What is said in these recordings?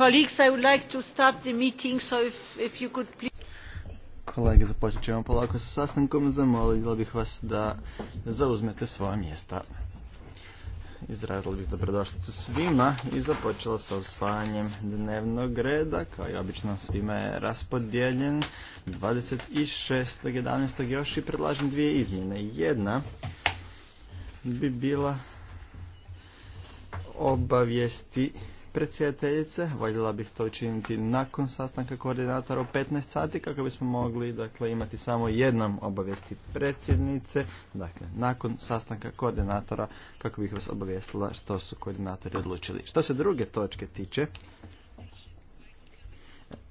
Colleagues, I would like Kolege, započet ćemo polako sa sastankom. Zamolila bih vas da zauzmete svoja mjesta. Izradila bih dobrodošlicu svima i započela sa usvajanjem dnevnog reda. Kao i obično svima je raspodijeljen 26.11. još i predlažem dvije izmjene. Jedna bi bila obavijesti predsjedateljice. Voljela bih to učiniti nakon sastanka koordinatora u 15 sati kako bismo mogli dakle, imati samo jednom obavijesti predsjednice, dakle nakon sastanka koordinatora kako bih vas obavijestila što su koordinatori odlučili. Što se druge točke tiče,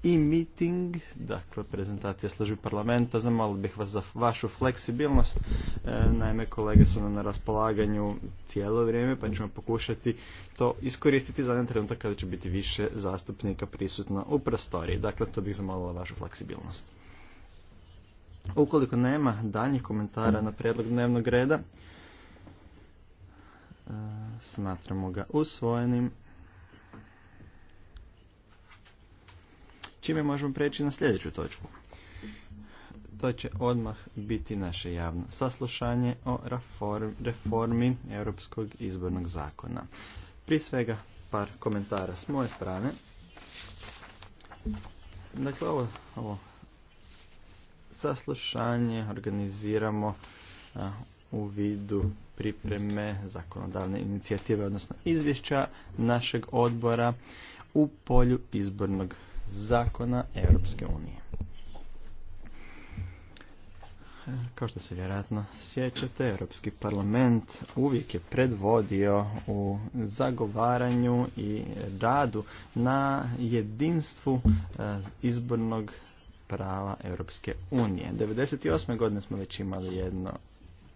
i meeting, dakle prezentacija službi parlamenta. Zamalo bih vas za vašu fleksibilnost. E, naime, kolege su nam na raspolaganju cijelo vrijeme, pa ćemo pokušati to iskoristiti za jedan trenutak kada će biti više zastupnika prisutno u prostoriji. Dakle, to bih zamolila vašu fleksibilnost. Ukoliko nema daljnjih komentara na prijedlog dnevnog reda, e, smatramo ga usvojenim. čime možemo preći na sljedeću točku. To će odmah biti naše javno saslušanje o reformi Europskog izbornog zakona. Prije svega par komentara s moje strane. Dakle, ovo, ovo saslušanje organiziramo u vidu pripreme zakonodavne inicijative, odnosno izvješća našeg odbora u polju izbornog zakona Europske unije. Kao što se vjerojatno sjećate, Europski parlament uvijek je predvodio u zagovaranju i radu na jedinstvu e, izbornog prava Europske unije. 1998. godine smo već imali jedno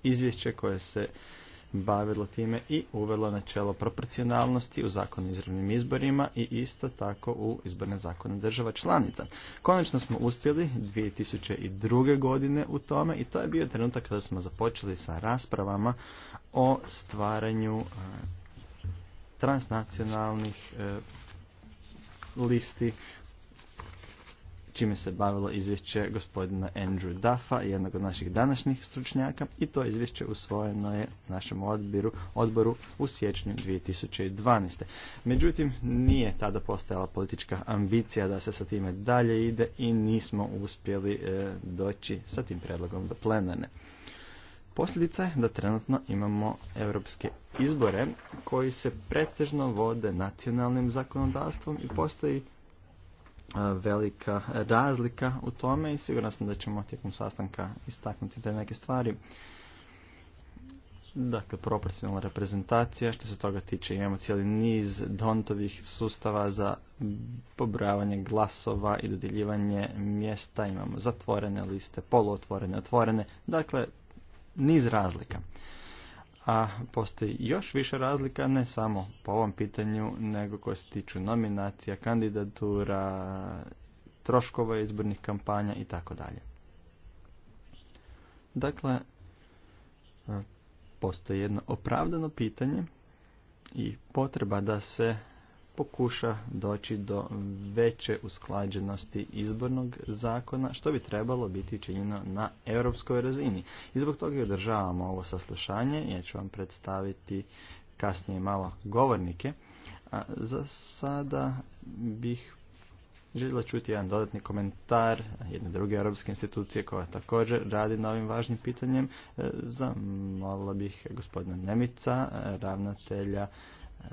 izvješće koje se bavilo time i uvelo načelo proporcionalnosti u zakon o izravnim izborima i isto tako u izborne zakone država članica. Konačno smo uspjeli 2002. godine u tome i to je bio trenutak kada smo započeli sa raspravama o stvaranju e, transnacionalnih e, listi čime se bavilo izvješće gospodina Andrew Duffa, jednog od naših današnjih stručnjaka, i to izvješće usvojeno je našem odbiru, odboru u siječnju 2012. Međutim, nije tada postojala politička ambicija da se sa time dalje ide i nismo uspjeli e, doći sa tim predlogom do plenarne. Posljedica je da trenutno imamo europske izbore koji se pretežno vode nacionalnim zakonodavstvom i postoji velika razlika u tome i siguran sam da ćemo tijekom sastanka istaknuti te neke stvari. Dakle, proporcionalna reprezentacija, što se toga tiče, imamo cijeli niz dontovih sustava za pobrojavanje glasova i dodjeljivanje mjesta, imamo zatvorene liste, poluotvorene, otvorene, dakle, niz razlika a postoji još više razlika ne samo po ovom pitanju nego koje se tiču nominacija, kandidatura, troškova izbornih kampanja i tako dalje. Dakle, postoji jedno opravdano pitanje i potreba da se pokuša doći do veće usklađenosti izbornog zakona, što bi trebalo biti činjeno na europskoj razini. I zbog toga održavamo ovo saslušanje, ja ću vam predstaviti kasnije malo govornike. A za sada bih željela čuti jedan dodatni komentar jedne druge europske institucije koja također radi na ovim važnim pitanjem. E, zamolila bih gospodina Nemica, ravnatelja e,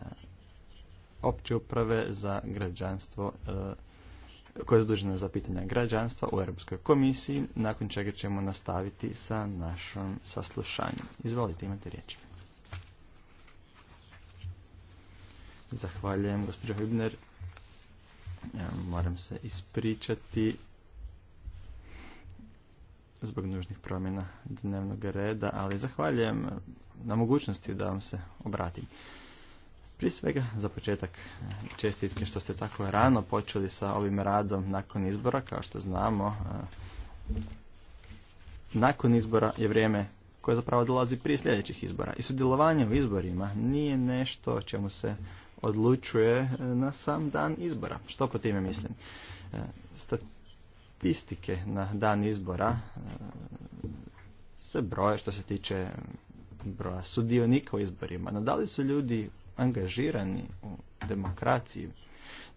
opće uprave za građanstvo e, koja je zadužena za pitanja građanstva u Europskoj komisiji, nakon čega ćemo nastaviti sa našom saslušanjem. Izvolite, imate riječ. Zahvaljujem, gospođo Hübner. Ja moram se ispričati zbog nužnih promjena dnevnog reda, ali zahvaljujem na mogućnosti da vam se obratim. Prije svega, za početak, eh, čestitke što ste tako rano počeli sa ovim radom nakon izbora. Kao što znamo, eh, nakon izbora je vrijeme koje zapravo dolazi prije sljedećih izbora. I sudjelovanje u izborima nije nešto čemu se odlučuje eh, na sam dan izbora. Što po time mislim? Statistike na dan izbora se broje što se tiče broja sudionika u izborima. No da li su ljudi angažirani u demokraciji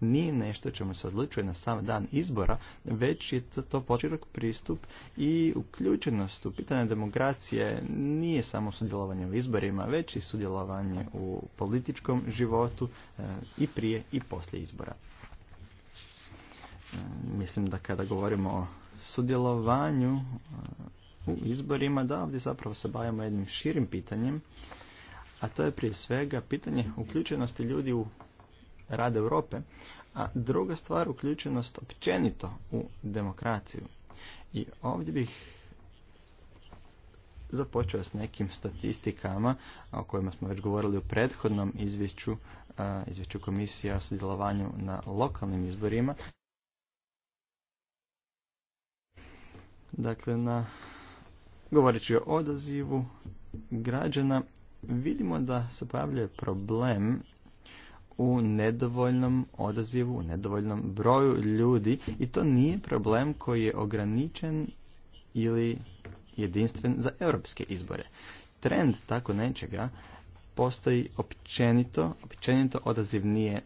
nije nešto čemu se odlučuje na sam dan izbora, već je to počirok pristup i uključenost u pitanje demokracije nije samo sudjelovanje u izborima, već i sudjelovanje u političkom životu e, i prije i poslije izbora. E, mislim da kada govorimo o sudjelovanju e, u izborima, da ovdje zapravo se bavimo jednim širim pitanjem a to je prije svega pitanje uključenosti ljudi u rad Europe, a druga stvar uključenost općenito u demokraciju. I ovdje bih započeo s nekim statistikama o kojima smo već govorili u prethodnom izvješću, izvješću komisija o sudjelovanju na lokalnim izborima. Dakle, na, govoreći o odazivu građana vidimo da se pojavljuje problem u nedovoljnom odazivu, u nedovoljnom broju ljudi i to nije problem koji je ograničen ili jedinstven za europske izbore. Trend tako nečega postoji općenito, općenito odaziv nije e,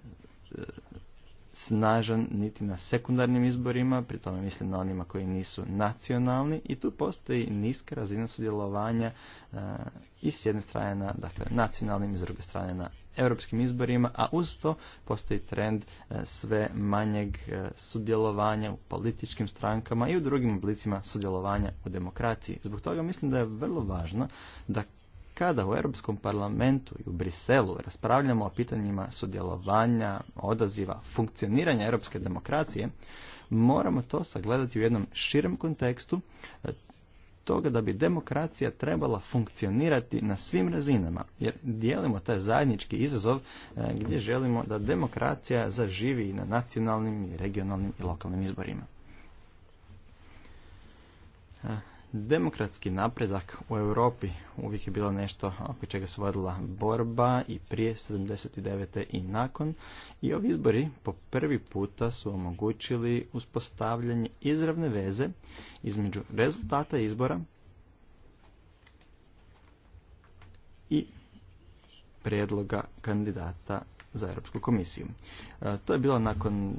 snažan niti na sekundarnim izborima, pri tome mislim na onima koji nisu nacionalni i tu postoji niska razina sudjelovanja e, i s jedne strane na dakle, nacionalnim i s druge strane na europskim izborima, a uz to postoji trend e, sve manjeg e, sudjelovanja u političkim strankama i u drugim oblicima sudjelovanja u demokraciji. Zbog toga mislim da je vrlo važno da kada u Europskom parlamentu i u Briselu raspravljamo o pitanjima sudjelovanja, odaziva, funkcioniranja europske demokracije, moramo to sagledati u jednom širem kontekstu e, toga da bi demokracija trebala funkcionirati na svim razinama, jer dijelimo taj zajednički izazov e, gdje želimo da demokracija zaživi i na nacionalnim, i regionalnim i lokalnim izborima. E, Demokratski napredak u Europi uvijek je bilo nešto oko čega se vodila borba i prije 79. i nakon i ovi izbori po prvi puta su omogućili uspostavljanje izravne veze između rezultata izbora i prijedloga kandidata za Europsku komisiju. E, to je bilo nakon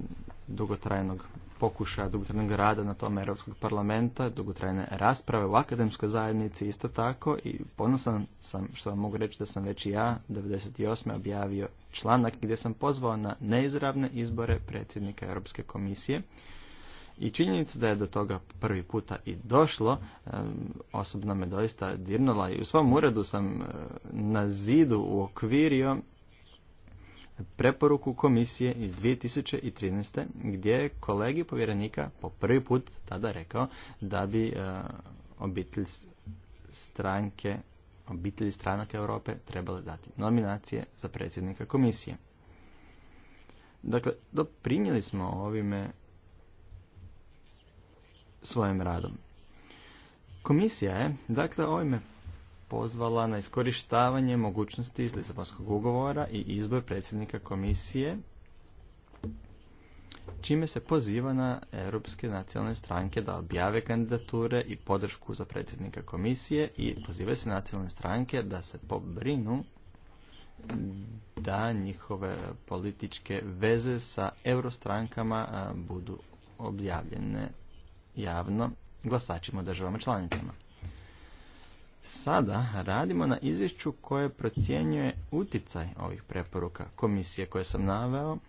dugotrajnog pokušaja dugotrajnog rada na tome Europskog parlamenta, dugotrajne rasprave u akademskoj zajednici isto tako i ponosan sam što vam mogu reći da sam već i ja 98. objavio članak gdje sam pozvao na neizravne izbore predsjednika Europske komisije i činjenica da je do toga prvi puta i došlo osobno me doista dirnula i u svom uredu sam na zidu uokvirio preporuku komisije iz 2013. gdje je kolegi povjerenika po prvi put tada rekao da bi e, obitelj stranke, obitelji stranaka Europe trebale dati nominacije za predsjednika komisije. Dakle, doprinijeli smo ovime svojim radom. Komisija je, dakle, ovime pozvala na iskorištavanje mogućnosti iz Lisabonskog ugovora i izbor predsjednika komisije, čime se poziva na europske nacionalne stranke da objave kandidature i podršku za predsjednika komisije i poziva se nacionalne stranke da se pobrinu da njihove političke veze sa eurostrankama budu objavljene javno glasačima u državama članicama sada radimo na izvješću koje procjenjuje uticaj ovih preporuka komisije koje sam naveo e,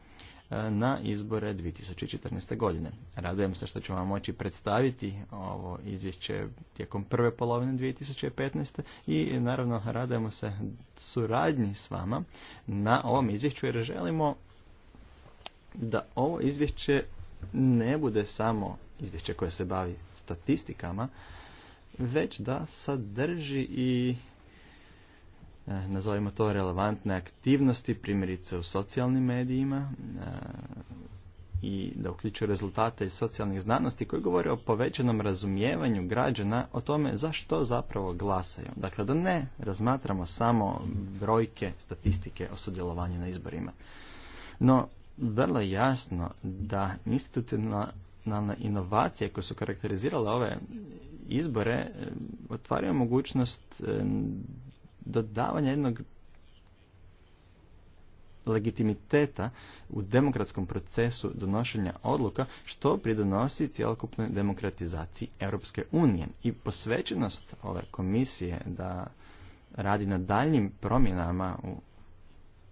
na izbore 2014. godine. Radujem se što ćemo vam moći predstaviti ovo izvješće tijekom prve polovine 2015. i naravno radujemo se suradnji s vama na ovom izvješću jer želimo da ovo izvješće ne bude samo izvješće koje se bavi statistikama, već da sadrži i e, nazovimo to relevantne aktivnosti, primjerice u socijalnim medijima e, i da uključuje rezultate iz socijalnih znanosti koji govore o povećanom razumijevanju građana o tome zašto zapravo glasaju. Dakle, da ne razmatramo samo brojke, statistike o sudjelovanju na izborima. No, vrlo jasno da institucionalna nacionalne inovacije koje su karakterizirale ove izbore e, otvaraju mogućnost e, dodavanja jednog legitimiteta u demokratskom procesu donošenja odluka što pridonosi cjelokupnoj demokratizaciji Europske unije i posvećenost ove komisije da radi na daljnjim promjenama u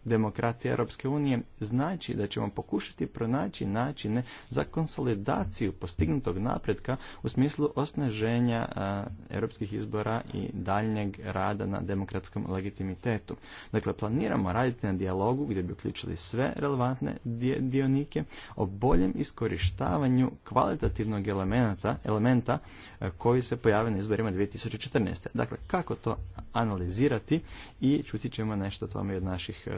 demokracije Europske unije znači da ćemo pokušati pronaći načine za konsolidaciju postignutog napretka u smislu osnaženja europskih izbora i daljnjeg rada na demokratskom legitimitetu. Dakle, planiramo raditi na dijalogu gdje bi uključili sve relevantne dionike o boljem iskorištavanju kvalitativnog elementa, elementa koji se pojave na izborima 2014. Dakle, kako to analizirati i čuti ćemo nešto o tome od naših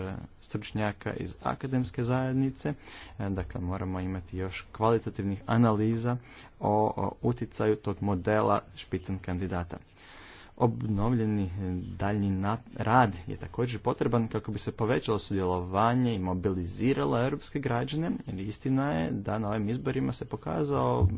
stručnjaka iz akademske zajednice. E, dakle, moramo imati još kvalitativnih analiza o, uticaju tog modela špicen kandidata. Obnovljeni e, daljni rad je također potreban kako bi se povećalo sudjelovanje i mobiliziralo europske građane, jer istina je da na ovim izborima se pokazao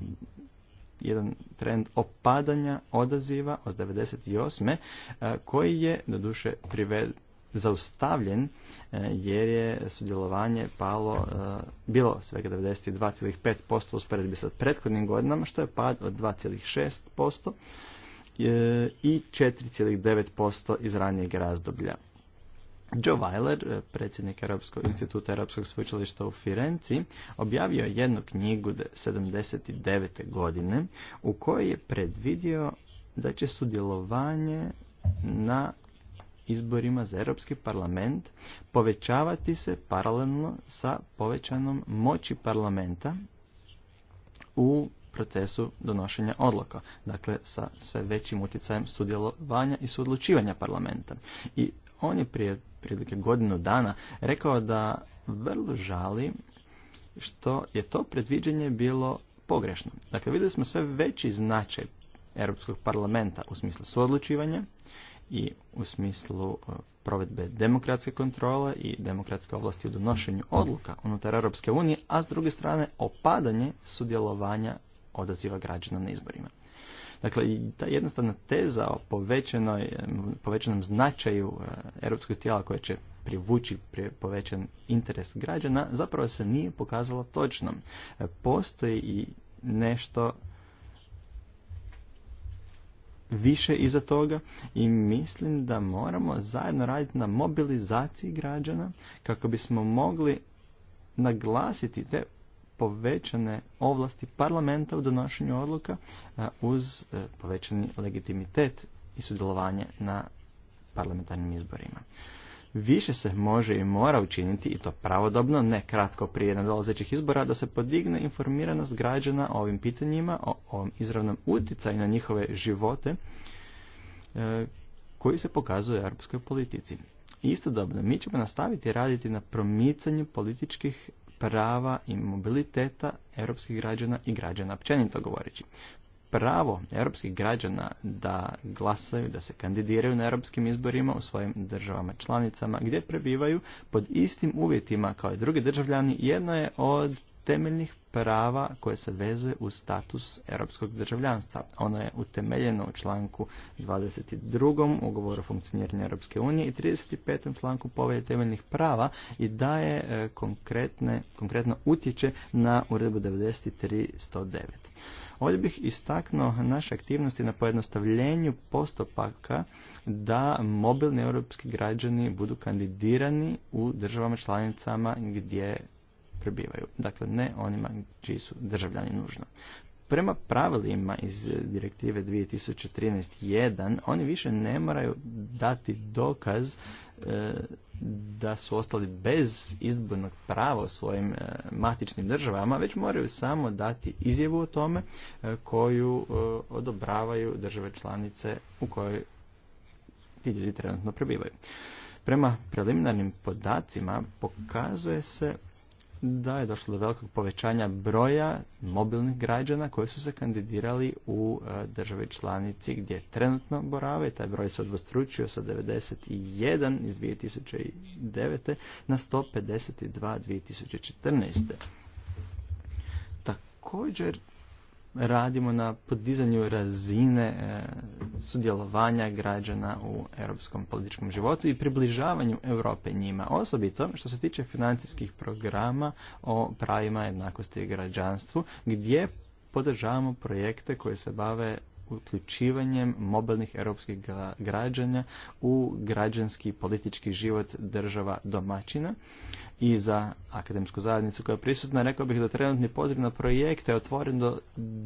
jedan trend opadanja odaziva od 98. E, koji je doduše priveden zaustavljen e, jer je sudjelovanje palo, e, bilo svega 92,5% usporedbi sa prethodnim godinama, što je pad od 2,6% e, i 4,9% iz ranijeg razdoblja. Joe Weiler, predsjednik Europskog instituta Europskog sveučilišta u Firenci, objavio jednu knjigu 79. godine u kojoj je predvidio da će sudjelovanje na izborima za Europski parlament povećavati se paralelno sa povećanom moći parlamenta u procesu donošenja odluka, dakle sa sve većim utjecajem sudjelovanja i sudlučivanja parlamenta. I on je prije prilike godinu dana rekao da vrlo žali što je to predviđenje bilo pogrešno. Dakle, vidjeli smo sve veći značaj Europskog parlamenta u smislu suodlučivanja i u smislu e, provedbe demokratske kontrole i demokratske ovlasti u donošenju odluka unutar Europske unije, a s druge strane opadanje sudjelovanja odaziva građana na izborima. Dakle, ta jednostavna teza o povećanoj, e, povećanom značaju e, europskog tijela koje će privući povećan interes građana zapravo se nije pokazala točnom. Postoji i nešto više iza toga i mislim da moramo zajedno raditi na mobilizaciji građana kako bismo mogli naglasiti te povećane ovlasti parlamenta u donošenju odluka uz e, povećani legitimitet i sudjelovanje na parlamentarnim izborima više se može i mora učiniti, i to pravodobno, ne kratko prije nadolazećih izbora, da se podigne informiranost građana o ovim pitanjima, o ovom izravnom utjecaju na njihove živote, e, koji se pokazuje u europskoj politici. Istodobno, mi ćemo nastaviti raditi na promicanju političkih prava i mobiliteta europskih građana i građana općenito govoreći pravo europskih građana da glasaju, da se kandidiraju na europskim izborima u svojim državama članicama gdje prebivaju pod istim uvjetima kao i drugi državljani jedno je od temeljnih prava koje se vezuje u status europskog državljanstva. Ono je utemeljeno u članku 22. ugovoru o funkcioniranju Europske unije i 35. članku povelje temeljnih prava i daje e, konkretne, konkretno utječe na uredbu 93.109. Ovdje bih istaknuo naše aktivnosti na pojednostavljenju postupaka da mobilni europski građani budu kandidirani u državama članicama gdje prebivaju. Dakle, ne onima čiji su državljani nužno. Prema pravilima iz direktive 2013.1 oni više ne moraju dati dokaz e, da su ostali bez izbornog prava u svojim e, matičnim državama, već moraju samo dati izjavu o tome e, koju odobravaju države članice u kojoj ti ljudi trenutno prebivaju. Prema preliminarnim podacima pokazuje se da je došlo do velikog povećanja broja mobilnih građana koji su se kandidirali u e, državi članici gdje trenutno borave. Taj broj se odvostručio sa 91 iz 2009. na 152 2014. Također radimo na podizanju razine e, sudjelovanja građana u europskom političkom životu i približavanju Europe njima, osobito što se tiče financijskih programa o pravima jednakosti i građanstvu, gdje podržavamo projekte koje se bave uključivanjem mobilnih europskih građanja u građanski politički život država domaćina. I za akademsku zajednicu koja je prisutna rekao bih da trenutni poziv na projekte je otvoren do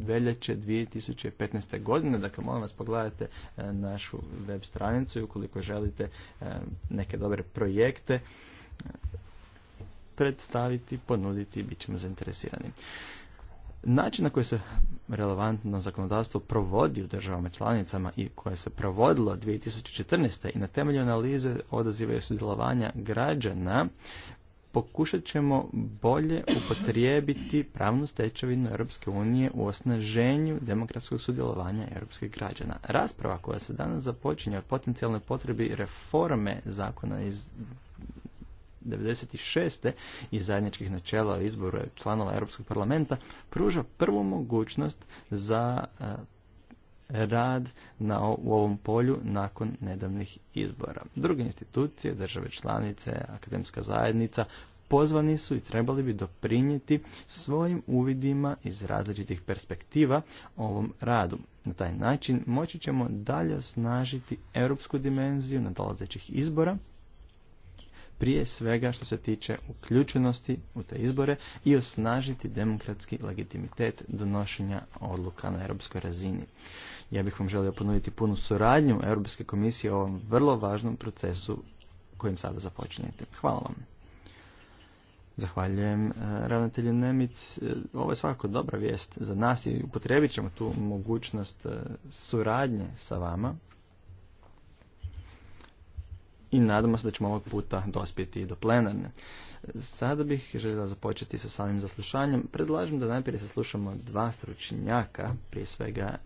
veljače 2015. godine. Dakle, molim vas pogledajte e, našu web stranicu i ukoliko želite e, neke dobre projekte e, predstaviti, ponuditi bit ćemo zainteresirani način na koji se relevantno zakonodavstvo provodi u državama članicama i koje se provodilo 2014. i na temelju analize odaziva i sudjelovanja građana pokušat ćemo bolje upotrijebiti pravnu stečevinu Europske unije u osnaženju demokratskog sudjelovanja europskih građana. Rasprava koja se danas započinje o potencijalnoj potrebi reforme zakona iz 1996. i zajedničkih načela o izboru članova Europskog parlamenta pruža prvu mogućnost za e, rad na, u ovom polju nakon nedavnih izbora. Druge institucije, države članice, akademska zajednica pozvani su i trebali bi doprinijeti svojim uvidima iz različitih perspektiva ovom radu. Na taj način moći ćemo dalje osnažiti europsku dimenziju nadolazećih izbora prije svega što se tiče uključenosti u te izbore i osnažiti demokratski legitimitet donošenja odluka na europskoj razini. Ja bih vam želio ponuditi punu suradnju Europske komisije o ovom vrlo važnom procesu kojim sada započinjete. Hvala vam. Zahvaljujem e, ravnatelju Nemic. E, ovo je svakako dobra vijest za nas i upotrebit ćemo tu mogućnost e, suradnje sa vama i nadamo se da ćemo ovog puta dospjeti do plenarne. Sada bih željela započeti sa samim zaslušanjem. Predlažem da najprije saslušamo dva stručnjaka, prije svega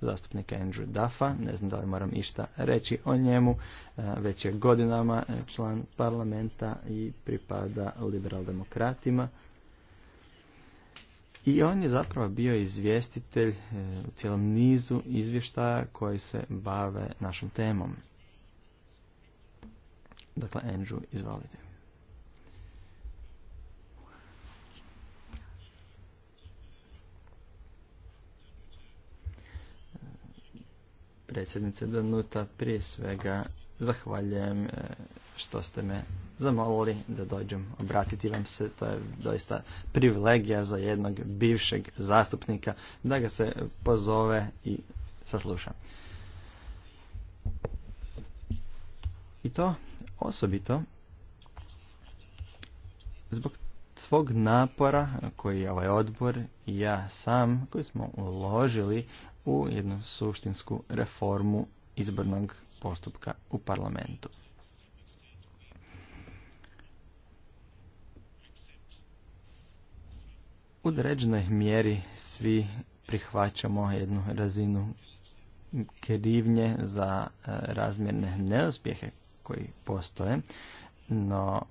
zastupnika Andrew Duffa, ne znam da li moram išta reći o njemu, e, već je godinama e, član parlamenta i pripada liberaldemokratima. I on je zapravo bio izvjestitelj e, u cijelom nizu izvještaja koji se bave našom temom. Dakle, Andrew, izvalite. Predsjednice Danuta, prije svega zahvaljujem e, što ste me zamolili da dođem obratiti vam se. To je doista privilegija za jednog bivšeg zastupnika da ga se pozove i sasluša. I to Osobito zbog svog napora koji je ovaj odbor i ja sam koji smo uložili u jednu suštinsku reformu izbornog postupka u parlamentu. U određenoj mjeri svi prihvaćamo jednu razinu krivnje za e, razmjerne neuspjehe koji postoje, no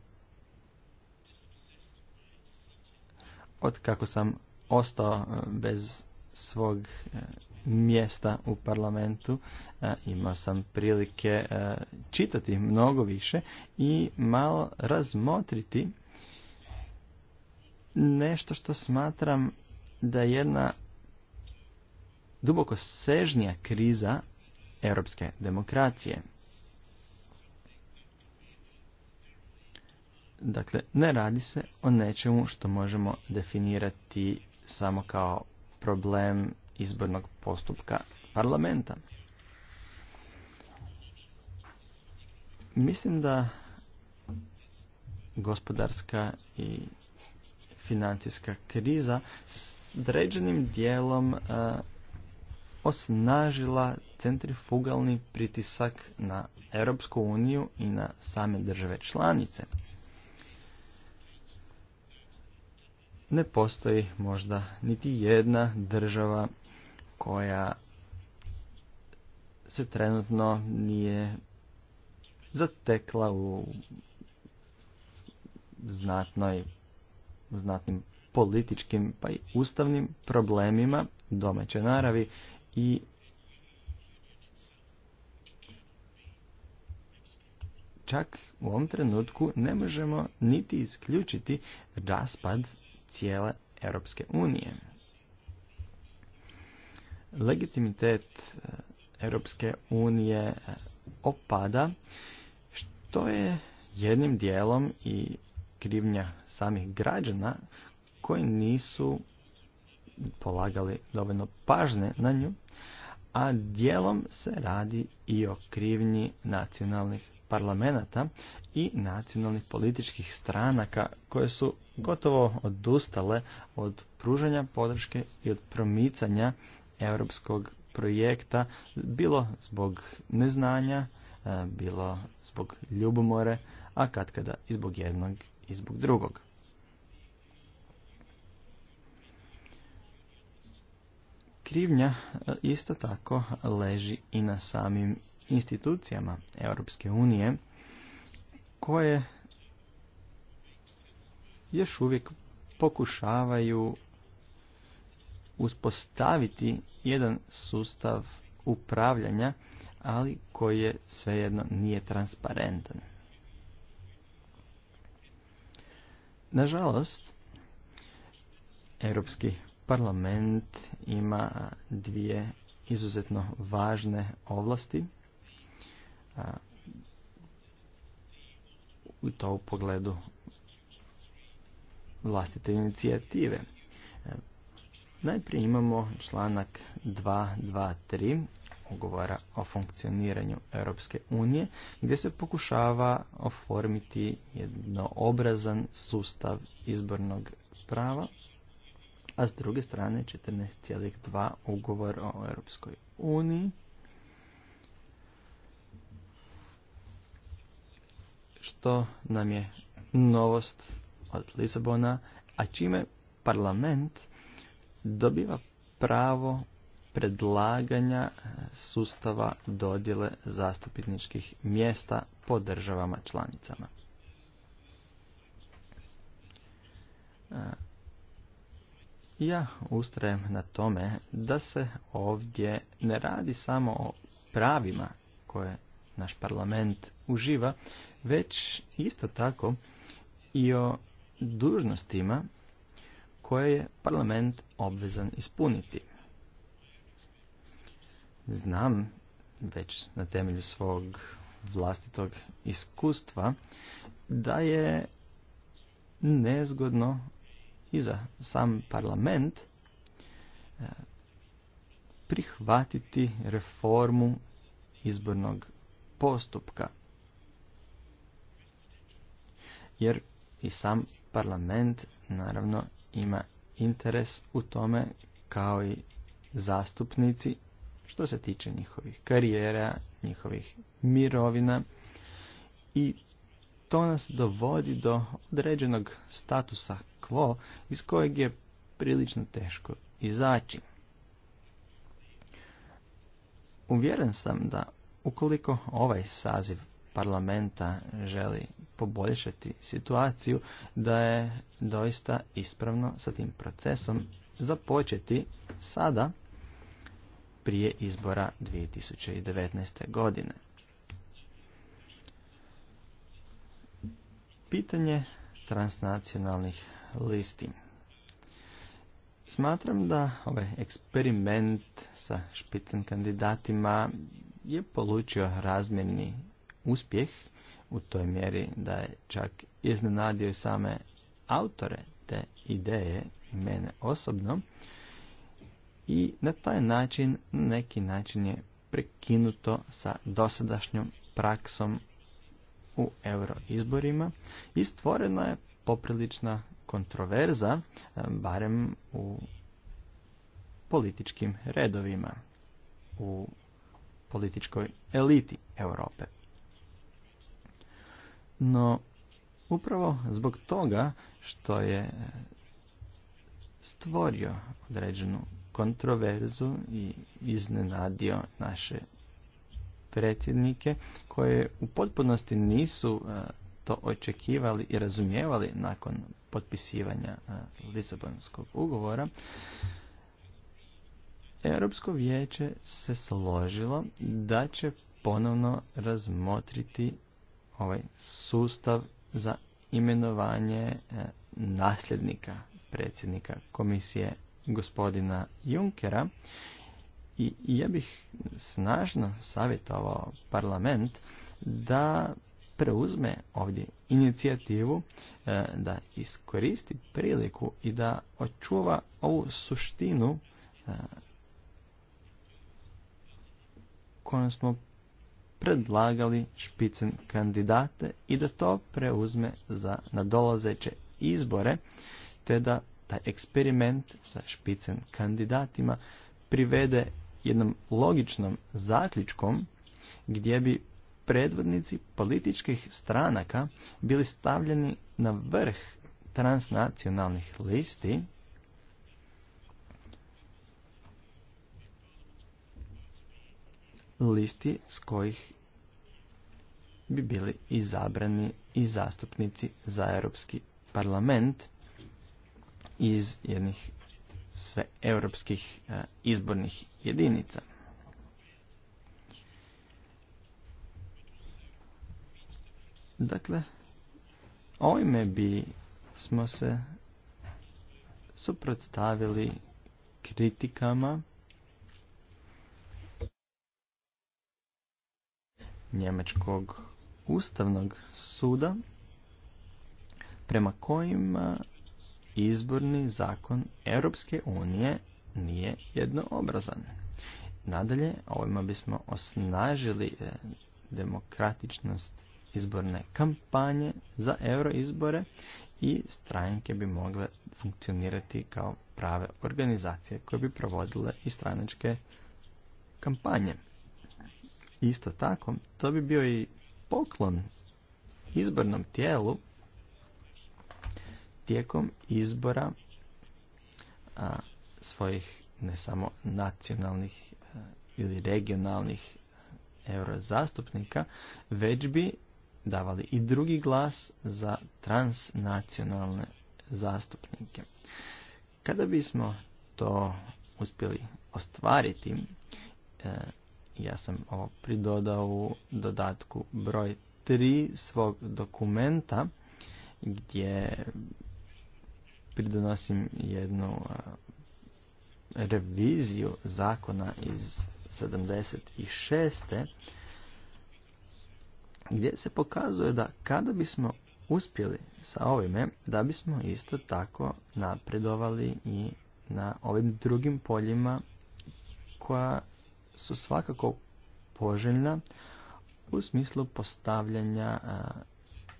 od kako sam ostao e, bez svog e, mjesta u parlamentu e, imao sam prilike čitati mnogo više i malo razmotriti nešto što smatram da je jedna duboko sežnija kriza europske demokracije. Dakle, ne radi se o nečemu što možemo definirati samo kao problem izbornog postupka parlamenta. Mislim da gospodarska i financijska kriza s određenim dijelom e, osnažila centrifugalni pritisak na Europsku uniju i na same države članice. ne postoji možda niti jedna država koja se trenutno nije zatekla u znatnoj, znatnim političkim pa i ustavnim problemima domaće naravi i čak u ovom trenutku ne možemo niti isključiti raspad cijele Europske unije. Legitimitet eh, Europske unije eh, opada, što je jednim dijelom i krivnja samih građana koji nisu polagali dovoljno pažne na nju, a dijelom se radi i o krivnji nacionalnih parlamenata i nacionalnih političkih stranaka koje su gotovo odustale od pružanja podrške i od promicanja europskog projekta, bilo zbog neznanja, eh, bilo zbog ljubomore, a katkada i zbog jednog i zbog drugog. krivnja e, isto tako leži i na samim institucijama Europske unije koje još uvijek pokušavaju uspostaviti jedan sustav upravljanja, ali koji je svejedno nije transparentan. Nažalost, europski parlament ima dvije izuzetno važne ovlasti u to u pogledu vlastite inicijative. E, najprije imamo članak 223 ugovora o funkcioniranju Europske unije gdje se pokušava oformiti jednoobrazan sustav izbornog prava a s druge strane 14,2 ugovor o Europskoj uniji. Što nam je novost od Lisabona, a čime parlament dobiva pravo predlaganja sustava dodjele zastupničkih mjesta po državama članicama. Ja ustrajem na tome da se ovdje ne radi samo o pravima koje naš parlament uživa, već isto tako i o dužnostima koje je parlament obvezan ispuniti. Znam, već na temelju svog vlastitog iskustva, da je nezgodno i za sam parlament e, prihvatiti reformu izbornog postupka. Jer i sam parlament naravno ima interes u tome kao i zastupnici što se tiče njihovih karijera, njihovih mirovina i to nas dovodi do određenog statusa kvo iz kojeg je prilično teško izaći. Uvjeren sam da ukoliko ovaj saziv parlamenta želi poboljšati situaciju, da je doista ispravno sa tim procesom započeti sada prije izbora 2019. godine. Pitanje transnacionalnih listi. Smatram da ovaj eksperiment sa špicen kandidatima je polučio razmjerni uspjeh u toj mjeri da je čak iznenadio i same autore te ideje i mene osobno i na taj način, na neki način je prekinuto sa dosadašnjom praksom u euroizborima i stvorena je poprilična kontroverza, e, barem u političkim redovima, u političkoj eliti Europe. No, upravo zbog toga što je stvorio određenu kontroverzu i iznenadio naše predsjednike koje u potpunosti nisu e, to očekivali i razumijevali nakon potpisivanja Lisabonskog ugovora, Europsko vijeće se složilo da će ponovno razmotriti ovaj sustav za imenovanje e, nasljednika predsjednika komisije gospodina Junkera i ja bih snažno savjetovao parlament da preuzme ovdje inicijativu e, da iskoristi priliku i da očuva ovu suštinu e, kojom smo predlagali špicen kandidate i da to preuzme za nadolazeće izbore, te da taj eksperiment sa špicen kandidatima privede jednom logičnom zaključkom gdje bi predvodnici političkih stranaka bili stavljeni na vrh transnacionalnih listi listi s kojih bi bili izabrani i zastupnici za Europski parlament iz jednih sve europskih eh, izbornih jedinica. Dakle, ovime bi smo se suprotstavili kritikama Njemačkog ustavnog suda prema kojima izborni zakon Europske unije nije jednoobrazan. Nadalje, ovima bismo osnažili eh, demokratičnost izborne kampanje za euroizbore i stranke bi mogle funkcionirati kao prave organizacije koje bi provodile i stranačke kampanje. Isto tako, to bi bio i poklon izbornom tijelu tijekom izbora a, svojih ne samo nacionalnih e, ili regionalnih e, eurozastupnika, već bi davali i drugi glas za transnacionalne zastupnike. Kada bismo to uspjeli ostvariti, e, ja sam ovo pridodao u dodatku broj 3 svog dokumenta gdje pridonosim jednu e, reviziju zakona iz 76 gdje se pokazuje da kada bismo uspjeli sa ovime, da bismo isto tako napredovali i na ovim drugim poljima koja su svakako poželjna u smislu postavljanja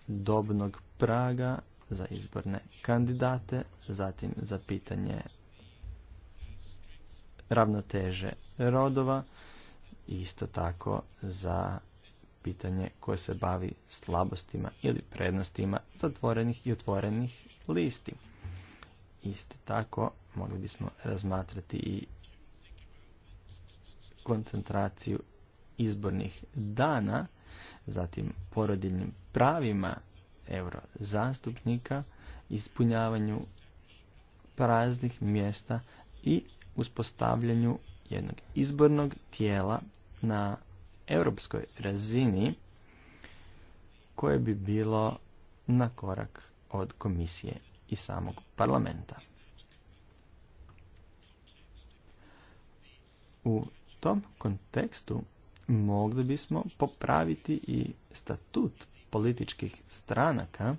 dobnog praga za izborne kandidate, zatim za pitanje ravnoteže rodova i isto tako za pitanje koje se bavi slabostima ili prednostima zatvorenih i otvorenih listi. Isto tako mogli bismo razmatrati i koncentraciju izbornih dana, zatim porodiljnim pravima euro zastupnika, ispunjavanju praznih mjesta i uspostavljanju jednog izbornog tijela na europskoj razini koje bi bilo na korak od komisije i samog parlamenta. U tom kontekstu mogli bismo popraviti i statut političkih stranaka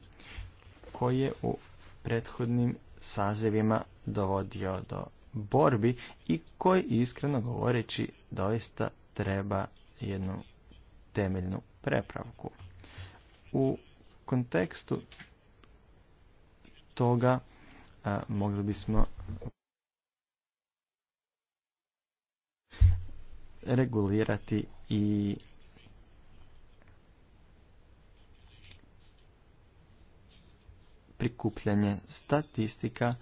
koji je u prethodnim sazivima dovodio do borbi i koji iskreno govoreći doista treba jednu temeljnu prepravku. U kontekstu toga mogli bismo regulirati i prikupljanje statistika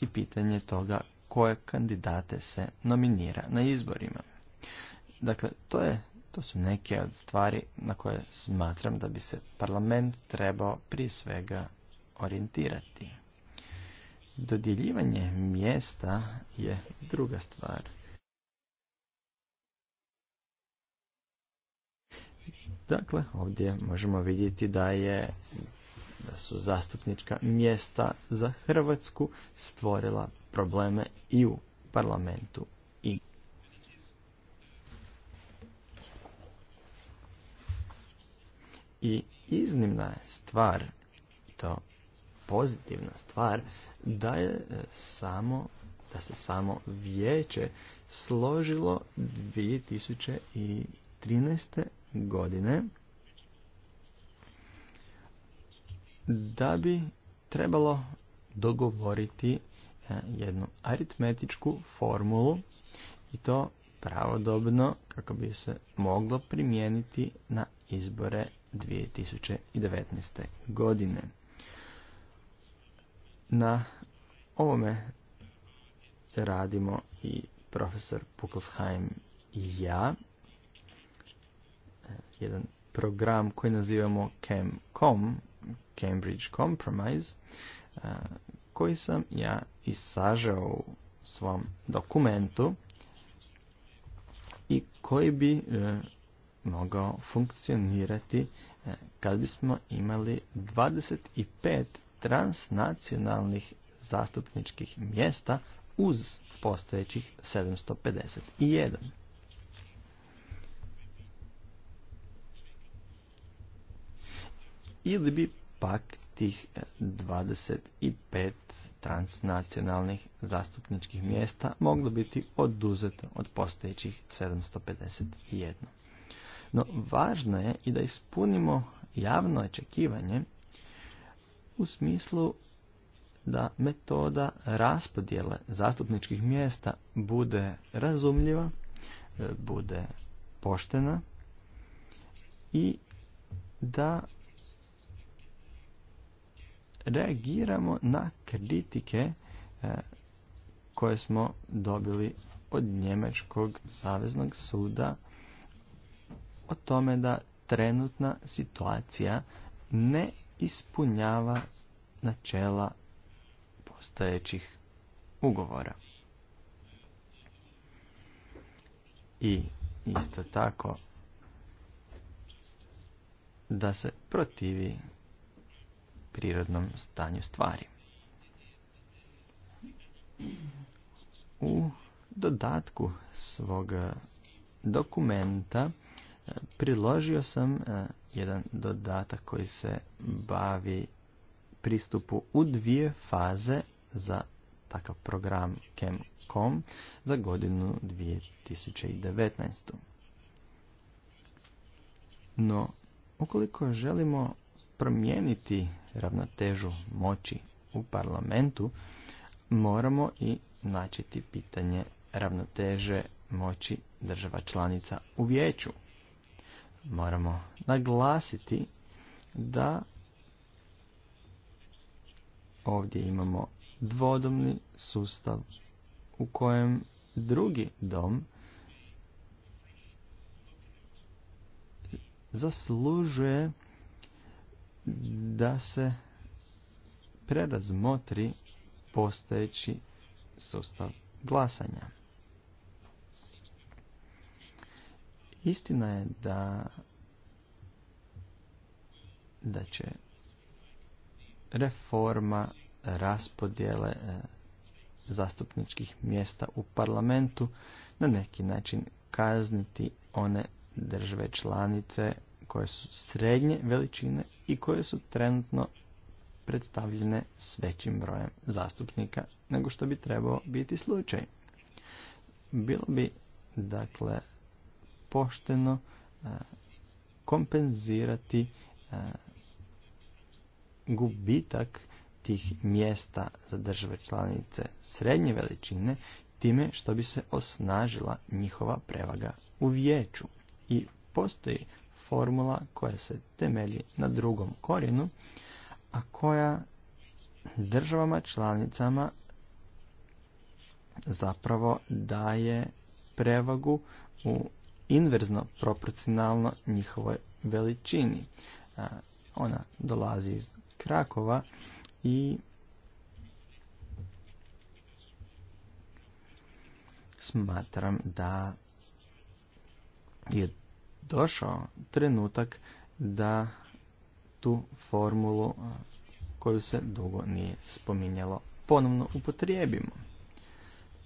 i pitanje toga koje kandidate se nominira na izborima. Dakle, to, je, to su neke od stvari na koje smatram da bi se parlament trebao prije svega orijentirati. Dodjeljivanje mjesta je druga stvar. Dakle, ovdje možemo vidjeti da je da su zastupnička mjesta za Hrvatsku stvorila probleme i u parlamentu i I iznimna je stvar, to pozitivna stvar, da je e, samo da se samo vijeće složilo 2013. godine da bi trebalo dogovoriti e, jednu aritmetičku formulu i to pravodobno kako bi se moglo primijeniti na izbore 2019. godine. Na ovome radimo i profesor Pukelsheim i ja. E, jedan program koji nazivamo CAMCOM, Cambridge Compromise, e, koji sam ja i sažao u svom dokumentu i koji bi e, mogao funkcionirati e, kad bismo imali 25 transnacionalnih zastupničkih mjesta uz postojećih 751. Ili bi pak tih 25 e, transnacionalnih zastupničkih mjesta moglo biti oduzeto od postojećih 751. No, važno je i da ispunimo javno očekivanje u smislu da metoda raspodjele zastupničkih mjesta bude razumljiva, e, bude poštena i da reagiramo na kritike e, koje smo dobili od Njemačkog saveznog suda o tome da trenutna situacija ne ispunjava načela postojećih ugovora. I isto tako da se protivi prirodnom stanju stvari. U dodatku svog dokumenta priložio sam e, jedan dodatak koji se bavi pristupu u dvije faze za takav program Chem.com za godinu 2019. No, ukoliko želimo promijeniti ravnotežu moći u parlamentu, moramo i načeti pitanje ravnoteže moći država članica u vijeću moramo naglasiti da ovdje imamo dvodomni sustav u kojem drugi dom zaslužuje da se prerazmotri postojeći sustav glasanja. Istina je da da će reforma raspodjele e, zastupničkih mjesta u parlamentu na neki način kazniti one države članice koje su srednje veličine i koje su trenutno predstavljene s većim brojem zastupnika nego što bi trebao biti slučaj. Bilo bi, dakle, pošteno e, kompenzirati e, gubitak tih mjesta za države članice srednje veličine time što bi se osnažila njihova prevaga u vijeću. I postoji formula koja se temelji na drugom korijenu, a koja državama članicama zapravo daje prevagu u inverzno proporcionalno njihovoj veličini. Ona dolazi iz Krakova i smatram da je došao trenutak da tu formulu koju se dugo nije spominjalo ponovno upotrijebimo.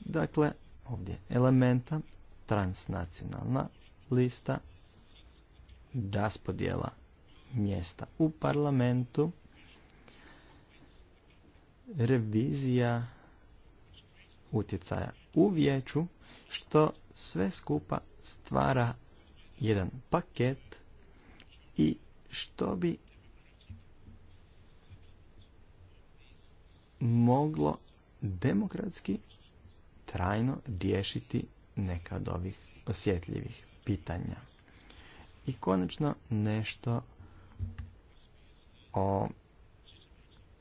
Dakle, ovdje elementa transnacionalna lista raspodjela mjesta u parlamentu, revizija utjecaja u vijeću, što sve skupa stvara jedan paket i što bi moglo demokratski trajno riješiti neka od ovih osjetljivih pitanja. I konačno nešto o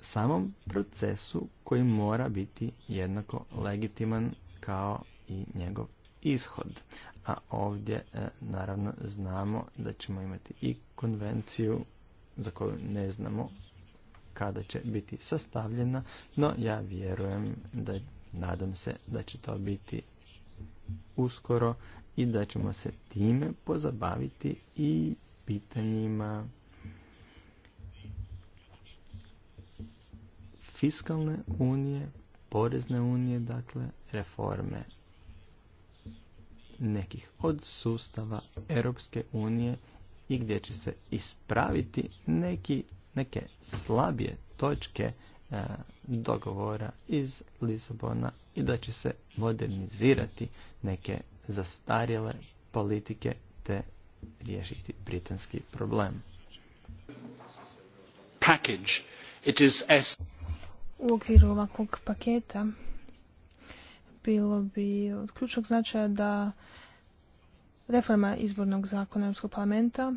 samom procesu koji mora biti jednako legitiman kao i njegov ishod. A ovdje e, naravno znamo da ćemo imati i konvenciju za koju ne znamo kada će biti sastavljena, no ja vjerujem da nadam se da će to biti uskoro i da ćemo se time pozabaviti i pitanjima fiskalne unije, porezne unije, dakle reforme nekih od sustava Europske unije i gdje će se ispraviti neki, neke slabije točke E, dogovora iz Lisabona i da će se modernizirati neke zastarjele politike te riješiti britanski problem. U okviru ovakvog paketa bilo bi od ključnog značaja da reforma izbornog zakona Europskog parlamenta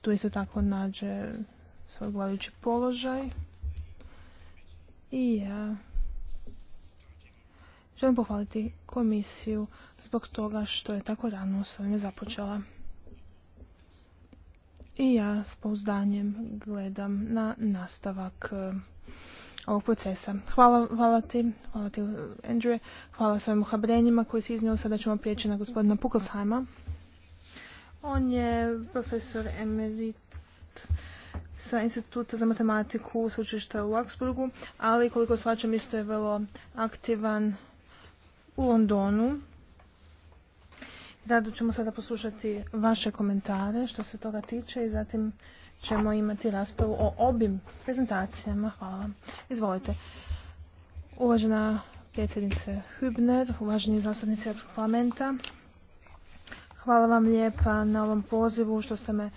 tu isto tako nađe svoj položaj i ja želim pohvaliti komisiju zbog toga što je tako rano s ovime započela. I ja s pouzdanjem gledam na nastavak e, ovog procesa. Hvala, hvala ti, hvala ti Andrew, hvala svojim koji si iznio. Sada ćemo prijeći na gospodina Pukelsheima. On je profesor emerit sa Instituta za matematiku sveučilišta u Augsburgu, ali koliko shvaćam isto je vrlo aktivan u Londonu. Rado ćemo sada poslušati vaše komentare što se toga tiče i zatim ćemo imati raspravu o obim prezentacijama. Hvala. Izvolite. Uvažena predsjednice Hübner, uvaženi zastupnici Europskog parlamenta, hvala vam lijepa na ovom pozivu što ste me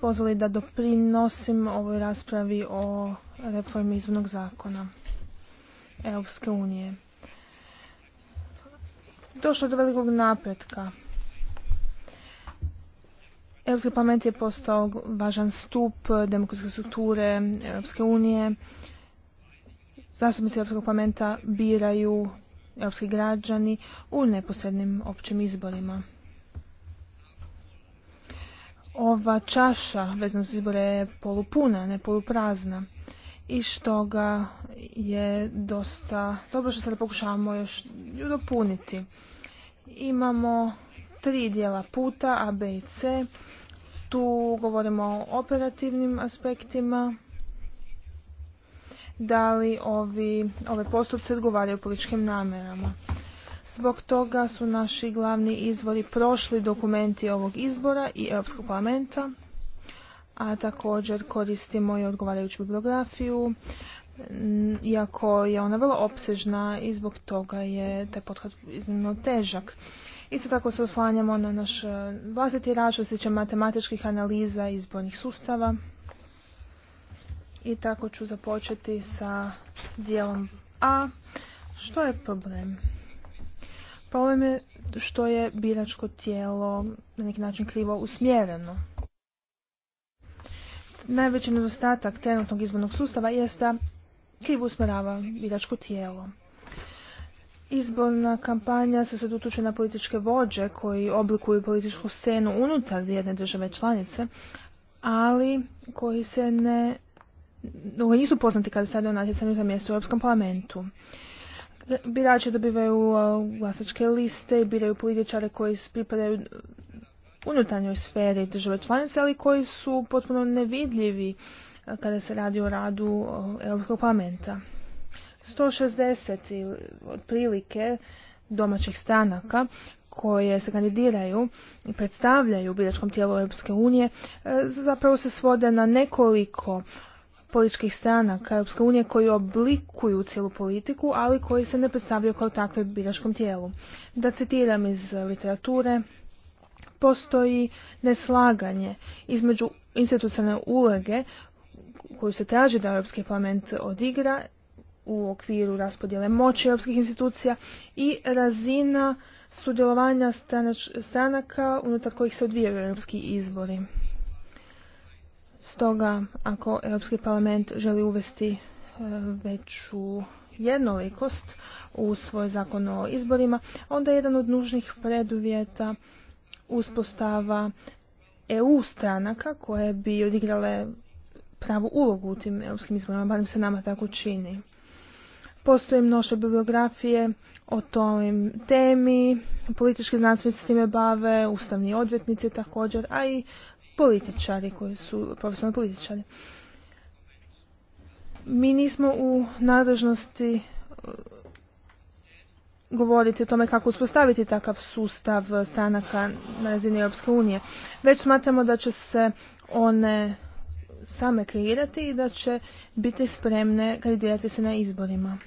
pozvali da doprinosim ovoj raspravi o reformi izvornog zakona Europske unije. Došlo do velikog napretka. Europski parlament je postao važan stup demokratske strukture Europske unije. Zastupnici Europskog parlamenta biraju europski građani u neposrednim općim izborima ova čaša vezano s izbore je polupuna, ne poluprazna i što ga je dosta dobro što sada pokušavamo još dopuniti. Imamo tri dijela puta, A, B i C. Tu govorimo o operativnim aspektima. Da li ovi, ove postupce odgovaraju političkim namjerama? Zbog toga su naši glavni izvori prošli dokumenti ovog izbora i Europskog parlamenta, a također koristimo i odgovarajuću bibliografiju, mm, iako je ona vrlo opsežna i zbog toga je taj pothod iznimno težak. Isto tako se oslanjamo na naš e, vlastiti rad što se matematičkih analiza izbornih sustava. I tako ću započeti sa dijelom A. Što je problem? Problem je što je biračko tijelo na neki način krivo usmjereno. Najveći nedostatak trenutnog izbornog sustava je da krivo usmjerava biračko tijelo. Izborna kampanja se sad utuče na političke vođe koji oblikuju političku scenu unutar jedne države članice, ali koji se ne nisu poznati kada se je o natjecanju za mjesto u Europskom parlamentu. Birači dobivaju uh, glasačke liste i biraju političare koji pripadaju unutarnjoj sferi države članice, ali koji su potpuno nevidljivi uh, kada se radi o radu uh, Europskog parlamenta. 160 otprilike domaćih stranaka koje se kandidiraju i predstavljaju u biračkom tijelu Europske unije zapravo se svode na nekoliko političkih stranaka Europske unije koji oblikuju cijelu politiku, ali koji se ne predstavljaju kao takve biračkom tijelu. Da citiram iz literature, postoji neslaganje između institucionalne uloge koju se traži da Europski parlament odigra u okviru raspodjele moći europskih institucija i razina sudjelovanja stranaka unutar kojih se odvijaju europski izbori toga, ako Europski parlament želi uvesti e, veću jednolikost u svoj zakon o izborima, onda je jedan od nužnih preduvjeta uspostava EU stranaka koje bi odigrale pravu ulogu u tim europskim izborima, barem se nama tako čini. Postoje mnoše bibliografije o toj temi, politički znanstvenici s time bave, ustavni odvjetnici također, a i političari koji su profesionalni političari. Mi nismo u nadležnosti uh, govoriti o tome kako uspostaviti takav sustav stranaka na razini Europske unije. Već smatramo da će se one same kreirati i da će biti spremne kandidirati se na izborima.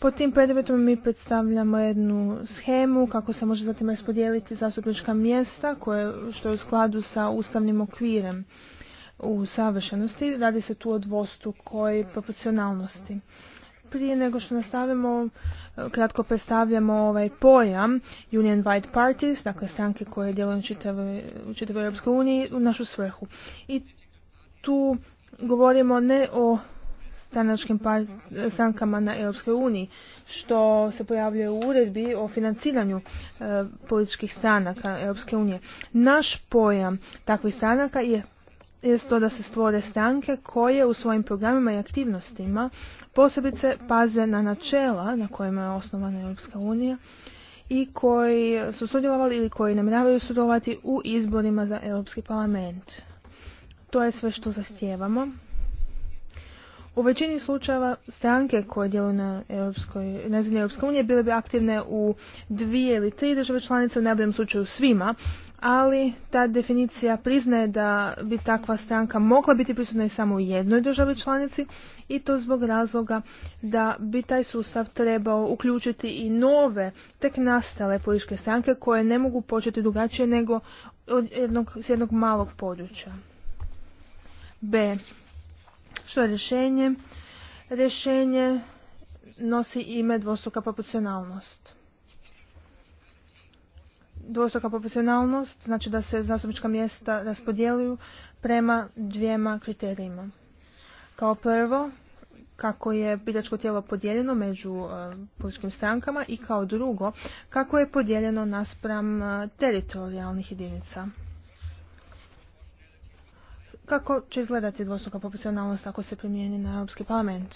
Pod tim predmetom mi predstavljamo jednu schemu kako se može zatim raspodijeliti zastupnička mjesta koje, što je u skladu sa ustavnim okvirem u savršenosti. Radi se tu o koji proporcionalnosti. Prije nego što nastavimo, e, kratko predstavljamo ovaj pojam Union Wide Parties, dakle stranke koje djeluju u čitavoj Europskoj uniji, u našu svrhu. I tu govorimo ne o pa- strankama na Europskoj uniji, što se pojavljuje u uredbi o financiranju e, političkih stranaka Europske unije. Naš pojam takvih stranaka je jest to da se stvore stranke koje u svojim programima i aktivnostima posebice paze na načela na kojima je osnovana Europska unija i koji su sudjelovali ili koji namjeravaju sudjelovati u izborima za Europski parlament. To je sve što zahtijevamo u većini slučajeva stranke koje djeluju na, Europskoj, na zemlji Europske unije bile bi aktivne u dvije ili tri države članice, u najboljem slučaju svima, ali ta definicija priznaje da bi takva stranka mogla biti prisutna i samo u jednoj državi članici i to zbog razloga da bi taj sustav trebao uključiti i nove, tek nastale političke stranke koje ne mogu početi drugačije nego od jednog, s jednog malog područja. B. Što je rješenje? Rješenje nosi ime dvostruka proporcionalnost. Dvostruka proporcionalnost znači da se zastupnička mjesta raspodjeluju prema dvijema kriterijima. Kao prvo, kako je biljačko tijelo podijeljeno među e, političkim strankama i kao drugo, kako je podijeljeno naspram e, teritorijalnih jedinica kako će izgledati dvostruka proporcionalnost ako se primijeni na Europski parlament.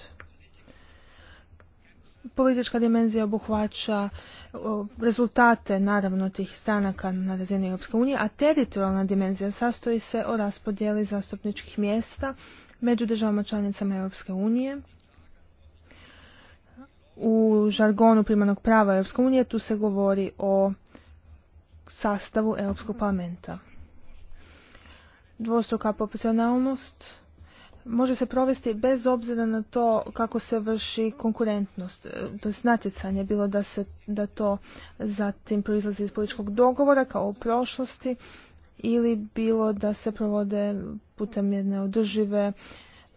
Politička dimenzija obuhvaća rezultate naravno tih stranaka na razini Europske unije, a teritorijalna dimenzija sastoji se o raspodjeli zastupničkih mjesta među državama članicama Europske unije. U žargonu primarnog prava Europske unije tu se govori o sastavu Europskog parlamenta dvostruka proporcionalnost može se provesti bez obzira na to kako se vrši konkurentnost, e, to je natjecanje, bilo da, se, da to zatim proizlazi iz političkog dogovora kao u prošlosti ili bilo da se provode putem jedne održive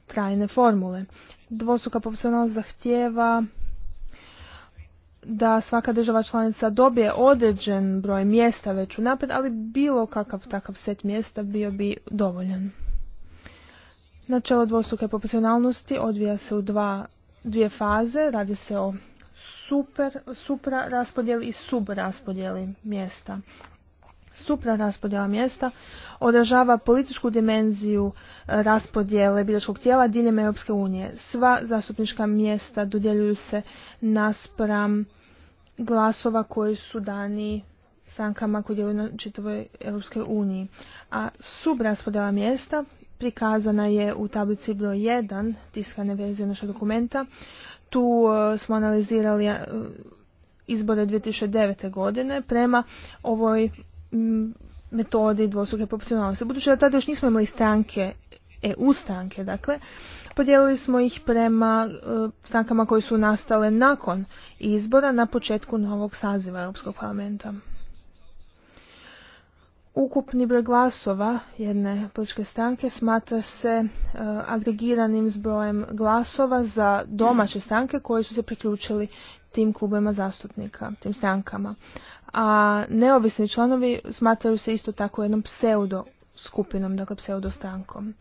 trajne formule. Dvostruka proporcionalnost zahtjeva da svaka država članica dobije određen broj mjesta već unaprijed, ali bilo kakav takav set mjesta bio bi dovoljan. Načelo dvostruke profesionalnosti odvija se u dva, dvije faze. Radi se o super, supra raspodjeli i sub raspodjeli mjesta. Supra raspodjela mjesta odražava političku dimenziju e, raspodjele biračkog tijela diljem Europske unije. Sva zastupnička mjesta dodjeljuju se naspram glasova koji su dani strankama koji djeluju na čitavoj Europskoj uniji. A raspodjela mjesta prikazana je u tablici broj 1 tiskane verzije našeg dokumenta. Tu e, smo analizirali e, izbore 2009. godine prema ovoj metodi dvostruke proporcionalnosti. Budući da tada još nismo imali stranke, e u stranke, dakle, podijelili smo ih prema e, strankama koje su nastale nakon izbora na početku novog saziva Europskog parlamenta. Ukupni broj glasova jedne političke stranke smatra se e, agregiranim zbrojem glasova za domaće stranke koje su se priključili tim klubima zastupnika, tim strankama. A neovisni članovi smatraju se isto tako jednom pseudo skupinom, dakle pseudo strankom.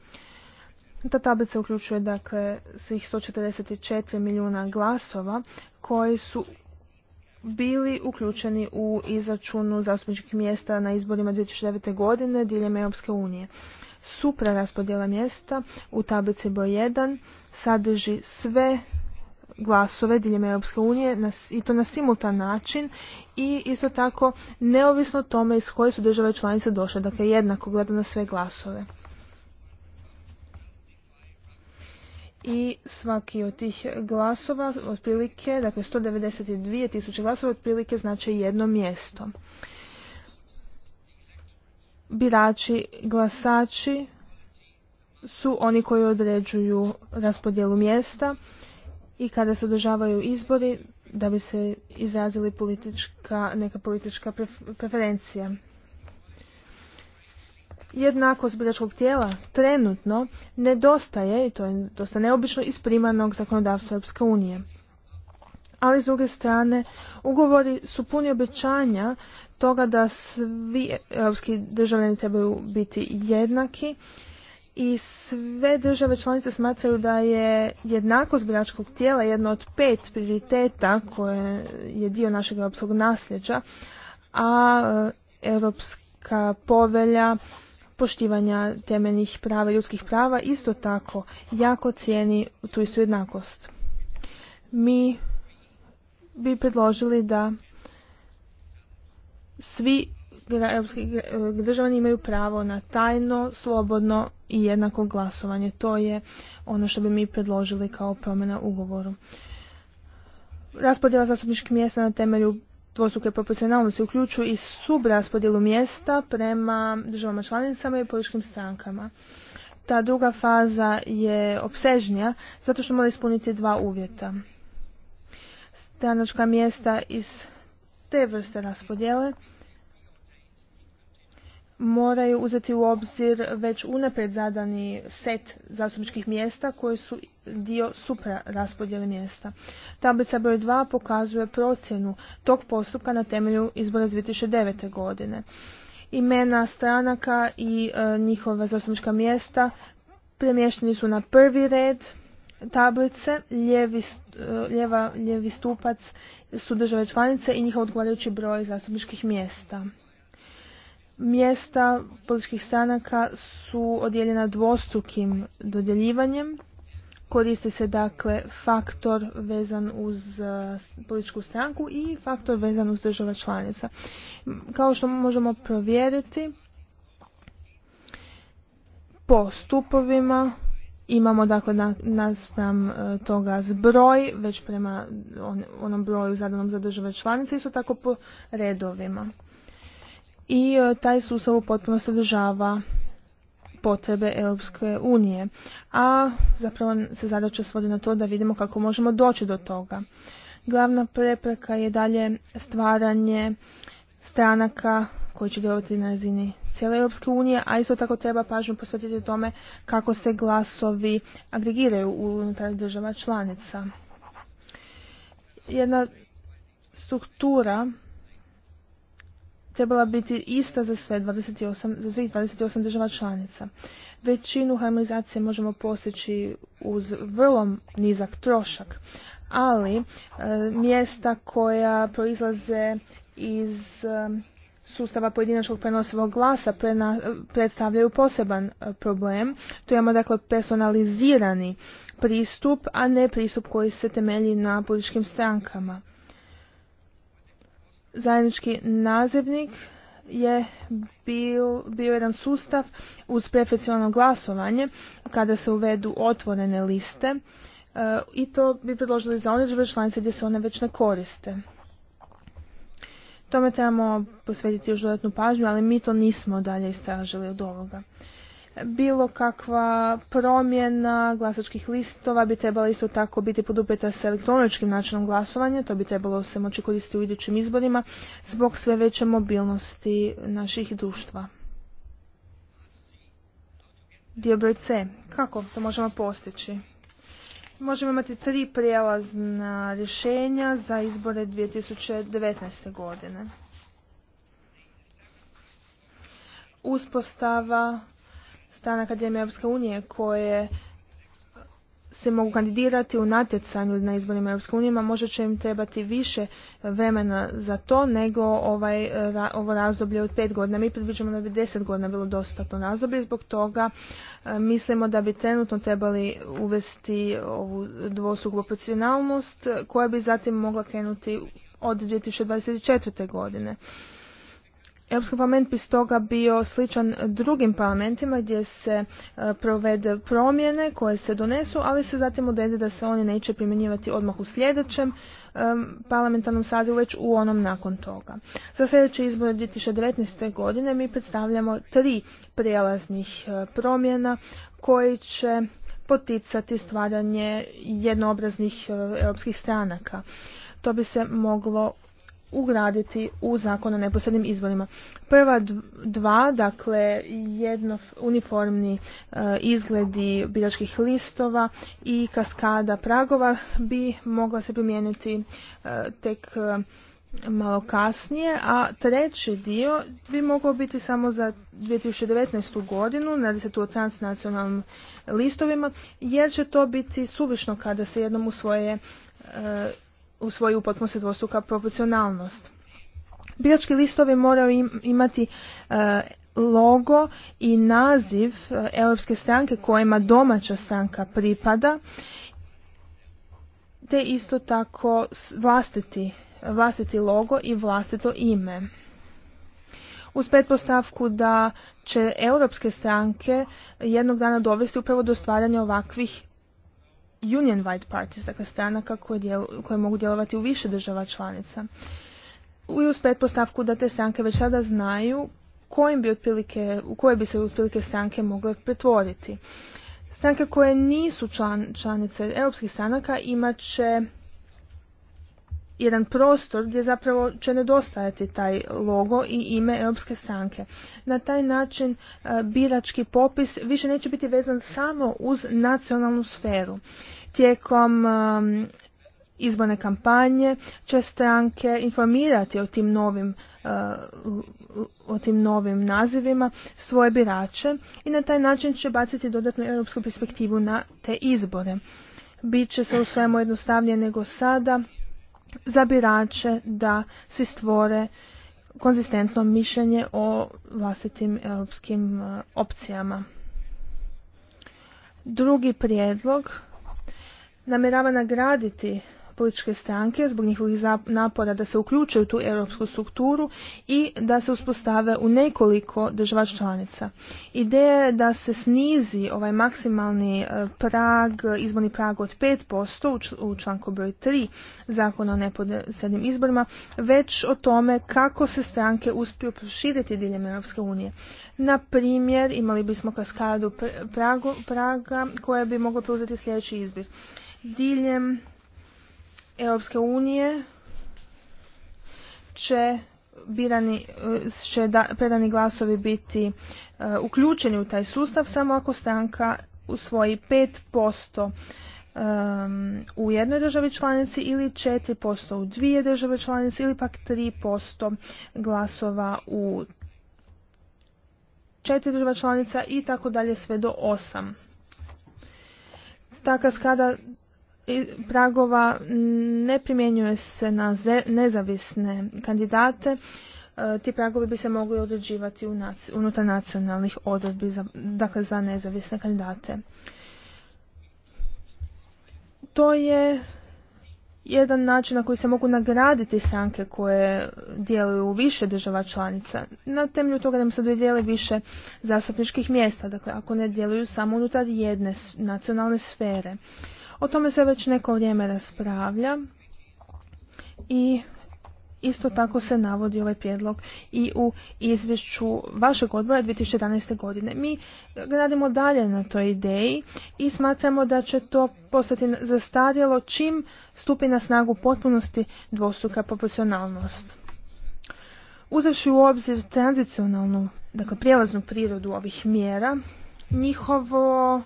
Ta tablica uključuje dakle svih 144 milijuna glasova koji su bili uključeni u izračunu zastupničkih mjesta na izborima 2009. godine diljem Europske unije. Supra raspodjela mjesta u tablici broj 1 sadrži sve glasove diljem Europske unije i to na simultan način i isto tako neovisno tome iz koje su države članice došle, dakle jednako gleda na sve glasove. i svaki od tih glasova otprilike, dakle 192 tisuće glasova otprilike znači jedno mjesto. Birači, glasači su oni koji određuju raspodjelu mjesta i kada se održavaju izbori da bi se izrazili politička, neka politička preferencija. Jednakost biračkog tijela trenutno nedostaje, i to je dosta neobično, iz primarnog zakonodavstva Europske unije. Ali s druge strane, ugovori su puni obećanja toga da svi europski državljani trebaju biti jednaki i sve države članice smatraju da je jednakost biračkog tijela jedna od pet prioriteta koje je dio našeg europskog nasljeđa, a e, europska povelja poštivanja temeljnih prava i ljudskih prava isto tako jako cijeni tu istu jednakost. Mi bi predložili da svi europski e, državani imaju pravo na tajno, slobodno i jednako glasovanje. To je ono što bi mi predložili kao promjena ugovoru. Raspodjela zastupničkih mjesta na temelju dvostruke proporcionalnosti uključuju i subraspodjelu mjesta prema državama članicama i političkim strankama. Ta druga faza je opsežnija, zato što mora ispuniti dva uvjeta. Stranačka mjesta iz te vrste raspodjele moraju uzeti u obzir već unaprijed zadani set zastupničkih mjesta koji su dio supra raspodjele mjesta. Tablica broj 2 pokazuje procjenu tog postupka na temelju izbora 2009. godine. Imena stranaka i e, njihova zastupnička mjesta premješteni su na prvi red tablice, lijevi, e, lijevi stupac su države članice i njihov odgovarajući broj zastupničkih mjesta mjesta političkih stranaka su odjeljena dvostrukim dodjeljivanjem. Koristi se dakle faktor vezan uz uh, političku stranku i faktor vezan uz država članica. Kao što možemo provjeriti, po stupovima imamo dakle naspram uh, toga zbroj, već prema onom broju zadanom za države članice, isto tako po redovima i e, taj sustav u potpunosti održava potrebe Europske unije. A zapravo se zadaća svodi na to da vidimo kako možemo doći do toga. Glavna prepreka je dalje stvaranje stranaka koji će djelovati na razini cijele Europske unije, a isto tako treba pažnju posvetiti tome kako se glasovi agregiraju unutar država članica. Jedna struktura trebala biti ista za sve 28, za svih 28 država članica. Većinu harmonizacije možemo postići uz vrlo nizak trošak, ali e, mjesta koja proizlaze iz e, sustava pojedinačnog prenosivog glasa e, predstavljaju poseban problem. To imamo dakle personalizirani pristup, a ne pristup koji se temelji na političkim strankama zajednički nazivnik je bio, bio jedan sustav uz preferencijalno glasovanje kada se uvedu otvorene liste e, i to bi predložili za one članice gdje se one već ne koriste. Tome trebamo posvetiti još dodatnu pažnju, ali mi to nismo dalje istražili od ovoga bilo kakva promjena glasačkih listova bi trebala isto tako biti podupeta sa elektroničkim načinom glasovanja, to bi trebalo se moći koristiti u idućim izborima zbog sve veće mobilnosti naših društva. Dio broj C. Kako to možemo postići? Možemo imati tri prijelazna rješenja za izbore 2019. godine. Uspostava stan Akademije Europske unije koje se mogu kandidirati u natjecanju na izborima Europske unije, možda će im trebati više vremena za to nego ovaj, ovo razdoblje od pet godina. Mi predviđamo da bi deset godina bilo dostatno razdoblje, zbog toga e, mislimo da bi trenutno trebali uvesti ovu dvostruku proporcionalnost koja bi zatim mogla krenuti od 2024. godine. Europski parlament bi stoga bio sličan drugim parlamentima gdje se e, provede promjene koje se donesu, ali se zatim odredi da se oni neće primjenjivati odmah u sljedećem e, parlamentarnom sazivu, već u onom nakon toga. Za sljedeće izbore 2019. godine mi predstavljamo tri prijelaznih e, promjena koji će poticati stvaranje jednoobraznih europskih stranaka. To bi se moglo ugraditi u zakon o neposrednim izborima. Prva dva, dakle jedno uniformni eh, izgledi biračkih listova i kaskada pragova bi mogla se primijeniti eh, tek eh, malo kasnije, a treći dio bi mogao biti samo za 2019. godinu, radi se tu o transnacionalnim listovima, jer će to biti suvišno kada se jednom usvoje u u potpunosti dvostruka proporcionalnost. Birački listovi moraju imati e, logo i naziv e, europske stranke kojima domaća stranka pripada, te isto tako vlastiti, vlastiti logo i vlastito ime uz pretpostavku da će europske stranke jednog dana dovesti upravo do stvaranja ovakvih union White parties, dakle stranaka koje, koje mogu djelovati u više država članica. I uz pretpostavku da te stranke već sada znaju kojim bi otprilike, u koje bi se otprilike stranke mogle pretvoriti. Stranke koje nisu članice europskih stranaka imat će jedan prostor gdje zapravo će nedostajati taj logo i ime Europske stranke. Na taj način e, birački popis više neće biti vezan samo uz nacionalnu sferu. Tijekom e, izborne kampanje će stranke informirati o tim novim e, o tim novim nazivima svoje birače i na taj način će baciti dodatnu europsku perspektivu na te izbore. Biće se u svemu jednostavnije nego sada za birače da se stvore konzistentno mišljenje o vlastitim europskim e, opcijama. Drugi prijedlog namjerava nagraditi političke stranke zbog njihovih napora da se uključe u tu europsku strukturu i da se uspostave u nekoliko država članica. Ideja je da se snizi ovaj maksimalni e, prag, izborni prag od 5% u članku broj 3 zakona o neposrednim izborima, već o tome kako se stranke uspiju proširiti diljem Europske unije. Na primjer, imali bismo kaskadu praga koja bi mogla preuzeti sljedeći izbir diljem Europske unije će birani, će da, predani glasovi biti e, uključeni u taj sustav samo ako stranka usvoji 5% posto u jednoj državi članici ili 4% u dvije države članice ili pak 3% glasova u četiri država članica i tako dalje sve do osam. Ta kaskada pragova ne primjenjuje se na nezavisne kandidate. E, ti pragovi bi se mogli određivati unutar nacionalnih odredbi za, dakle, za nezavisne kandidate. To je jedan način na koji se mogu nagraditi stranke koje djeluju u više država članica. Na temelju toga da se dodijeli više zastupničkih mjesta, dakle ako ne djeluju samo unutar jedne nacionalne sfere. O tome se već neko vrijeme raspravlja i isto tako se navodi ovaj prijedlog i u izvješću vašeg odbora 2011. godine. Mi radimo dalje na toj ideji i smatramo da će to postati zastarjelo čim stupi na snagu potpunosti dvostruka proporcionalnost. Uzavši u obzir tranzicionalnu, dakle prijelaznu prirodu ovih mjera, njihovo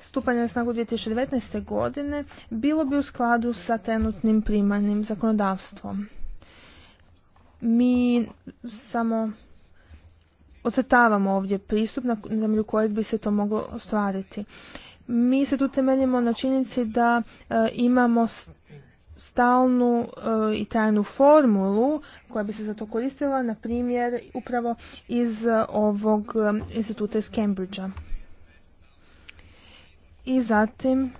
stupanja na snagu 2019. godine bilo bi u skladu sa trenutnim primarnim zakonodavstvom. Mi samo ocrtavamo ovdje pristup na zemlju kojeg bi se to moglo ostvariti. Mi se tu temeljimo na činjenici da e, imamo stalnu e, i trajnu formulu koja bi se za to koristila, na primjer, upravo iz e, ovog e, instituta iz Cambridgea. I zatim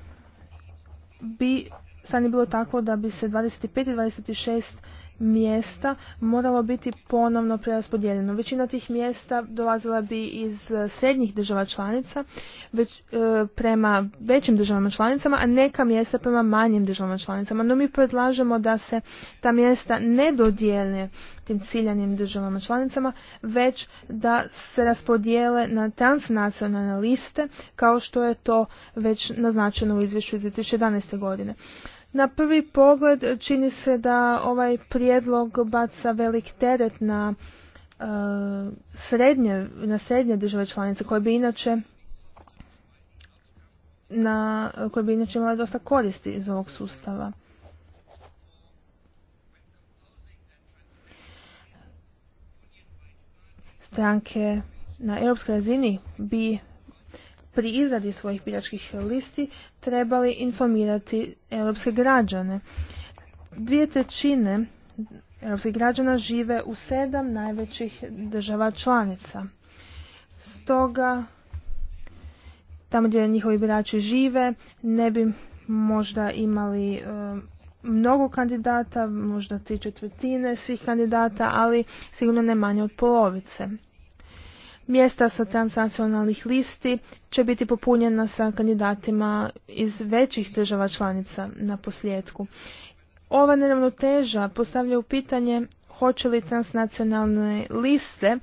bi stanje bilo tako da bi se 25 i 26 mjesta moralo biti ponovno preraspodijeljeno. Većina tih mjesta dolazila bi iz e, srednjih država članica već, e, prema većim državama članicama, a neka mjesta prema manjim državama članicama. No mi predlažemo da se ta mjesta ne dodijele tim ciljanim državama članicama, već da se raspodijele na transnacionalne liste, kao što je to već naznačeno u izvješću iz 2011. godine. Na prvi pogled čini se da ovaj prijedlog baca velik teret na e, srednje, na srednje države članice koje bi inače na, koje bi inače imale dosta koristi iz ovog sustava. Stranke na europskoj razini bi pri izradi svojih biračkih listi trebali informirati europske građane. Dvije trećine europskih građana žive u sedam najvećih država članica. Stoga, tamo gdje njihovi birači žive, ne bi možda imali e, mnogo kandidata, možda tri četvrtine svih kandidata, ali sigurno ne manje od polovice mjesta sa transnacionalnih listi će biti popunjena sa kandidatima iz većih država članica na posljedku. Ova neravnoteža postavlja u pitanje hoće li transnacionalne liste e,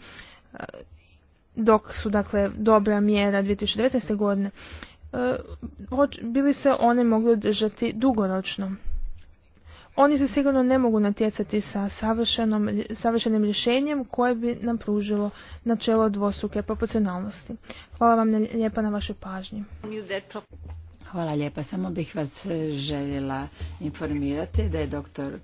dok su dakle dobra mjera 2019. godine e, bili se one mogli držati dugoročno oni se sigurno ne mogu natjecati sa savršenom, savršenim rješenjem koje bi nam pružilo načelo dvostruke proporcionalnosti. Hvala vam lijepa na vašoj pažnji. Hvala lijepa. Samo bih vas e, željela informirati da je doktor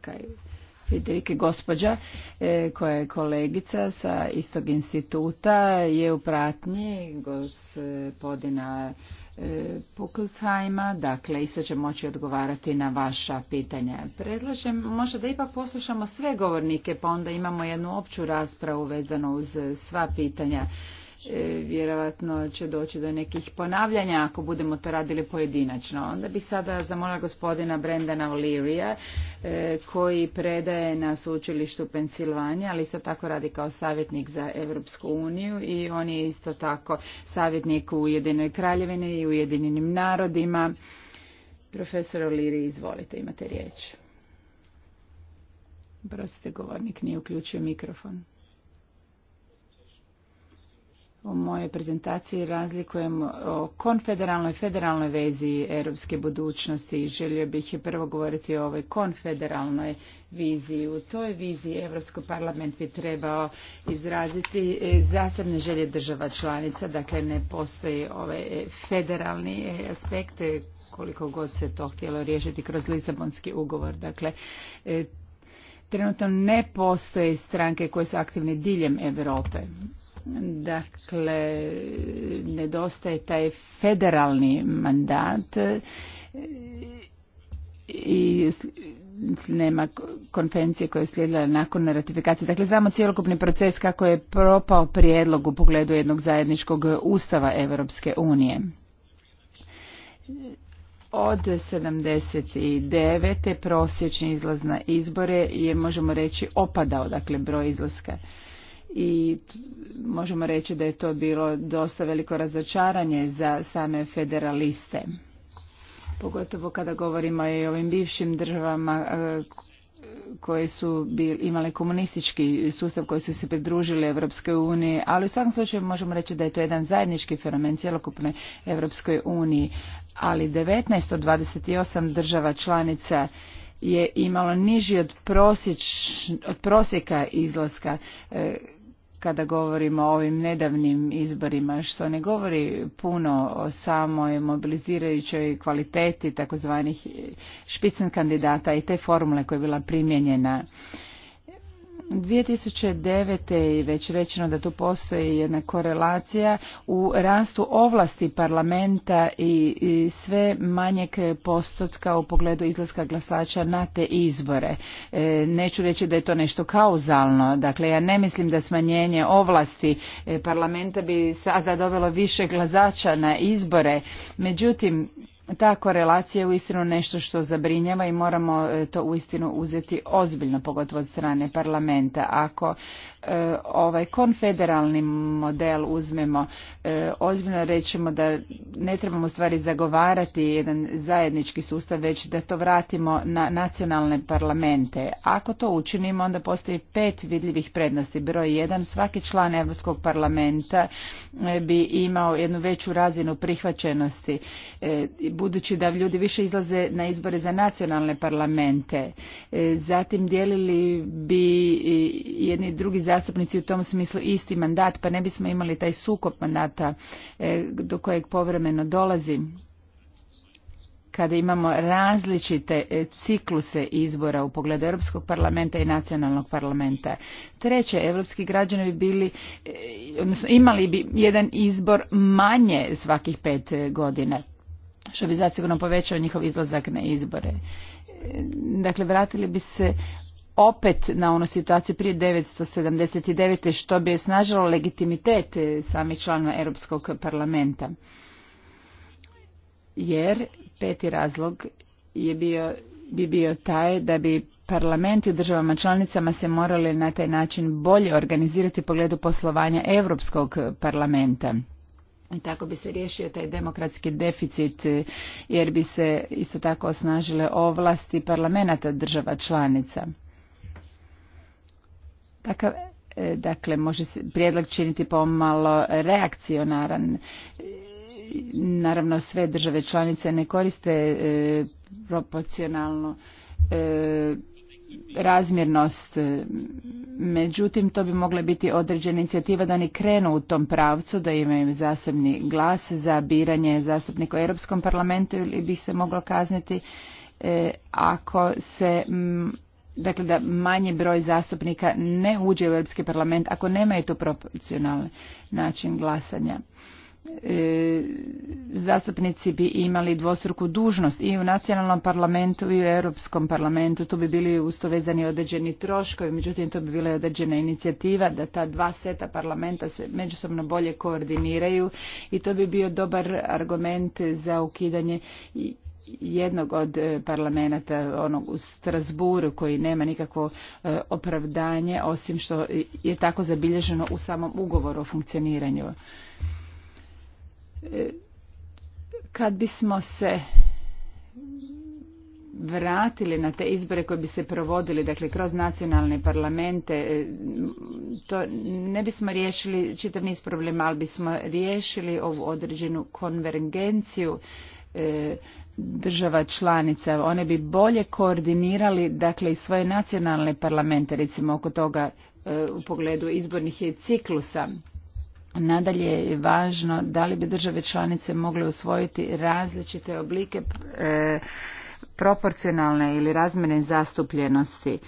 Federike gospođa e, koja je kolegica sa istog instituta je u pratnji gospodina e, E, Pukelshajma, dakle isto će moći odgovarati na vaša pitanja. Predlažem možda da ipak poslušamo sve govornike, pa onda imamo jednu opću raspravu vezanu uz sva pitanja. E, vjerojatno će doći do nekih ponavljanja ako budemo to radili pojedinačno. Onda bi sada zamolila gospodina Brendana oliria e, koji predaje na sveučilištu Pensilvanija, ali isto tako radi kao savjetnik za Europsku uniju i on je isto tako savjetnik u Ujedinoj kraljevini i Ujedinjenim narodima. Profesor O'Liri, izvolite, imate riječ. Prostite, govornik nije uključio mikrofon u mojoj prezentaciji razlikujem o konfederalnoj federalnoj viziji europske budućnosti i želio bih prvo govoriti o ovoj konfederalnoj viziji. U toj viziji Europski parlament bi trebao izraziti e, zasebne želje država članica, dakle ne postoji ove ovaj, federalni e, aspekt e, koliko god se to htjelo riješiti kroz Lisabonski ugovor. Dakle, trenutno ne postoje stranke koje su aktivne diljem Europe. Dakle, nedostaje taj federalni mandat i nema konvencije koja je slijedila nakon ratifikacije. Dakle, znamo cjelokupni proces kako je propao prijedlog u pogledu jednog zajedničkog ustava Europske unije. Od 79. prosječni izlaz na izbore je, možemo reći, opadao, dakle, broj izlaska i možemo reći da je to bilo dosta veliko razočaranje za same federaliste. Pogotovo kada govorimo i o ovim bivšim državama e, koje su imale komunistički sustav koji su se pridružili Europskoj uniji, ali u svakom slučaju možemo reći da je to jedan zajednički fenomen cjelokupne Europskoj uniji, ali 19 od 28 država članica je imalo niži od, prosječ, od prosjeka izlaska e, kada govorimo o ovim nedavnim izborima, što ne govori puno o samoj mobilizirajućoj kvaliteti takozvanih špicen kandidata i te formule koja je bila primjenjena 2009. je već rečeno da tu postoji jedna korelacija u rastu ovlasti parlamenta i, sve manjeg postotka u pogledu izlaska glasača na te izbore. E, neću reći da je to nešto kauzalno, dakle ja ne mislim da smanjenje ovlasti e, parlamenta bi sada dovelo više glasača na izbore, međutim ta korelacija je uistinu nešto što zabrinjava i moramo e, to uistinu uzeti ozbiljno, pogotovo od strane parlamenta. Ako e, ovaj konfederalni model uzmemo e, ozbiljno rećemo da ne trebamo stvari zagovarati jedan zajednički sustav, već da to vratimo na nacionalne parlamente. Ako to učinimo, onda postoji pet vidljivih prednosti. Broj jedan, svaki član Europskog parlamenta bi imao jednu veću razinu prihvaćenosti budući da ljudi više izlaze na izbore za nacionalne parlamente. E, zatim dijelili bi jedni i drugi zastupnici u tom smislu isti mandat, pa ne bismo imali taj sukop mandata e, do kojeg povremeno dolazi kada imamo različite e, cikluse izbora u pogledu Europskog parlamenta i nacionalnog parlamenta. Treće, europski građani bi bili, odnosno imali bi jedan izbor manje svakih pet godina što bi zasigurno povećao njihov izlazak na izbore. Dakle, vratili bi se opet na onu situaciju prije 1979. što bi snažilo legitimitet e, samih članova Europskog parlamenta. Jer peti razlog je bio, bi bio taj da bi parlamenti u državama članicama se morali na taj način bolje organizirati u pogledu poslovanja Europskog parlamenta. I tako bi se riješio taj demokratski deficit e, jer bi se isto tako osnažile ovlasti parlamenta država članica. Takav e, dakle može se prijedlog činiti pomalo reakcionaran e, naravno sve države članice ne koriste proporcionalno razmjernost. Međutim, to bi mogle biti određena inicijativa da oni krenu u tom pravcu, da imaju zasebni glas za biranje zastupnika u Europskom parlamentu ili bi se moglo kazniti e, ako se dakle da manji broj zastupnika ne uđe u Europski parlament ako nemaju tu proporcionalni način glasanja. E, zastupnici bi imali dvostruku dužnost i u nacionalnom parlamentu i u europskom parlamentu tu bi bili ustovezani vezani određeni troškovi međutim to bi bila određena inicijativa da ta dva seta parlamenta se međusobno bolje koordiniraju i to bi bio dobar argument za ukidanje jednog od e, parlamenta onog u Strasburu koji nema nikakvo e, opravdanje osim što je tako zabilježeno u samom ugovoru o funkcioniranju kad bismo se vratili na te izbore koje bi se provodili dakle kroz nacionalne parlamente e, to ne bismo riješili čitav niz problema ali bismo riješili ovu određenu konvergenciju e, država članica one bi bolje koordinirali dakle i svoje nacionalne parlamente recimo oko toga e, u pogledu izbornih ciklusa Nadalje je važno da li bi države članice mogle usvojiti različite oblike e, proporcionalne ili razmjene zastupljenosti.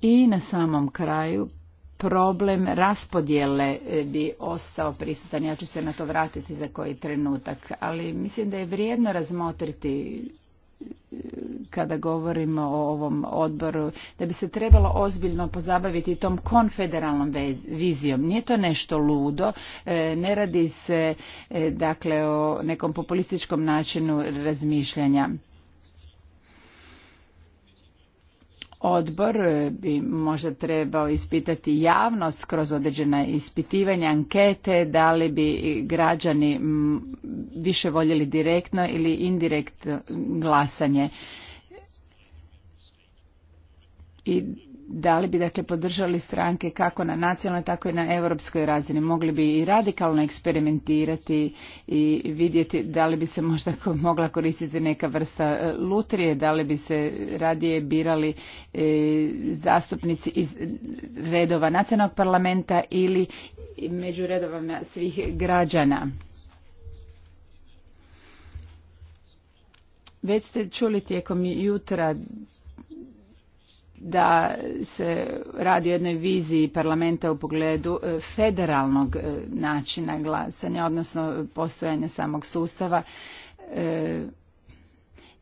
I na samom kraju problem raspodjele e, bi ostao prisutan. Ja ću se na to vratiti za koji trenutak, ali mislim da je vrijedno razmotriti kada govorimo o ovom odboru, da bi se trebalo ozbiljno pozabaviti tom konfederalnom vizijom. Nije to nešto ludo, e, ne radi se e, dakle o nekom populističkom načinu razmišljanja. Odbor e, bi možda trebao ispitati javnost kroz određena ispitivanja, ankete, da li bi građani više voljeli direktno ili indirekt glasanje. I da li bi dakle podržali stranke kako na nacionalnoj tako i na europskoj razini mogli bi i radikalno eksperimentirati i vidjeti da li bi se možda mogla koristiti neka vrsta e, lutrije da li bi se radije birali e, zastupnici iz redova nacionalnog parlamenta ili među redovama svih građana već ste čuli tijekom jutra da se radi o jednoj viziji parlamenta u pogledu e, federalnog e, načina glasanja, odnosno postojanja samog sustava e,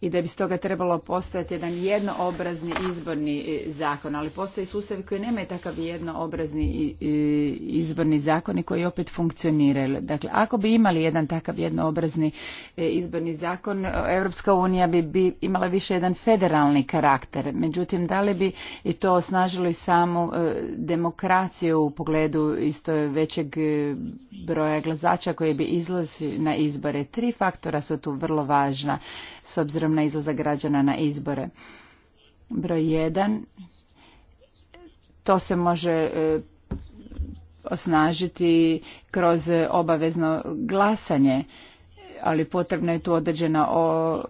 i da bi stoga trebalo postojati jedan jednoobrazni izborni e, zakon, ali postoji sustavi koji nemaju takav jednoobrazni e, e, izborni zakon i koji opet funkcioniraju. Dakle, ako bi imali jedan takav jednoobrazni izborni zakon, Europska unija bi imala više jedan federalni karakter. Međutim, da li bi i to osnažilo i samu demokraciju u pogledu isto većeg broja glasača koji bi izlazi na izbore? Tri faktora su tu vrlo važna s obzirom na izlazak građana na izbore. Broj jedan, To se može e, osnažiti kroz obavezno glasanje, ali potrebno je tu određena o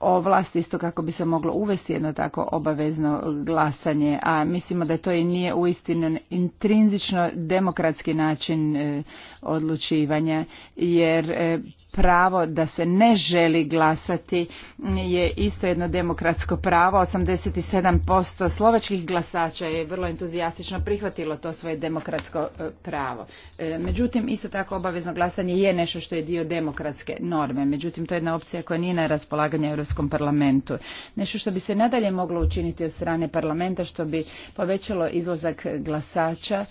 ovlast isto kako bi se moglo uvesti jedno tako obavezno glasanje, a mislimo da to i nije uistinu intrinzično demokratski način e, odlučivanja, jer e, pravo da se ne želi glasati je isto jedno demokratsko pravo. 87% slovačkih glasača je vrlo entuzijastično prihvatilo to svoje demokratsko e, pravo. E, međutim, isto tako obavezno glasanje je nešto što je dio demokratske norme. Međutim, to je jedna opcija koja nije na raspolaganju Europskom parlamentu. Nešto što bi se nadalje moglo učiniti od strane parlamenta, što bi povećalo izlazak glasača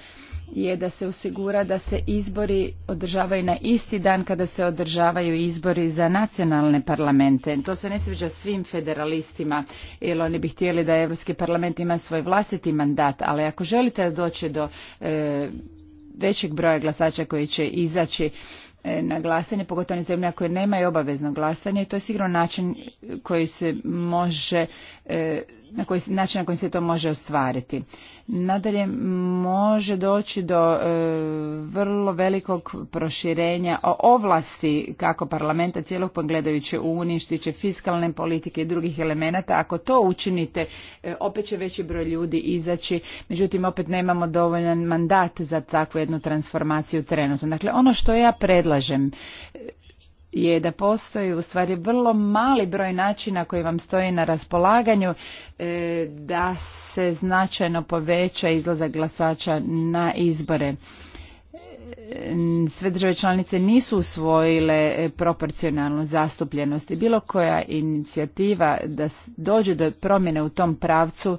je da se osigura da se izbori održavaju na isti dan kada se održavaju izbori za nacionalne parlamente. To se ne sviđa svim federalistima, jer oni bi htjeli da Europski parlament ima svoj vlastiti mandat, ali ako želite doći do e, većeg broja glasača koji će izaći e, na glasanje, pogotovo na zemlje koje nemaju obavezno glasanje. To je sigurno način koji se može e, na koji, način na koji se to može ostvariti. Nadalje, može doći do e, vrlo velikog proširenja o ovlasti kako parlamenta cijelog pogledajuće pa u fiskalne politike i drugih elemenata. Ako to učinite, e, opet će veći broj ljudi izaći. Međutim, opet nemamo dovoljan mandat za takvu jednu transformaciju trenutno. Dakle, ono što ja predlažem, je da postoji u stvari vrlo mali broj načina koji vam stoji na raspolaganju e, da se značajno poveća izlazak glasača na izbore e, sve države članice nisu usvojile e, proporcionalnu zastupljenost i bilo koja inicijativa da dođe do promjene u tom pravcu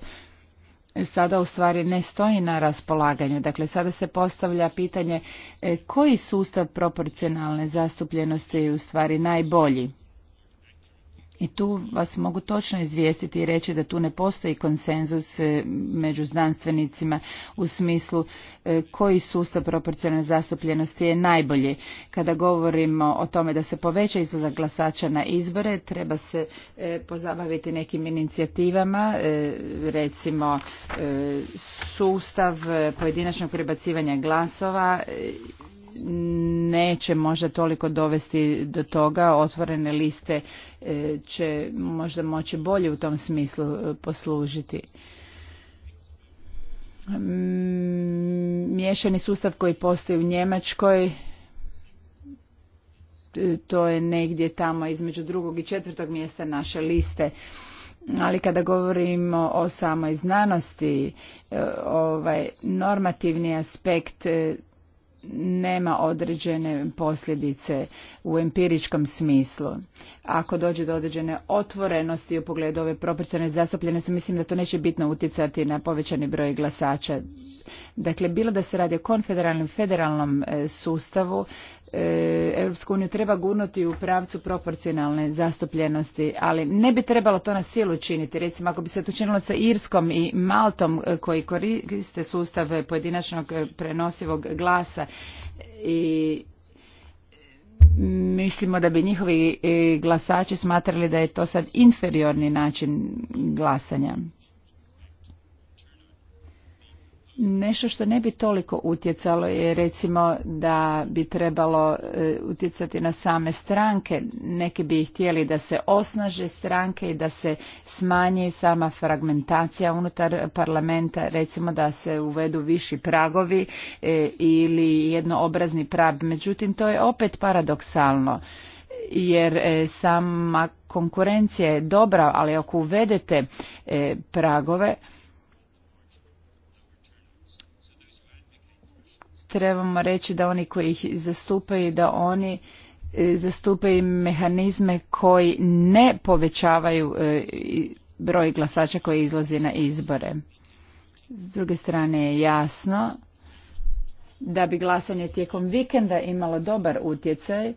E, sada u stvari ne stoji na raspolaganju. Dakle, sada se postavlja pitanje e, koji sustav proporcionalne zastupljenosti je u stvari najbolji. I tu vas mogu točno izvijestiti i reći da tu ne postoji konsenzus e, među znanstvenicima u smislu e, koji sustav proporcionalne zastupljenosti je najbolji. Kada govorimo o tome da se poveća izlazak glasača na izbore, treba se e, pozabaviti nekim inicijativama, recimo sustav pojedinačnog prebacivanja glasova neće možda toliko dovesti do toga. Otvorene liste e, će možda moći bolje u tom smislu e, poslužiti. Mm, miješani sustav koji postoji u Njemačkoj e, to je negdje tamo između drugog i četvrtog mjesta naše liste. Ali kada govorimo o samoj znanosti, ovaj normativni aspekt nema određene posljedice u empiričkom smislu. Ako dođe do određene otvorenosti u pogledu ove proporcionalne zastupljenosti, mislim da to neće bitno utjecati na povećani broj glasača. Dakle, bilo da se radi o konfederalnom federalnom e, sustavu, E, Europsku uniju treba gurnuti u pravcu proporcionalne zastupljenosti, ali ne bi trebalo to na silu činiti. Recimo, ako bi se to činilo sa Irskom i Maltom e, koji koriste sustav pojedinačnog e, prenosivog glasa i mislimo da bi njihovi glasači smatrali da je to sad inferiorni način glasanja. Nešto što ne bi toliko utjecalo je recimo da bi trebalo e, utjecati na same stranke. Neki bi htjeli da se osnaže stranke i da se smanji sama fragmentacija unutar parlamenta, recimo da se uvedu viši pragovi e, ili jednoobrazni prag. Međutim, to je opet paradoksalno jer e, sama konkurencija je dobra, ali ako uvedete pragove, trebamo reći da oni koji ih zastupaju, da oni e, zastupaju mehanizme koji ne povećavaju e, broj glasača koji izlazi na izbore. S druge strane je jasno da bi glasanje tijekom vikenda imalo dobar utjecaj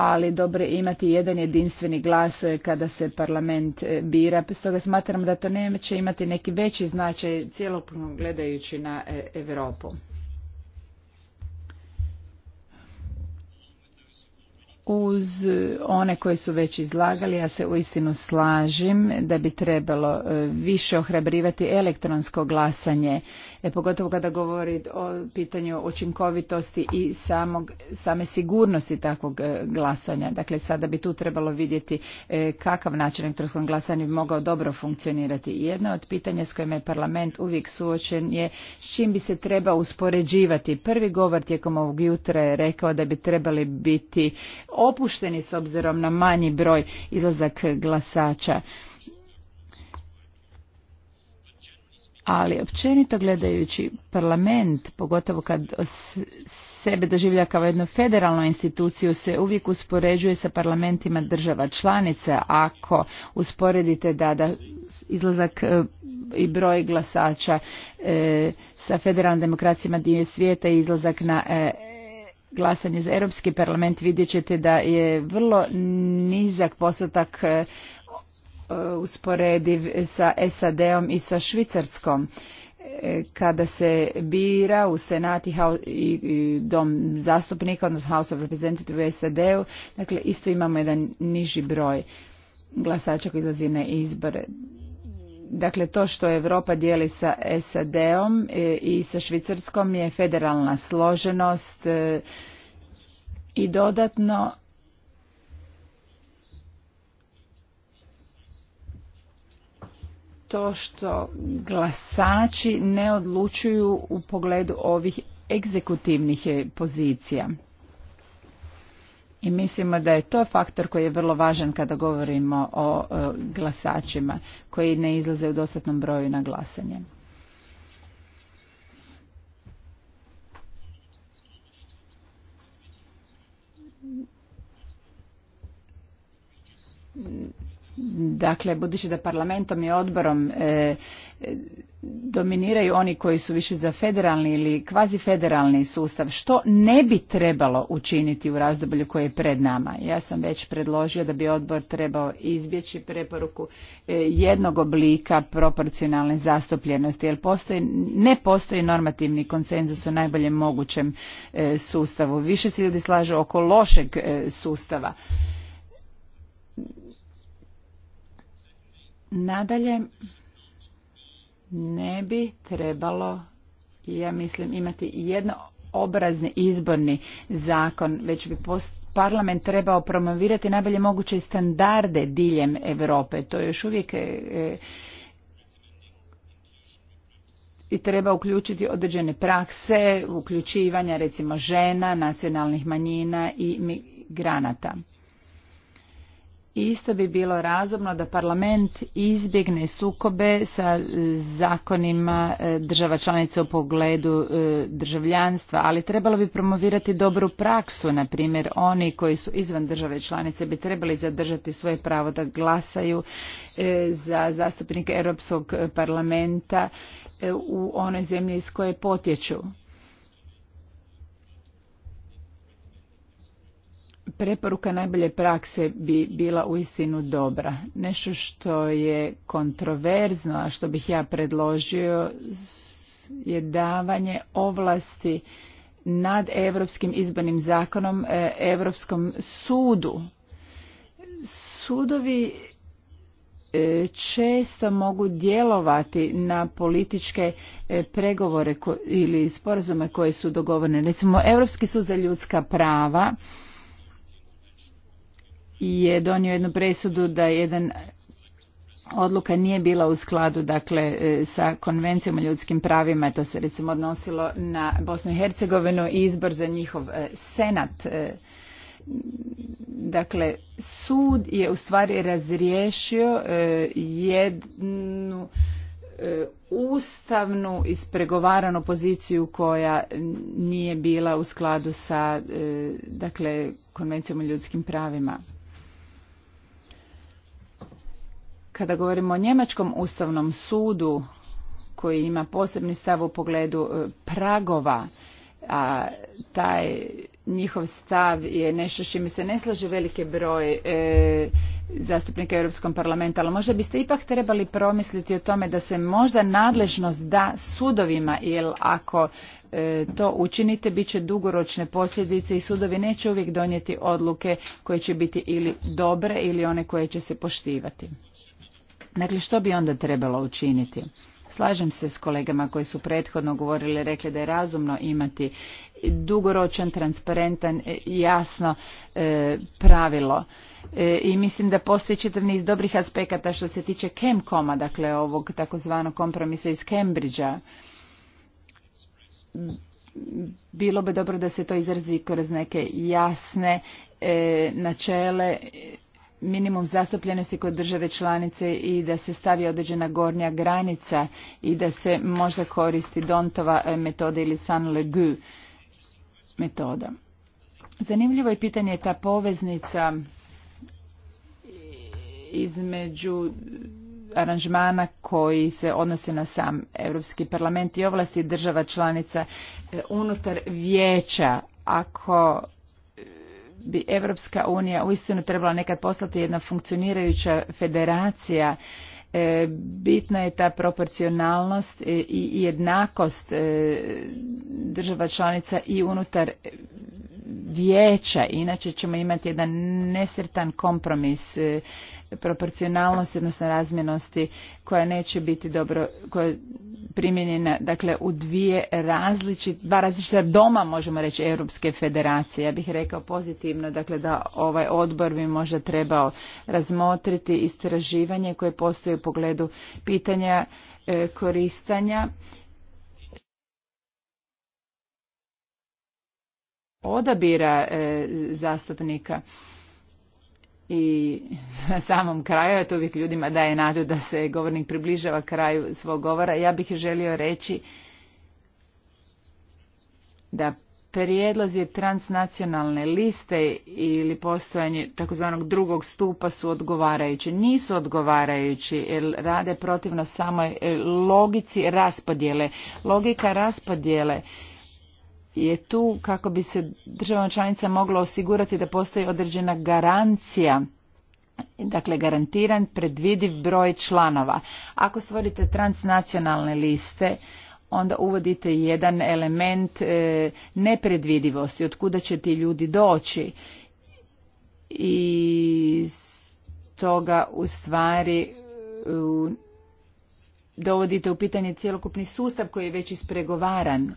ali dobro je imati jedan jedinstveni glas e, kada se parlament e, bira. Stoga smatram da to neće imati neki veći značaj cjelokupno gledajući na e, Europu. Uz one koje su već izlagali, ja se uistinu slažim da bi trebalo više ohrabrivati elektronsko glasanje E, pogotovo kada govori o pitanju učinkovitosti i samog, same sigurnosti takvog e, glasanja. Dakle, sada bi tu trebalo vidjeti e, kakav način elektronskog glasanja bi mogao dobro funkcionirati. jedno od pitanja s kojima je parlament uvijek suočen je s čim bi se treba uspoređivati. Prvi govor tijekom ovog jutra je rekao da bi trebali biti opušteni s obzirom na manji broj izlazak glasača. ali općenito gledajući parlament, pogotovo kad sebe doživlja kao jednu federalnu instituciju, se uvijek uspoređuje sa parlamentima država članica. Ako usporedite da, da izlazak e, i broj glasača e, sa federalnim demokracijama dio svijeta i izlazak na e, glasanje za Europski parlament vidjet ćete da je vrlo nizak postotak E, usporediv sa SAD-om i sa Švicarskom e, kada se bira u Senat i dom zastupnika, odnosno House of Representatives u SAD-u, dakle isto imamo jedan niži broj glasača koji izlazi na izbore. Dakle, to što Europa dijeli sa SAD-om e, i sa Švicarskom je federalna složenost i dodatno to što glasači ne odlučuju u pogledu ovih egzekutivnih pozicija. I mislimo da je to faktor koji je vrlo važan kada govorimo o e, glasačima koji ne izlaze u dostatnom broju na glasanje. Dakle, budući da parlamentom i odborom e, e, dominiraju oni koji su više za federalni ili kvazi federalni sustav, što ne bi trebalo učiniti u razdoblju koje je pred nama? Ja sam već predložio da bi odbor trebao izbjeći preporuku e, jednog oblika proporcionalne zastupljenosti, jer postoji, ne postoji normativni konsenzus o najboljem mogućem sustavu. Više se ljudi slažu oko lošeg sustava. Nadalje, ne bi trebalo, ja mislim, imati jedno obrazni izborni zakon, već bi parlament trebao promovirati najbolje moguće standarde diljem Europe. To je još uvijek e, e, i treba uključiti određene prakse, uključivanja recimo žena, nacionalnih manjina i migranata isto bi bilo razumno da parlament izbjegne sukobe sa e, zakonima e, država članica u pogledu e, državljanstva, ali trebalo bi promovirati dobru praksu. Na primjer, oni koji su izvan države članice bi trebali zadržati svoje pravo da glasaju za zastupnike Europskog parlamenta u onoj zemlji iz koje potječu. preporuka najbolje prakse bi bila uistinu dobra. Nešto što je kontroverzno, a što bih ja predložio je davanje ovlasti nad Europskim izbornim zakonom e, Europskom sudu. Sudovi e, često mogu djelovati na političke e, pregovore ili sporazume koje su dogovorene. Recimo, Europski sud za ljudska prava je donio jednu presudu da jedan odluka nije bila u skladu dakle e, sa konvencijom o ljudskim pravima to se recimo odnosilo na Bosnu i Hercegovinu i izbor za njihov e, senat e, dakle sud je u stvari razriješio jednu ustavnu ispregovaranu poziciju koja nije bila u skladu sa dakle konvencijom o ljudskim pravima Kada govorimo o Njemačkom ustavnom sudu koji ima posebni stav u pogledu e, pragova, a taj njihov stav je nešto s čime se ne slaže veliki broj e, zastupnika Europskom parlamentu, ali možda biste ipak trebali promisliti o tome da se možda nadležnost da sudovima, jer ako e, to učinite, bit će dugoročne posljedice i sudovi neće uvijek donijeti odluke koje će biti ili dobre ili one koje će se poštivati. Dakle, što bi onda trebalo učiniti? Slažem se s kolegama koji su prethodno govorili, rekli da je razumno imati dugoročan, transparentan, e, jasno e, pravilo. E, I mislim da postoji čitav niz dobrih aspekata što se tiče Chemcoma, dakle ovog takozvanog kompromisa iz Cambridgea. Bilo bi dobro da se to izrazi kroz neke jasne e, načele minimum zastupljenosti kod države članice i da se stavi određena gornja granica i da se možda koristi Dontova e, metoda ili San Legu metoda. Zanimljivo je pitanje ta poveznica između aranžmana koji se odnose na sam Europski parlament i ovlasti država članica e, unutar vijeća ako bi Evropska unija uistinu trebala nekad postati jedna funkcionirajuća federacija e, bitna je ta proporcionalnost i jednakost e, država članica i unutar vijeća inače ćemo imati jedan nesretan kompromis e, proporcionalnosti odnosno razmjenosti koja neće biti dobro koja primijenjena dakle u dvije različite, dva različita doma možemo reći Europske federacije. Ja bih rekao pozitivno dakle da ovaj odbor bi možda trebao razmotriti istraživanje koje postoji u pogledu pitanja e, koristanja odabira e, zastupnika i na samom kraju, a to uvijek ljudima daje nadu da se govornik približava kraju svog govora, ja bih želio reći da prijedlozi transnacionalne liste ili postojanje takozvanog drugog stupa su odgovarajući. Nisu odgovarajući jer rade protivno samoj logici raspodjele. Logika raspodjele je tu kako bi se državama članica moglo osigurati da postoji određena garancija dakle garantiran predvidiv broj članova. Ako stvorite transnacionalne liste, onda uvodite jedan element e, nepredvidivosti, od kuda će ti ljudi doći. I toga u stvari e, dovodite u pitanje cjelokupni sustav koji je već ispregovaran.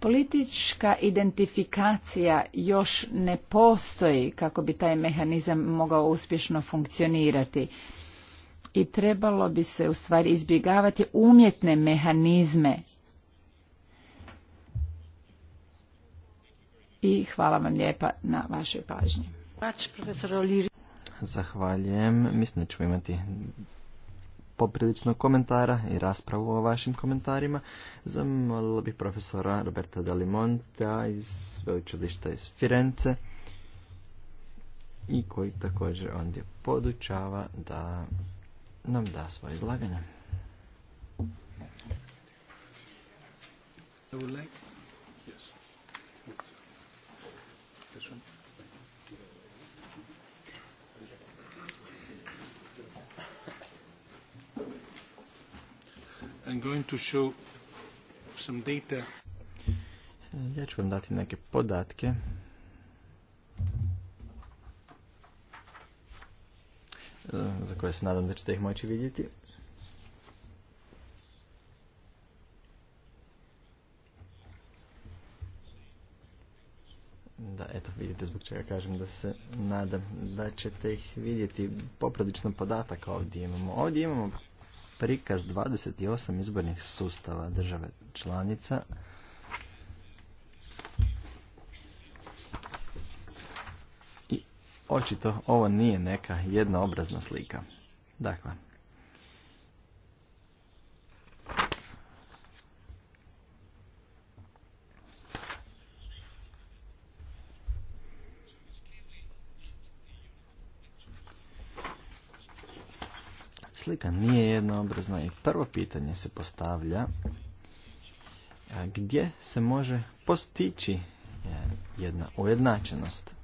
Politička identifikacija još ne postoji kako bi taj mehanizam mogao uspješno funkcionirati i trebalo bi se u stvari izbjegavati umjetne mehanizme. I hvala vam lijepa na vašoj pažnji. Zahvaljujem. Mislim da ćemo imati poprilično komentara i raspravu o vašim komentarima. Zamolila bih profesora Roberta Dalimonta iz sveučilišta iz Firence i koji također ondje podučava da nam da svoje izlaganje. Ja ću vam dati neke podatke. E, za koje se nadam da ćete ih moći vidjeti. Da, eto vidite zbog čega kažem da se nadam da ćete ih vidjeti. Poprilično podatak ovdje imamo. Ovdje imamo prikaz 28 izbornih sustava države članica i očito ovo nije neka jednoobrazna slika. Dakle, slika nije jednoobrazna i prvo pitanje se postavlja gdje se može postići e, jedna ujednačenost.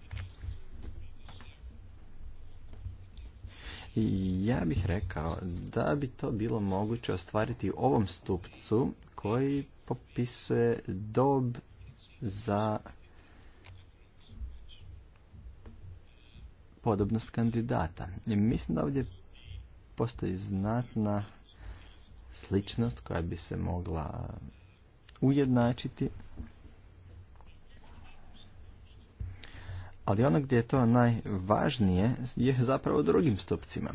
I ja bih rekao da bi to bilo moguće ostvariti u ovom stupcu koji popisuje dob za podobnost kandidata. Mislim da ovdje postoji znatna sličnost koja bi se mogla ujednačiti. Ali ono gdje je to najvažnije je zapravo drugim stupcima.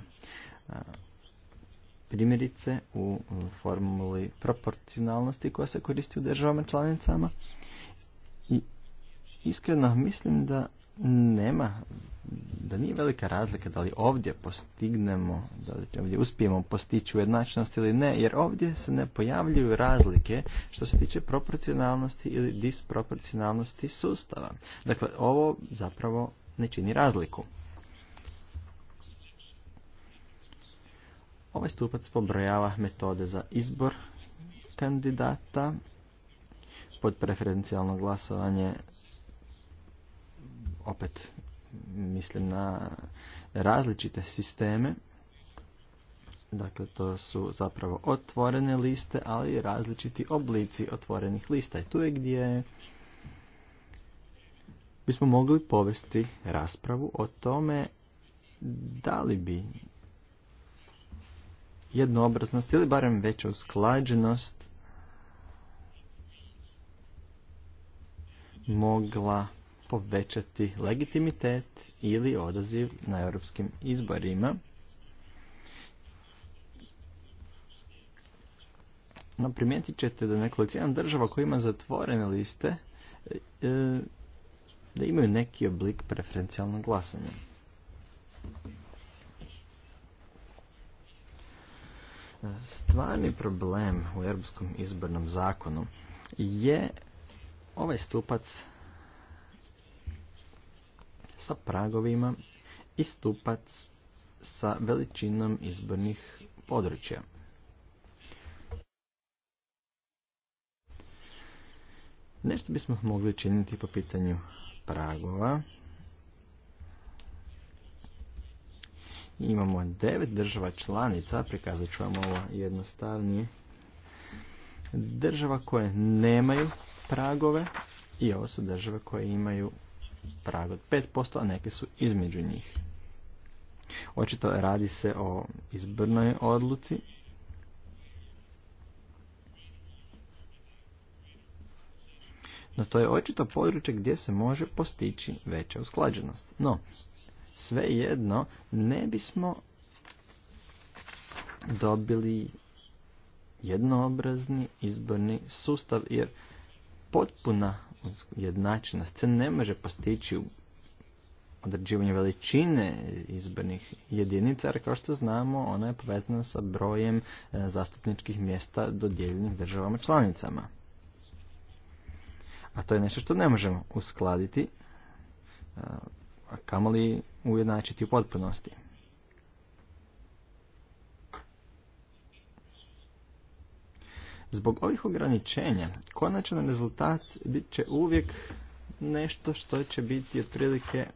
Primjerice u formuli proporcionalnosti koja se koristi u državama članicama. I iskreno mislim da nema da nije velika razlika da li ovdje postignemo, da li ovdje uspijemo postići ujednačnost ili ne, jer ovdje se ne pojavljuju razlike što se tiče proporcionalnosti ili disproporcionalnosti sustava. Dakle, ovo zapravo ne čini razliku. Ovaj stupac pobrojava metode za izbor kandidata pod preferencijalno glasovanje opet mislim na različite sisteme. Dakle, to su zapravo otvorene liste, ali i različiti oblici otvorenih lista. I tu je gdje bismo mogli povesti raspravu o tome da li bi jednoobraznost ili barem veća usklađenost mogla povećati legitimitet ili odaziv na europskim izborima. No primijetit ćete da nekolicina država koja ima zatvorene liste e, da imaju neki oblik preferencijalnog glasanja. Stvarni problem u Europskom izbornom zakonu je ovaj stupac sa pragovima i stupac sa veličinom izbornih područja. Nešto bismo mogli činiti po pitanju pragova. Imamo devet država članica, prikazat ću vam ovo jednostavnije. Država koje nemaju pragove i ovo su države koje imaju prag od 5%, a neke su između njih. Očito radi se o izbrnoj odluci. No to je očito područje gdje se može postići veća usklađenost. No, svejedno ne bismo dobili jednoobrazni izborni sustav jer potpuna jednačina se ne može postići određivanje veličine izbornih jedinica, jer kao što znamo ona je povezana sa brojem e, zastupničkih mjesta dodijeljenih državama članicama. A to je nešto što ne možemo uskladiti, e, a kamoli ujednačiti u potpunosti. Zbog ovih ograničenja, konačan rezultat bit će uvijek nešto što će biti otprilike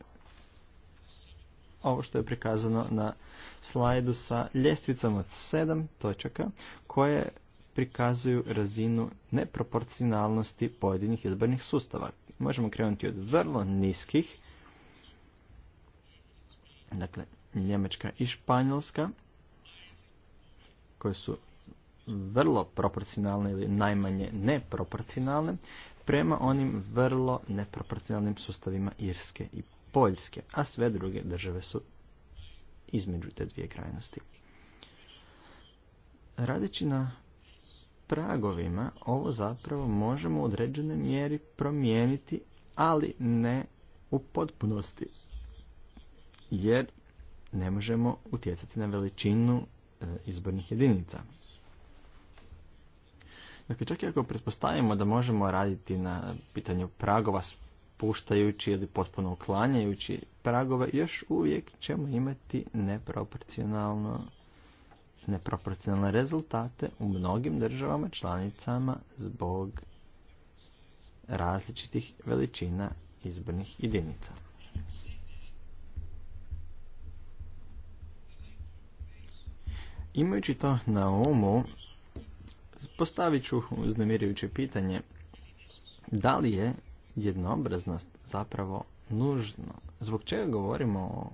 ovo što je prikazano na slajdu sa ljestvicom od sedam točaka koje prikazuju razinu neproporcionalnosti pojedinih izbornih sustava. Možemo krenuti od vrlo niskih, dakle Njemačka i Španjolska, koje su vrlo proporcionalne ili najmanje neproporcionalne prema onim vrlo neproporcionalnim sustavima Irske i Poljske, a sve druge države su između te dvije krajnosti. Radeći na pragovima, ovo zapravo možemo u određenoj mjeri promijeniti, ali ne u potpunosti, jer ne možemo utjecati na veličinu e, izbornih jedinica. Dakle, čak i ako pretpostavimo da možemo raditi na pitanju pragova spuštajući ili potpuno uklanjajući pragove, još uvijek ćemo imati neproporcionalno neproporcionalne rezultate u mnogim državama članicama zbog različitih veličina izbornih jedinica. Imajući to na umu, Postavit ću uznemirujuće pitanje. Da li je jednoobraznost zapravo nužno? Zbog čega govorimo o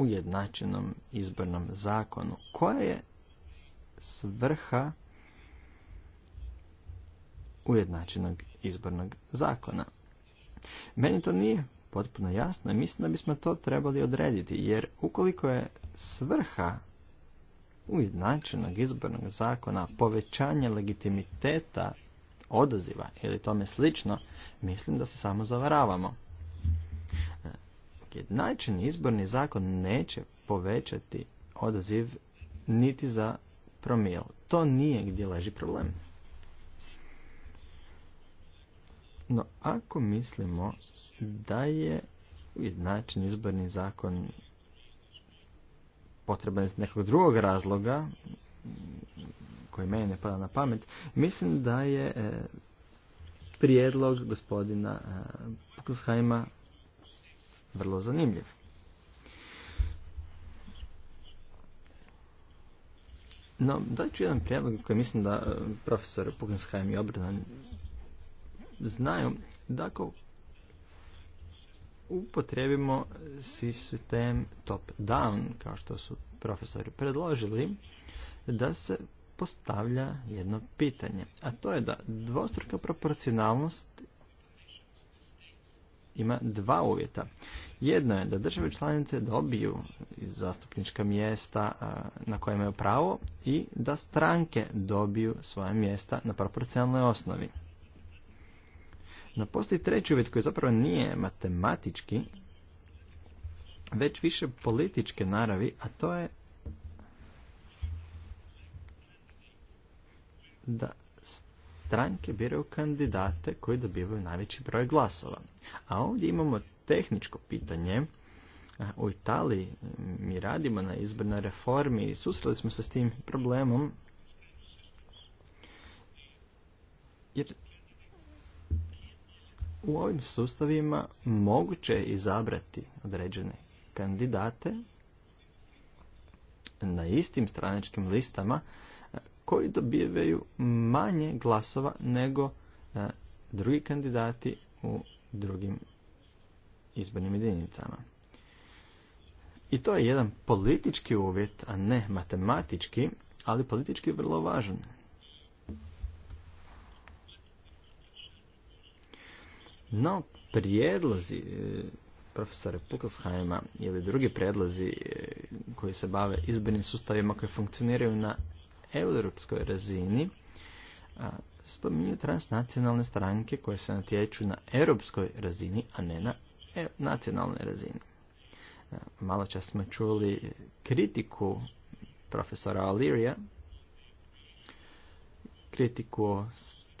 ujednačenom izbornom zakonu? Koja je svrha ujednačenog izbornog zakona? Meni to nije potpuno jasno i mislim da bismo to trebali odrediti, jer ukoliko je svrha ujednačenog izbornog zakona, povećanje legitimiteta odaziva ili tome slično, mislim da se samo zavaravamo. E, Jednačeni izborni zakon neće povećati odaziv niti za promil. To nije gdje leži problem. No, ako mislimo da je ujednačen izborni zakon potreban iz nekog drugog razloga, koji meni ne pada na pamet, mislim da je e, prijedlog gospodina Pukushajma e, vrlo zanimljiv. No, dat ću jedan prijedlog koji mislim da e, profesor Pukensheim i Obrdan znaju da ako upotrijebimo sistem top-down, kao što su profesori predložili, da se postavlja jedno pitanje, a to je da dvostruka proporcionalnost ima dva uvjeta. Jedno je da države članice dobiju zastupnička mjesta na kojima imaju pravo i da stranke dobiju svoje mjesta na proporcionalnoj osnovi. No postoji treći uvjet koji zapravo nije matematički, već više političke naravi, a to je da stranke biraju kandidate koji dobivaju najveći broj glasova. A ovdje imamo tehničko pitanje. U Italiji mm, mi radimo na izbornoj reformi i susreli smo se s tim problemom. Jer u ovim sustavima moguće je izabrati određene kandidate na istim stranačkim listama eh, koji dobijevaju manje glasova nego eh, drugi kandidati u drugim izbornim jedinicama. I to je jedan politički uvjet, a ne matematički, ali politički vrlo važan. No, prijedlozi e, profesora Pukelsheima ili drugi prijedlozi e, koji se bave izbornim sustavima koji funkcioniraju na europskoj razini spominju transnacionalne stranke koje se natječu na europskoj razini, a ne na e, nacionalnoj razini. Malo čas smo čuli kritiku profesora Alirija, kritiku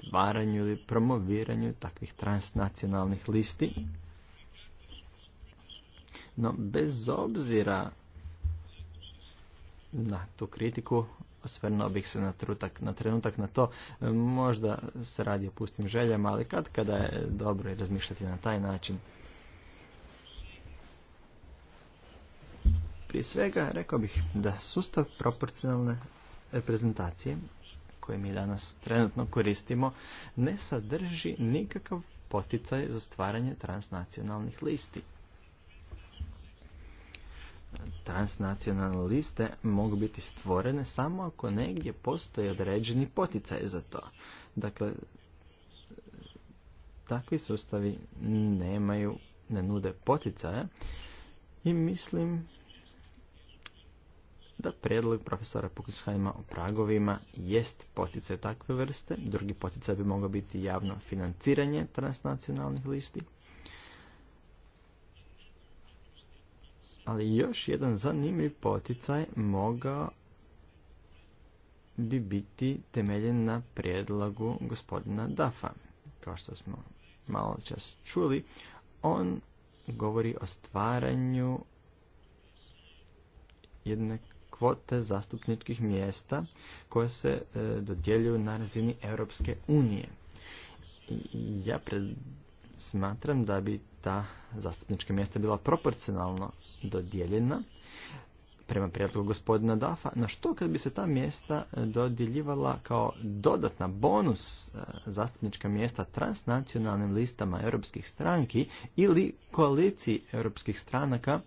stvaranju ili promoviranju takvih transnacionalnih listi. No, bez obzira na tu kritiku, osvrnuo bih se na, na trenutak na to. Možda se radi o pustim željama, ali kad kada je dobro je razmišljati na taj način. Prije svega rekao bih da sustav proporcionalne reprezentacije koje mi danas trenutno koristimo ne sadrži nikakav poticaj za stvaranje transnacionalnih listi. Transnacionalne liste mogu biti stvorene samo ako negdje postoji određeni poticaj za to. Dakle, takvi sustavi nemaju, ne nude poticaje i mislim da predlog profesora Pukushajma o pragovima jest poticaj takve vrste. Drugi poticaj bi mogao biti javno financiranje transnacionalnih listi. Ali još jedan zanimljiv poticaj mogao bi biti temeljen na prijedlogu gospodina Dafa. Kao što smo malo čas čuli, on govori o stvaranju jedne kvote zastupničkih mjesta koje se e, dodjeljuju na razini Europske unije. ja smatram da bi ta zastupnička mjesta bila proporcionalno dodijeljena prema prijedlogu gospodina Dafa, na što kad bi se ta mjesta e, dodjeljivala kao dodatna bonus e, zastupnička mjesta transnacionalnim listama europskih stranki ili koaliciji europskih stranaka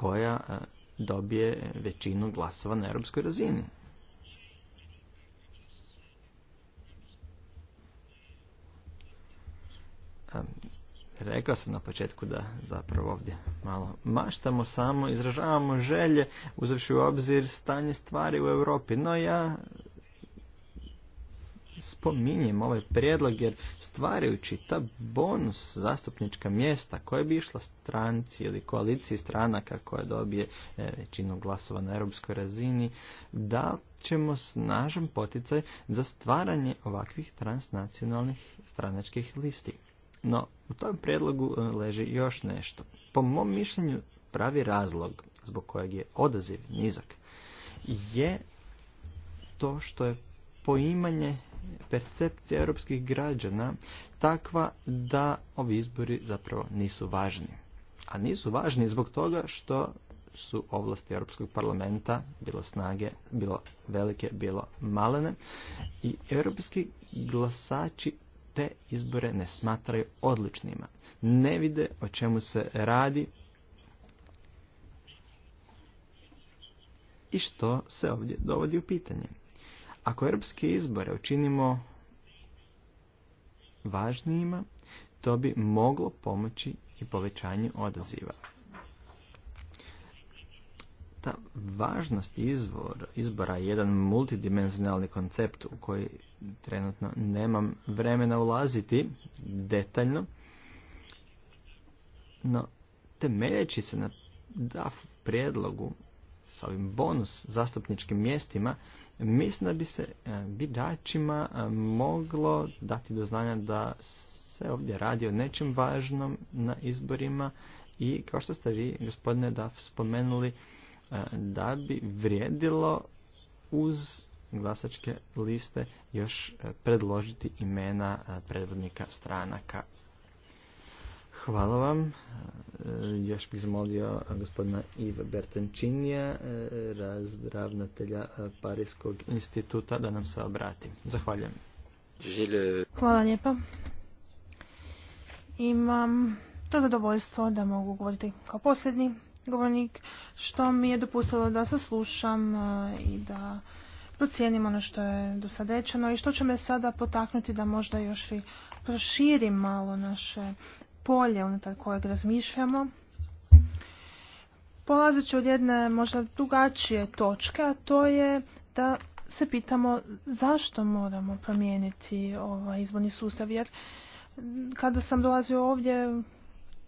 koja e, dobije većinu glasova na europskoj razini. E, rekao sam na početku da zapravo ovdje malo maštamo samo, izražavamo želje, uzavši u obzir stanje stvari u Europi. No ja spominjem ovaj prijedlog jer stvarajući ta bonus zastupnička mjesta koja bi išla stranci ili koaliciji stranaka koja dobije e, većinu glasova na europskoj razini, da ćemo snažan poticaj za stvaranje ovakvih transnacionalnih stranačkih listi. No, u tom prijedlogu e, leži još nešto. Po mom mišljenju, pravi razlog zbog kojeg je odaziv nizak je to što je poimanje percepcija europskih građana takva da ovi izbori zapravo nisu važni. A nisu važni zbog toga što su ovlasti Europskog parlamenta bilo snage, bilo velike, bilo malene i europski glasači te izbore ne smatraju odličnima. Ne vide o čemu se radi i što se ovdje dovodi u pitanje. Ako europske izbore učinimo važnijima, to bi moglo pomoći i povećanju odaziva. Ta važnost izvor izbora je jedan multidimenzionalni koncept u koji trenutno nemam vremena ulaziti detaljno, no temeljeći se na DAF prijedlogu sa ovim bonus zastupničkim mjestima, mislim da bi se e, biračima e, moglo dati do znanja da se ovdje radi o nečem važnom na izborima i kao što ste vi, gospodine da spomenuli, e, da bi vrijedilo uz glasačke liste još predložiti imena predvodnika stranaka Hvala vam. E, još bih zamolio gospodina Iva Bertančinija, e, razdravnatelja e, Parijskog instituta, da nam se obrati. Zahvaljujem. Hvala lijepa. Imam to zadovoljstvo da mogu govoriti kao posljednji govornik, što mi je dopustilo da saslušam i da procijenim ono što je do rečeno i što će me sada potaknuti da možda još i proširim malo naše polje unutar kojeg razmišljamo. Polazit ću od jedne možda drugačije točke, a to je da se pitamo zašto moramo promijeniti ovaj izborni sustav, jer kada sam dolazio ovdje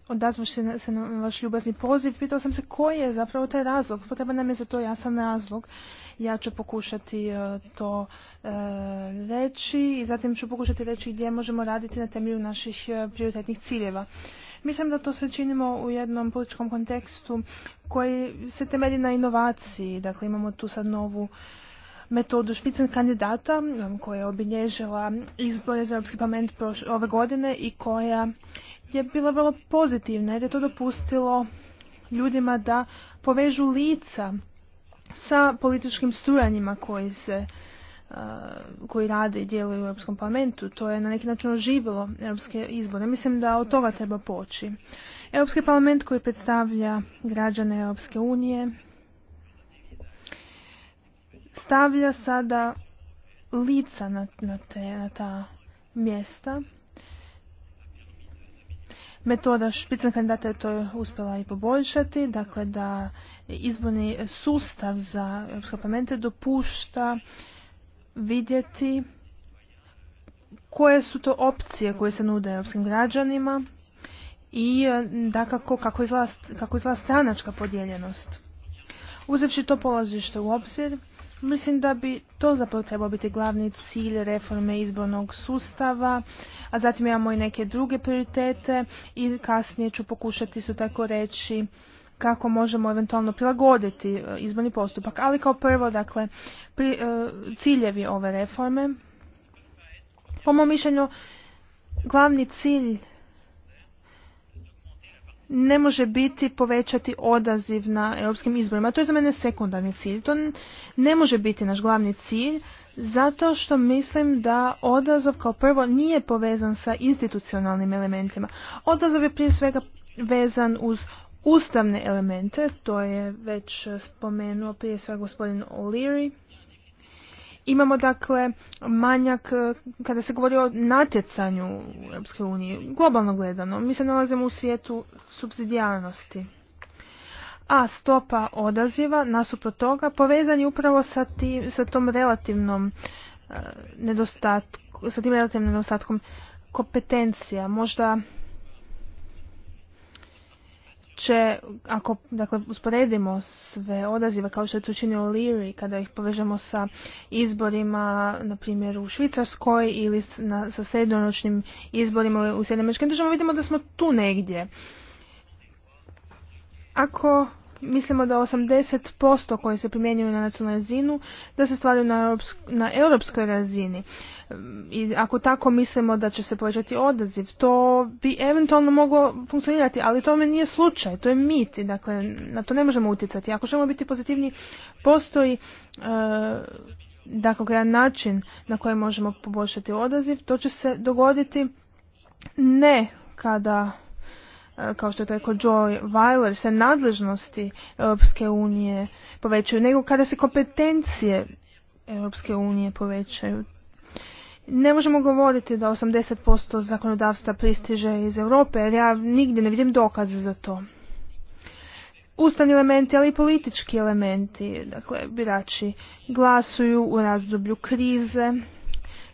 odazvaš se na vaš ljubazni poziv, pitao sam se koji je zapravo taj razlog. Potreban nam je za to jasan razlog. Ja ću pokušati e, to e, reći i zatim ću pokušati reći gdje možemo raditi na temelju naših e, prioritetnih ciljeva. Mislim da to sve činimo u jednom političkom kontekstu koji se temelji na inovaciji. Dakle, imamo tu sad novu metodu špicen kandidata um, koja je obilježila izbore za Europski parlament ove godine i koja je bila vrlo pozitivna jer je to dopustilo ljudima da povežu lica sa političkim strujanjima koji se koji rade i djeluju u Europskom parlamentu. To je na neki način oživilo europske izbore. Mislim da od toga treba poći. Europski parlament koji predstavlja građane Europske unije stavlja sada lica na, na ta mjesta metoda špitan kandidata je to uspjela i poboljšati, dakle da izborni sustav za Europske parlamente dopušta vidjeti koje su to opcije koje se nude europskim građanima i e, dakako kako izgleda, kako stranačka podijeljenost. Uzevši to polazište u obzir, Mislim da bi to zapravo trebao biti glavni cilj reforme izbornog sustava, a zatim imamo i neke druge prioritete i kasnije ću pokušati su tako reći kako možemo eventualno prilagoditi e, izborni postupak. Ali kao prvo, dakle, e, ciljevi ove reforme. Po mom mišljenju, glavni cilj ne može biti povećati odaziv na europskim izborima. To je za mene sekundarni cilj. To ne može biti naš glavni cilj zato što mislim da odazov kao prvo nije povezan sa institucionalnim elementima. Odazov je prije svega vezan uz ustavne elemente, to je već spomenuo prije svega gospodin O'Leary. Imamo dakle manjak e, kada se govori o natjecanju u Europskoj globalno gledano. Mi se nalazimo u svijetu subsidijalnosti. A stopa odaziva nasuprot toga povezan je upravo sa, ti, sa tom relativnom e, nedostatku, sa tim relativnim nedostatkom kompetencija. Možda će, ako dakle, usporedimo sve odazive kao što je to učinio Leary, kada ih povežemo sa izborima, na primjer u Švicarskoj ili sa srednjoročnim izborima u Sjedinomečkim državama, vidimo da smo tu negdje. Ako mislimo da 80% koji se primjenjuju na nacionalnu razinu da se stvaraju na, na europskoj razini. I ako tako mislimo da će se povećati odaziv, to bi eventualno moglo funkcionirati, ali tome nije slučaj, to je mit i dakle na to ne možemo utjecati. Ako želimo biti pozitivni, postoji e, dakle jedan način na koji možemo poboljšati odaziv, to će se dogoditi ne kada E, kao što je to rekao Joy Weiler, se nadležnosti Europske unije povećaju, nego kada se kompetencije Europske unije povećaju. Ne možemo govoriti da 80% zakonodavstva pristiže iz Europe, jer ja nigdje ne vidim dokaze za to. Ustavni elementi, ali i politički elementi, dakle, birači glasuju u razdoblju krize,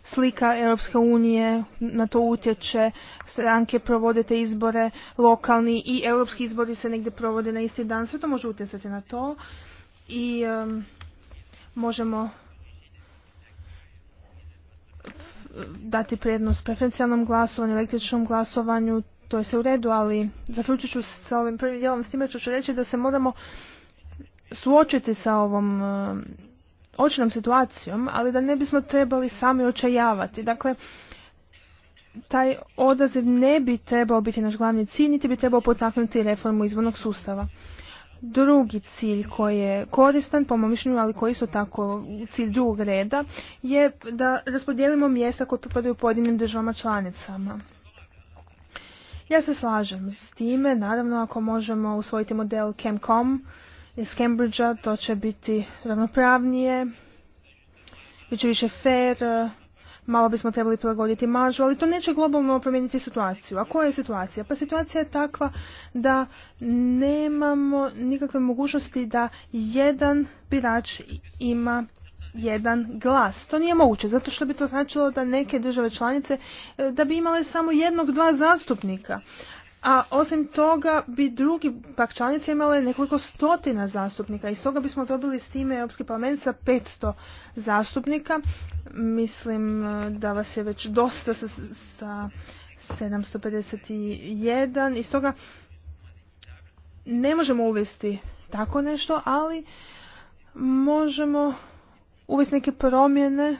slika Europske unije na to utječe, stranke provode te izbore, lokalni i europski izbori se negdje provode na isti dan, sve to može utjecati na to i možemo eh, dati prednost preferencijalnom glasovanju, električnom glasovanju, to je sve u redu, ali zaključit ću sa ovim prvim dijelom s time što ću reći da se moramo suočiti sa ovom očnom situacijom, ali da ne bismo trebali sami očajavati. Dakle, taj odaziv ne bi trebao biti naš glavni cilj, niti bi trebao potaknuti reformu izvornog sustava. Drugi cilj koji je koristan, po mom mišljenju, ali koji isto tako cilj drugog reda, je da raspodijelimo mjesta koje pripadaju pojedinim državama članicama. Ja se slažem s time, naravno ako možemo usvojiti model CAMCOM, iz Cambridgea, to će biti ravnopravnije, bit će više fair, malo bismo trebali prilagoditi maržu, ali to neće globalno promijeniti situaciju. A koja je situacija? Pa situacija je takva da nemamo nikakve mogućnosti da jedan birač ima jedan glas. To nije moguće, zato što bi to značilo da neke države članice eh, da bi imale samo jednog, dva zastupnika a osim toga bi drugi pak članice imale nekoliko stotina zastupnika i stoga bismo dobili s time Europski parlament sa 500 zastupnika. Mislim e, da vas je već dosta sa, sa 751 i stoga ne možemo uvesti tako nešto, ali možemo uvesti neke promjene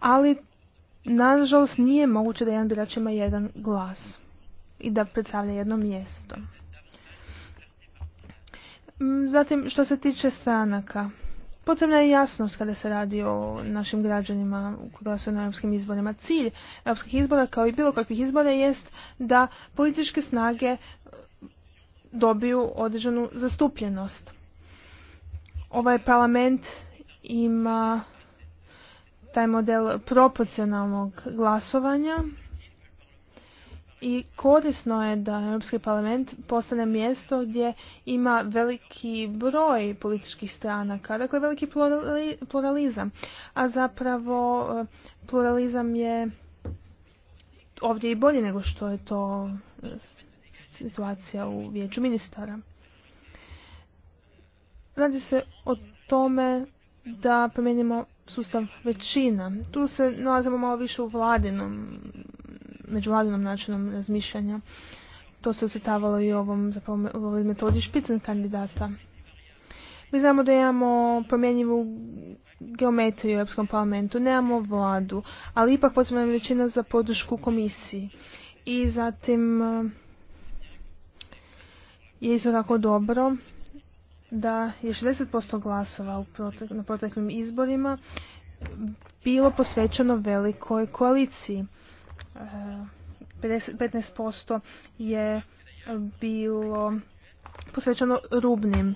ali nažalost nije moguće da jedan birač ima jedan glas i da predstavlja jedno mjesto. Mm, zatim, što se tiče stranaka, potrebna je jasnost kada se radi o našim građanima u glasuju na europskim izborima. Cilj europskih izbora, kao i bilo kakvih izbora, jest da političke snage dobiju određenu zastupljenost. Ovaj parlament ima taj model proporcionalnog glasovanja i korisno je da Europski parlament postane mjesto gdje ima veliki broj političkih stranaka, dakle veliki pluralizam. A zapravo eh, pluralizam je ovdje i bolji nego što je to eh, situacija u vijeću ministara. Radi se o tome da promijenimo sustav većina. Tu se nalazimo malo više u vladinom, međuvladinom načinom razmišljanja. To se ucetavalo i ovom, zapravo, ovoj metodi špicen kandidata. Mi znamo da imamo promjenjivu geometriju u Europskom parlamentu, nemamo vladu, ali ipak potrebna je većina za podršku komisiji. I zatim eh, je isto tako dobro da je 60% glasova na proteklim izborima bilo posvećeno velikoj koaliciji. 15% e, je bilo posvećeno rubnim,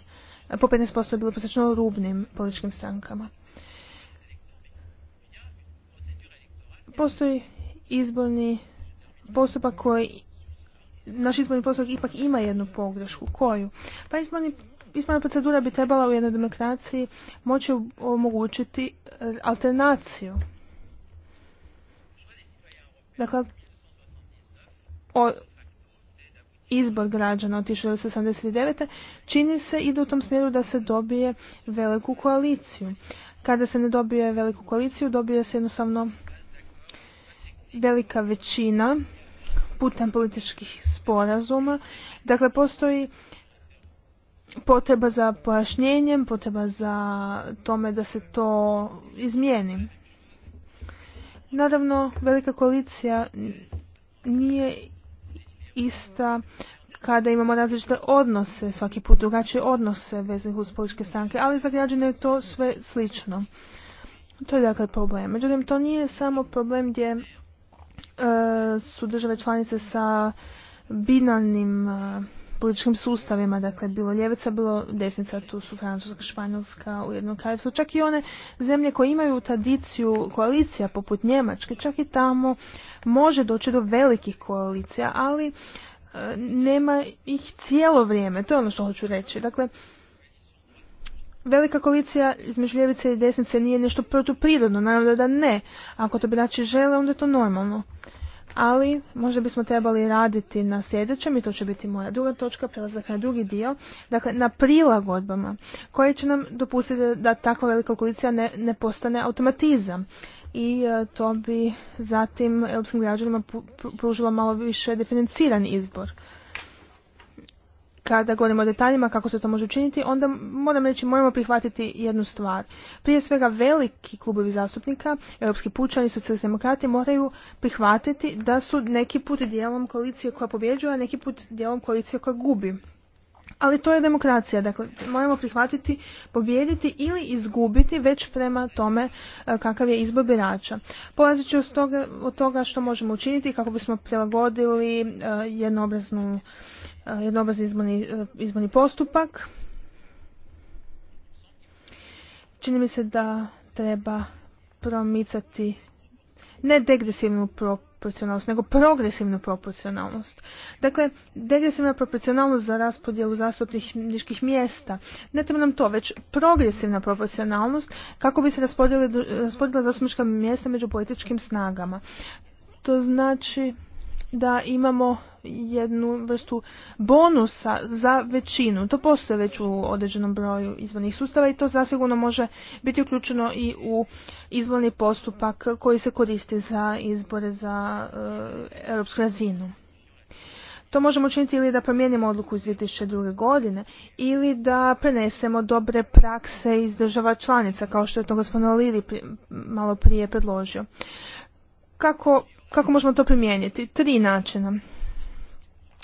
po 15% je bilo posvećeno rubnim političkim strankama. Postoji izborni postupak koji naš izborni postupak ipak ima jednu pogrešku. Koju? Pa izborni ispravna procedura bi trebala u jednoj demokraciji moći omogućiti e, alternaciju. Dakle, o, izbor građana od 1989. čini se ide u tom smjeru da se dobije veliku koaliciju. Kada se ne dobije veliku koaliciju, dobije se jednostavno velika većina putem političkih sporazuma. Dakle, postoji potreba za pojašnjenjem, potreba za tome da se to izmijeni. Naravno, velika koalicija nije ista kada imamo različite odnose, svaki put drugačije odnose veznih uz političke stranke, ali za građane je to sve slično. To je dakle problem. Međutim, to nije samo problem gdje e, su države članice sa binarnim e, političkim sustavima, dakle bilo ljevica, bilo desnica, tu su Francuska, Španjolska, Ujedno kraljevstvo, čak i one zemlje koje imaju tradiciju koalicija poput Njemačke, čak i tamo može doći do velikih koalicija, ali e, nema ih cijelo vrijeme, to je ono što hoću reći. Dakle, velika koalicija između ljevice i desnice nije nešto protuprirodno, naravno da ne. Ako to bi birači žele, onda je to normalno ali možda bismo trebali raditi na sljedećem i to će biti moja druga točka, prelazak na drugi dio, dakle na prilagodbama koje će nam dopustiti da takva velika koalicija ne, ne postane automatizam i e, to bi zatim europskim građanima pružilo malo više diferenciran izbor kada govorimo o detaljima kako se to može učiniti, onda moram reći moramo prihvatiti jednu stvar. Prije svega veliki klubovi zastupnika, europski pučani, socijalisti demokrati moraju prihvatiti da su neki put dijelom koalicije koja pobjeđuje, a neki put dijelom koalicije koja gubi. Ali to je demokracija, dakle moramo prihvatiti pobijediti ili izgubiti već prema tome e, kakav je izbor birača. Polazeći od toga, od toga što možemo učiniti kako bismo prilagodili e, e, jednoobrazni izborni, postupak, čini mi se da treba promicati ne degresivnu proporcionalnost, nego progresivnu proporcionalnost. Dakle, degresivna proporcionalnost za raspodjelu zastupničkih mjesta. Ne treba nam to, već progresivna proporcionalnost kako bi se raspodjela zastupnička mjesta među političkim snagama. To znači da imamo jednu vrstu bonusa za većinu. To postoje već u određenom broju izbornih sustava i to zasigurno može biti uključeno i u izborni postupak koji se koristi za izbore za e, europsku razinu. To možemo učiniti ili da promijenimo odluku iz 2002. godine ili da prenesemo dobre prakse iz država članica kao što je to gospodin Lili malo prije predložio. Kako kako možemo to primijeniti? Tri načina.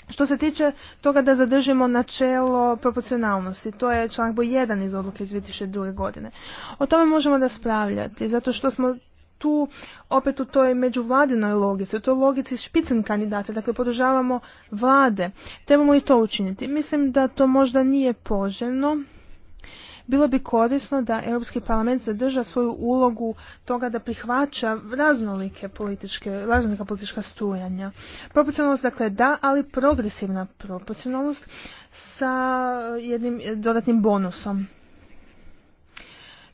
Što se tiče toga da zadržimo načelo proporcionalnosti, to je članak 1 iz odluke iz 2002. godine. O tome možemo raspravljati, zato što smo tu opet u toj međuvladinoj logici, u toj logici špicen kandidata, dakle podržavamo vlade. Trebamo i to učiniti. Mislim da to možda nije poželjno, bilo bi korisno da Europski parlament zadrža svoju ulogu toga da prihvaća raznolike političke, raznolika politička strujanja. Proporcionalnost dakle da, ali progresivna proporcionalnost sa jednim dodatnim bonusom.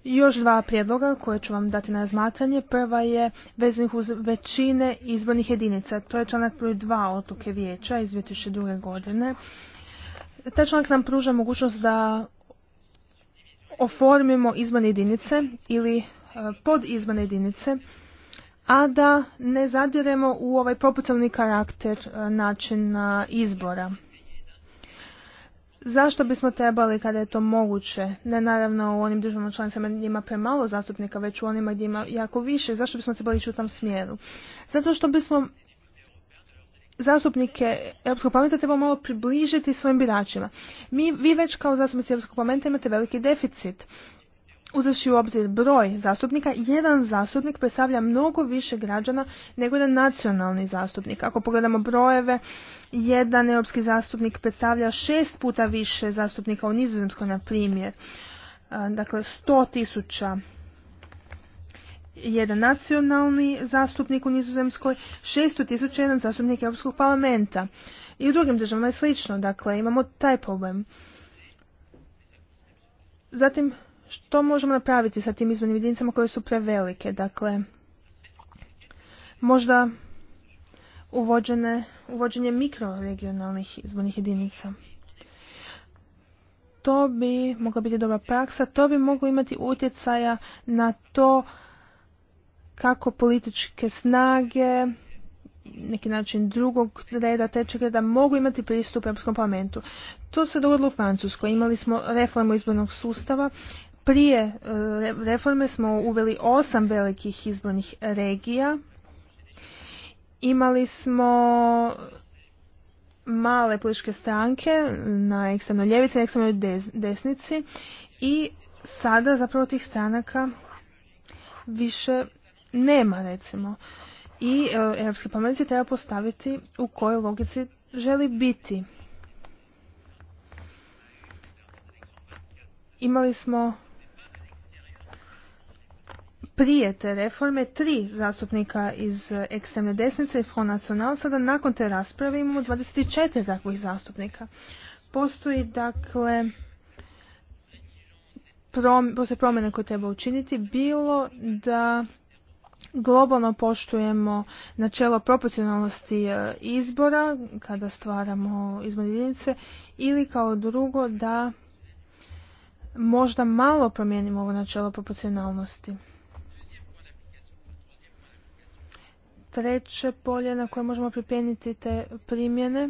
Još dva prijedloga koje ću vam dati na razmatranje. Prva je vezanih uz većine izbornih jedinica. To je članak broj 2 otuke vijeća iz 2002. godine. Taj članak nam pruža mogućnost da oformimo izvan jedinice ili e, pod izvan jedinice, a da ne zadiremo u ovaj proporcionalni karakter e, načina e, izbora. Zašto bismo trebali kada je to moguće? Ne naravno u onim državama članicama gdje ima premalo zastupnika, već u onima gdje ima jako više. Zašto bismo trebali ići u tom smjeru? Zato što bismo zastupnike Europskog parlamenta treba malo približiti svojim biračima. Mi, vi već kao zastupnici Europskog parlamenta imate veliki deficit. Uzeši u obzir broj zastupnika, jedan zastupnik predstavlja mnogo više građana nego jedan nacionalni zastupnik. Ako pogledamo brojeve, jedan europski zastupnik predstavlja šest puta više zastupnika u Nizozemskoj, na primjer. Dakle, sto tisuća jedan nacionalni zastupnik u Nizozemskoj, 600 tisuća jedan zastupnik Europskog parlamenta. I u drugim državama je slično, dakle imamo taj problem. Zatim, što možemo napraviti sa tim izbornim jedinicama koje su prevelike? Dakle, možda uvođenje mikroregionalnih izbornih jedinica. To bi mogla biti dobra praksa, to bi moglo imati utjecaja na to kako političke snage neki način drugog reda, trećeg reda mogu imati pristup Europskom parlamentu. To se dogodilo u Francuskoj. Imali smo reformu izbornog sustava. Prije e, reforme smo uveli osam velikih izbornih regija. Imali smo male političke stranke na ekstremnoj ljevici, na ekstremnoj desnici i sada zapravo tih stranaka više nema recimo. I e, Europski parlament se treba postaviti u kojoj logici želi biti. Imali smo prije te reforme tri zastupnika iz ekstremne desnice i Front National, sada nakon te rasprave imamo 24 takvih zastupnika. Postoji dakle promjene koje treba učiniti bilo da globalno poštujemo načelo proporcionalnosti e, izbora kada stvaramo izborne jedinice ili kao drugo da možda malo promijenimo ovo načelo proporcionalnosti. Treće polje na koje možemo pripremiti te primjene,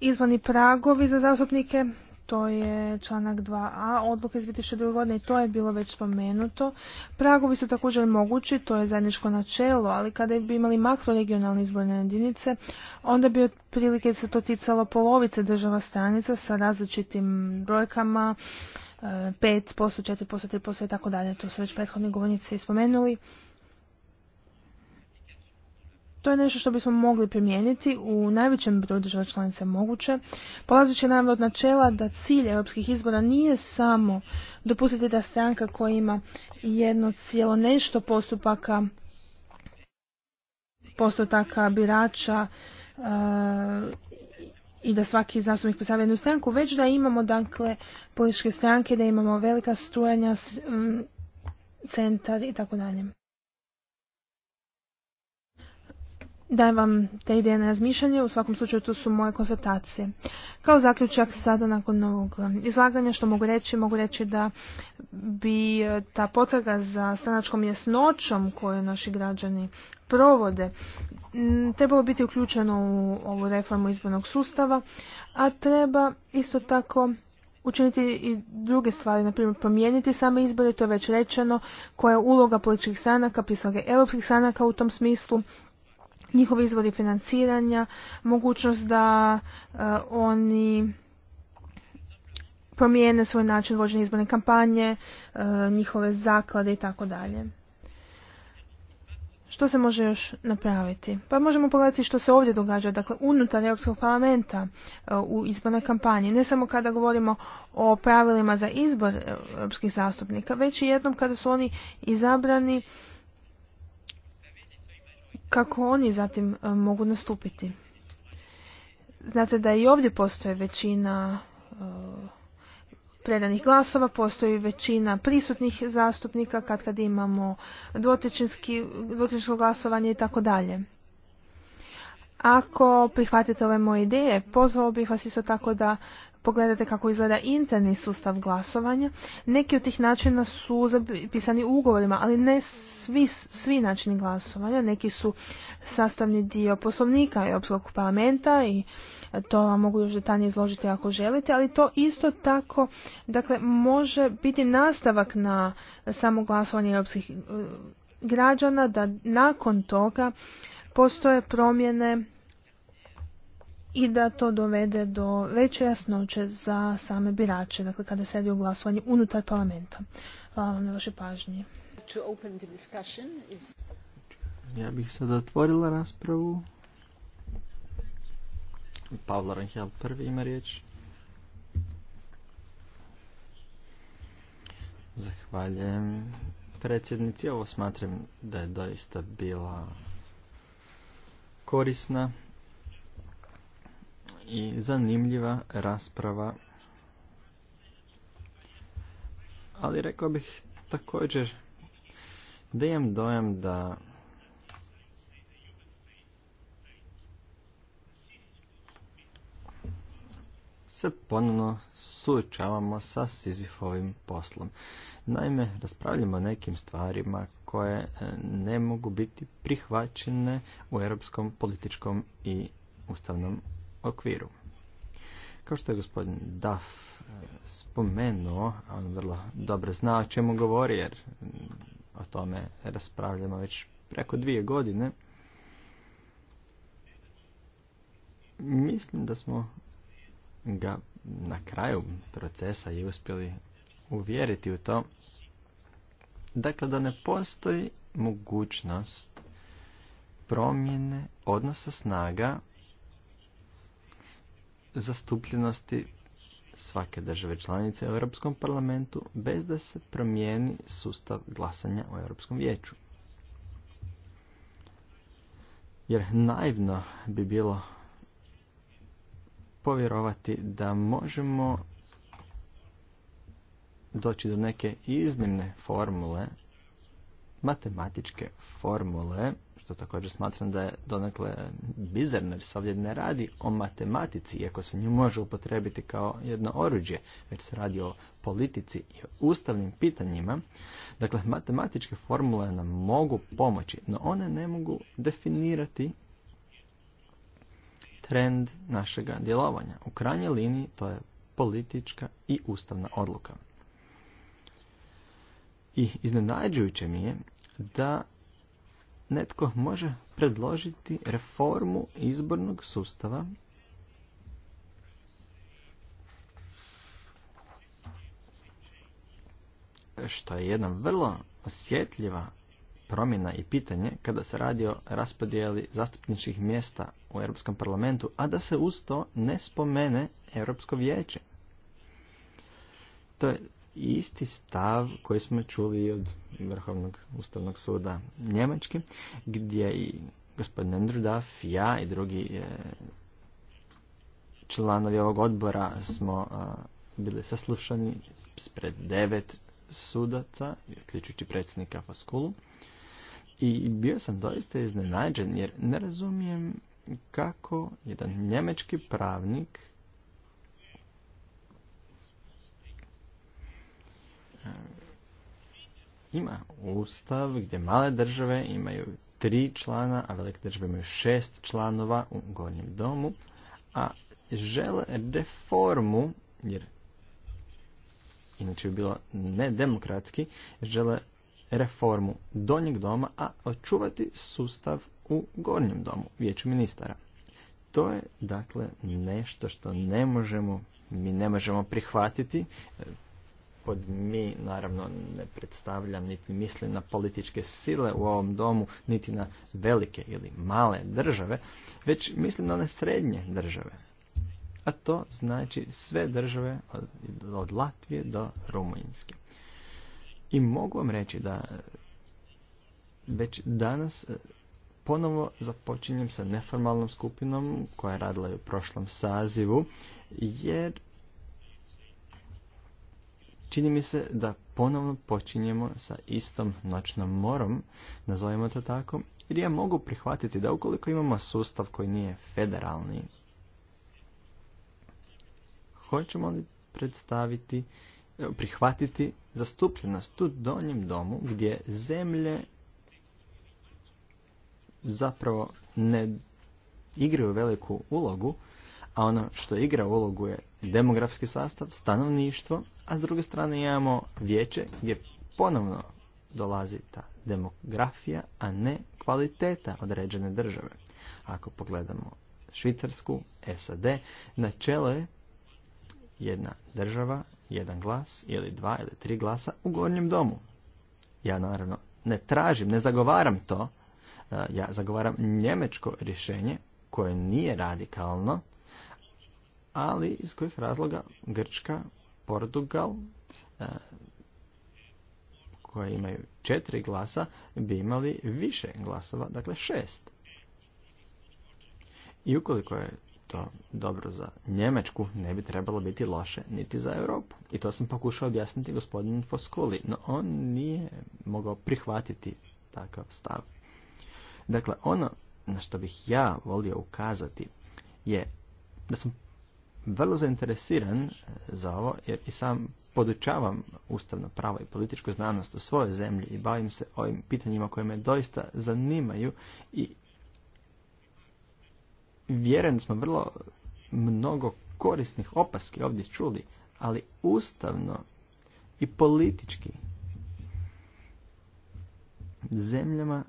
izvani pragovi za zastupnike to je članak 2a odluke iz 2002. godine i to je bilo već spomenuto. bi su također mogući, to je zajedničko načelo, ali kada bi imali makroregionalne izborne jedinice, onda bi otprilike se to ticalo polovice država stranica sa različitim brojkama, 5%, 4%, 3% i tako dalje. To su već prethodni govornici spomenuli. To je nešto što bismo mogli primijeniti u najvećem broju država članica moguće, polazeći naravno od načela da cilj europskih izbora nije samo dopustiti da stranka koja ima jedno cijelo nešto postupaka postotaka birača eh, i da svaki zastupnik postavlja jednu stranku, već da imamo dakle političke stranke, da imamo velika strujanja, mm, centar i tako dalje. Dajem vam te ideje na razmišljanje, u svakom slučaju tu su moje konstatacije. Kao zaključak sada nakon ovog um, izlaganja što mogu reći, mogu reći da bi e, ta potraga za stranačkom jasnoćom koju naši građani provode trebalo biti uključeno u ovu reformu izbornog sustava, a treba isto tako učiniti i druge stvari, na primjer promijeniti same izbore, to je već rečeno, koja je uloga političkih stranaka, prije svega europskih stranaka u tom smislu, njihovi izvori financiranja, mogućnost da e, oni promijene svoj način vođenja izborne kampanje, e, njihove zaklade i tako dalje. Što se može još napraviti? Pa možemo pogledati što se ovdje događa, dakle unutar Europskog parlamenta e, u izbornoj kampanji, ne samo kada govorimo o pravilima za izbor europskih zastupnika, već i jednom kada su oni izabrani kako oni zatim e, mogu nastupiti. Znate da i ovdje postoje većina e, predanih glasova, postoji većina prisutnih zastupnika kad kad imamo dvotečinsko glasovanje i tako dalje. Ako prihvatite ove moje ideje, pozvao bih vas isto tako da pogledate kako izgleda interni sustav glasovanja. Neki od tih načina su zapisani ugovorima, ali ne svi, svi načini glasovanja. Neki su sastavni dio poslovnika Europskog parlamenta i to vam mogu još detaljnije izložiti ako želite, ali to isto tako dakle, može biti nastavak na samo glasovanje europskih eh, građana da nakon toga postoje promjene i da to dovede do veće jasnoće za same birače, dakle kada se radi o glasovanju unutar parlamenta. Hvala vam na vašoj pažnji. Ja bih sada otvorila raspravu. pavla Ranhel prvi ima riječ. Zahvaljujem predsjednici. Ovo smatram da je doista bila korisna i zanimljiva rasprava. Ali rekao bih također da imam dojam da se ponovno suočavamo sa Sizifovim poslom. Naime, raspravljamo o nekim stvarima koje e, ne mogu biti prihvaćene u europskom političkom i ustavnom okviru. Kao što je gospodin Duff e, spomenuo, on vrlo dobro zna o čemu govori jer mm, o tome raspravljamo već preko dvije godine. Mislim da smo ga na kraju procesa i uspjeli uvjeriti u to dakle da ne postoji mogućnost promjene odnosa snaga zastupljenosti svake države članice u Europskom parlamentu bez da se promijeni sustav glasanja u Europskom vijeću. Jer naivno bi bilo povjerovati da možemo doći do neke iznimne formule, matematičke formule, što također smatram da je donekle bizarno, jer se ovdje ne radi o matematici, iako se nju može upotrebiti kao jedno oruđe, već se radi o politici i ustavnim pitanjima. Dakle, matematičke formule nam mogu pomoći, no one ne mogu definirati trend našega djelovanja. U krajnjoj liniji to je politička i ustavna odluka. I iznenađujuće mi je da netko može predložiti reformu izbornog sustava što je jedna vrlo osjetljiva promjena i pitanje kada se radi o raspodijeli zastupničkih mjesta u Europskom parlamentu, a da se uz to ne spomene Europsko vijeće. To je isti stav koji smo čuli od Vrhovnog ustavnog suda Njemački, gdje i gospodin Andrew Duff, ja i drugi e, članovi ovog odbora smo e, bili saslušani spred devet sudaca, uključujući predsjednika Faskulu. I bio sam doista iznenađen jer ne razumijem kako jedan Njemački pravnik ima ustav gdje male države imaju tri člana, a velike države imaju šest članova u gornjem domu, a žele reformu, jer inače bi bilo nedemokratski, žele reformu donjeg doma, a očuvati sustav u gornjem domu, vijeću ministara. To je, dakle, nešto što ne možemo, mi ne možemo prihvatiti, mi, naravno ne predstavljam niti mislim na političke sile u ovom domu, niti na velike ili male države, već mislim na one srednje države. A to znači sve države od Latvije do Rumunjske. I mogu vam reći da već danas e, ponovo započinjem sa neformalnom skupinom koja je radila u prošlom sazivu, jer čini mi se da ponovno počinjemo sa istom noćnom morom, nazovimo to tako, jer ja mogu prihvatiti da ukoliko imamo sustav koji nije federalni, hoćemo li predstaviti, e, prihvatiti zastupljenost tu donjem domu gdje zemlje zapravo ne igraju veliku ulogu, a ono što igra ulogu je demografski sastav, stanovništvo, a s druge strane imamo vijeće gdje ponovno dolazi ta demografija, a ne kvaliteta određene države. Ako pogledamo Švicarsku, SAD, načelo je jedna država, jedan glas ili dva ili tri glasa u gornjem domu. Ja naravno ne tražim, ne zagovaram to, e, ja zagovaram njemečko rješenje koje nije radikalno, ali iz kojih razloga Grčka, Portugal, e, koje imaju četiri glasa, bi imali više glasova, dakle šest. I ukoliko je to dobro za Njemačku, ne bi trebalo biti loše niti za Europu. I to sam pokušao objasniti gospodinu Foskuli, no on nije mogao prihvatiti takav stav. Dakle, ono na što bih ja volio ukazati je da sam vrlo zainteresiran e, za ovo jer i sam podučavam ustavno pravo i političku znanost u svojoj zemlji i bavim se ovim pitanjima koje me doista zanimaju i vjerujem smo vrlo mnogo korisnih opaski ovdje čuli, ali ustavno i politički zemljama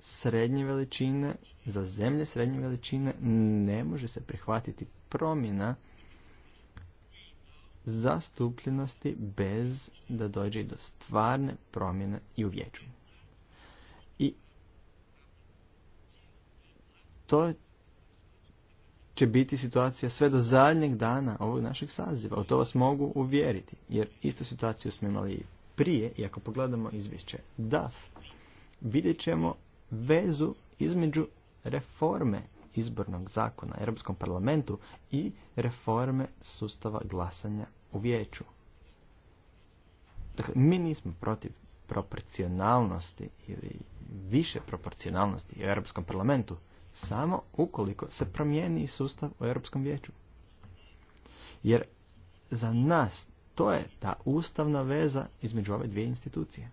srednje veličine, za zemlje srednje veličine ne može se prihvatiti promjena zastupljenosti bez da dođe do stvarne promjene i u I to će biti situacija sve do zadnjeg dana ovog našeg saziva. O to vas mogu uvjeriti, jer istu situaciju smo imali i prije, i ako pogledamo izvješće DAF, vidjet ćemo vezu između reforme izbornog zakona u Europskom parlamentu i reforme sustava glasanja u vijeću. Dakle, mi nismo protiv proporcionalnosti ili više proporcionalnosti u Europskom parlamentu, samo ukoliko se promijeni sustav u Europskom vijeću. Jer za nas to je ta ustavna veza između ove dvije institucije.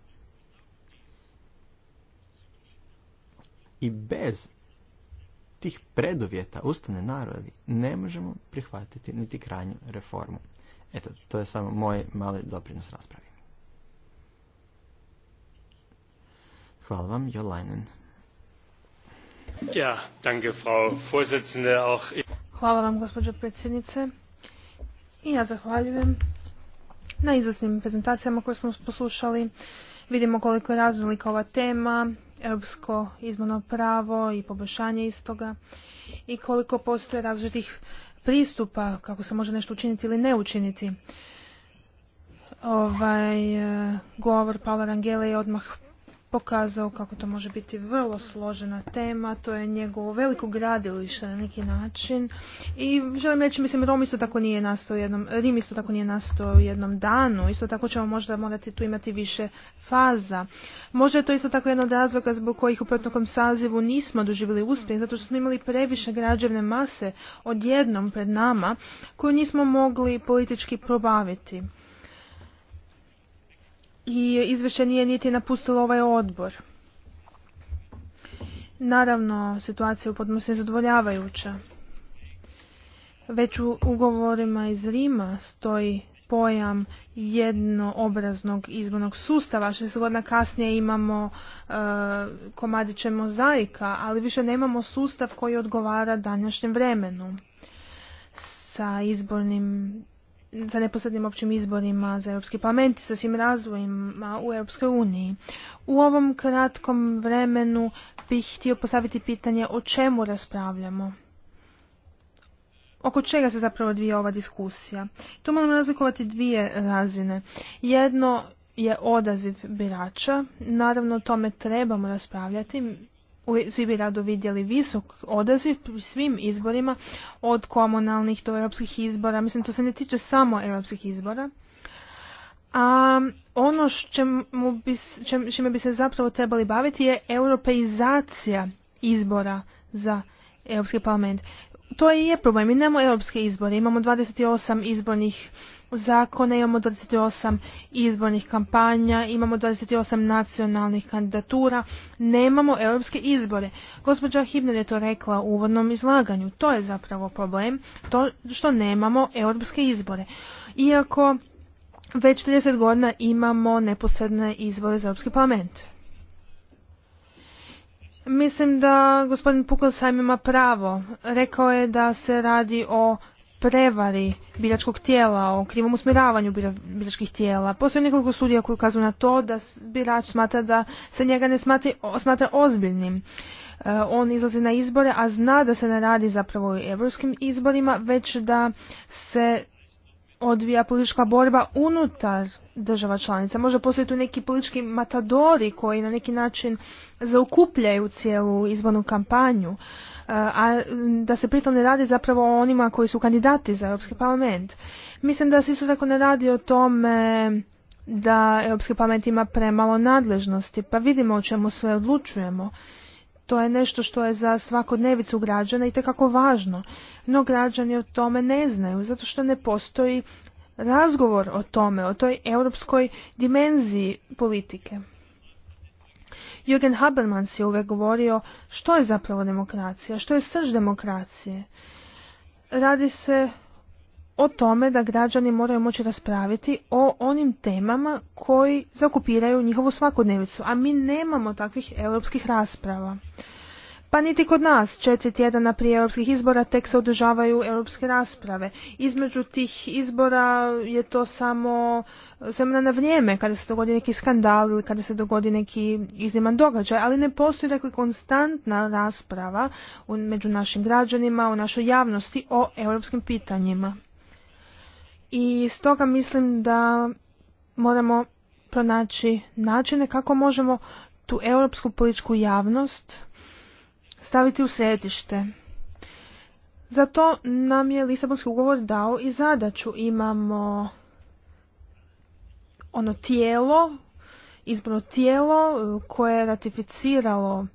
I bez tih preduvjeta ustane narodi ne možemo prihvatiti niti krajnju reformu. Eto, to je samo moj mali doprinos raspravi. Hvala vam, Ja, danke, Frau Vorsitzende. Auch... Hvala vam, gospođo predsjednice. I ja zahvaljujem na izvrsnim prezentacijama koje smo poslušali. Vidimo koliko je raznolika ova tema, europsko izborno pravo i poboljšanje istoga i koliko postoje različitih pristupa kako se može nešto učiniti ili ne učiniti. Ovaj eh, govor Paula Rangele je odmah pokazao kako to može biti vrlo složena tema, to je njegovo veliko gradilište na neki način. I želim reći, mislim, Rom isto tako nije nastao jednom, Rim isto tako nije nastao u jednom danu, isto tako ćemo možda morati tu imati više faza. Možda je to isto tako jedan od razloga zbog kojih u protokom sazivu nismo doživjeli uspjeh, zato što smo imali previše građevne mase odjednom pred nama koju nismo mogli politički probaviti i izvješće nije niti napustilo ovaj odbor. Naravno, situacija u potpunosti je zadovoljavajuća. Već u ugovorima iz Rima stoji pojam jednoobraznog izbornog sustava. Šest godina kasnije imamo e, komadiće mozaika, ali više nemamo sustav koji odgovara današnjem vremenu. Sa izbornim sa neposrednim općim izborima za Europski parlament i sa svim razvojima u Europskoj uniji. U ovom kratkom vremenu bih htio postaviti pitanje o čemu raspravljamo. Oko čega se zapravo dvije ova diskusija? Tu moramo razlikovati dvije razine. Jedno je odaziv birača. Naravno, o tome trebamo raspravljati svi bi rado vidjeli visok odaziv pri svim izborima od komunalnih do europskih izbora. Mislim, to se ne tiče samo europskih izbora. A ono bi, čime bi se zapravo trebali baviti je europeizacija izbora za Europski parlament to i je problem. Mi nemamo europske izbore, imamo 28 izbornih zakona, imamo 28 izbornih kampanja, imamo 28 nacionalnih kandidatura, nemamo europske izbore. Gospođa Hibner je to rekla u uvodnom izlaganju. To je zapravo problem, to što nemamo europske izbore. Iako već 30 godina imamo neposredne izbore za Europski parlament. Mislim da gospodin Pukelsheim ima pravo. Rekao je da se radi o prevari biračkog tijela, o krivom usmjeravanju biračkih tijela. Postoje nekoliko studija koji ukazuju na to da birač smatra da se njega ne smatra smatra ozbiljnim. E, on izlazi na izbore, a zna da se ne radi zapravo o europskim izborima, već da se odvija politička borba unutar država članica. Možda postoje tu neki politički matadori koji na neki način zaukupljaju cijelu izbornu kampanju, e, a da se pritom ne radi zapravo o onima koji su kandidati za Europski parlament. Mislim da se isto tako ne radi o tome da Europski parlament ima premalo nadležnosti, pa vidimo o čemu sve odlučujemo. To je nešto što je za svakodnevicu građana i tekako važno. No građani o tome ne znaju, zato što ne postoji razgovor o tome, o toj europskoj dimenziji politike. Jürgen Habermans je uvek govorio što je zapravo demokracija, što je srž demokracije. Radi se o tome da građani moraju moći raspraviti o onim temama koji zakupiraju njihovu svakodnevicu, a mi nemamo takvih europskih rasprava. Pa niti kod nas, četiri tjedana prije europskih izbora tek se održavaju europske rasprave. Između tih izbora je to samo semna na vrijeme, kada se dogodi neki skandal ili kada se dogodi neki izniman događaj, ali ne postoji dakle konstantna rasprava među našim građanima, u našoj javnosti o europskim pitanjima. I stoga mislim da moramo pronaći načine kako možemo tu europsku političku javnost staviti u središte. Zato nam je Lisabonski ugovor dao i zadaću. Imamo ono tijelo, izborno tijelo koje je ratificiralo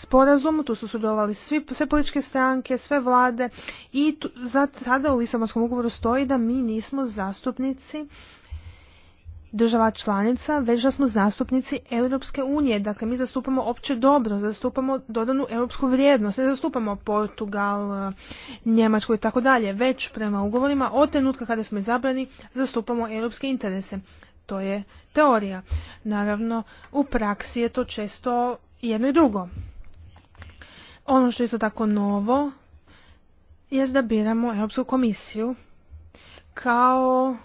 sporazumu, tu su sudjelovali svi, sve političke stranke, sve vlade i sada u Lisabonskom ugovoru stoji da mi nismo zastupnici država članica, već da smo zastupnici Europske unije. Dakle, mi zastupamo opće dobro, zastupamo dodanu europsku vrijednost, ne zastupamo Portugal, Njemačku i tako dalje, već prema ugovorima od trenutka kada smo izabrani zastupamo europske interese. To je teorija. Naravno, u praksi je to često jedno i drugo. Ono što je isto tako novo je da biramo Europsku komisiju kao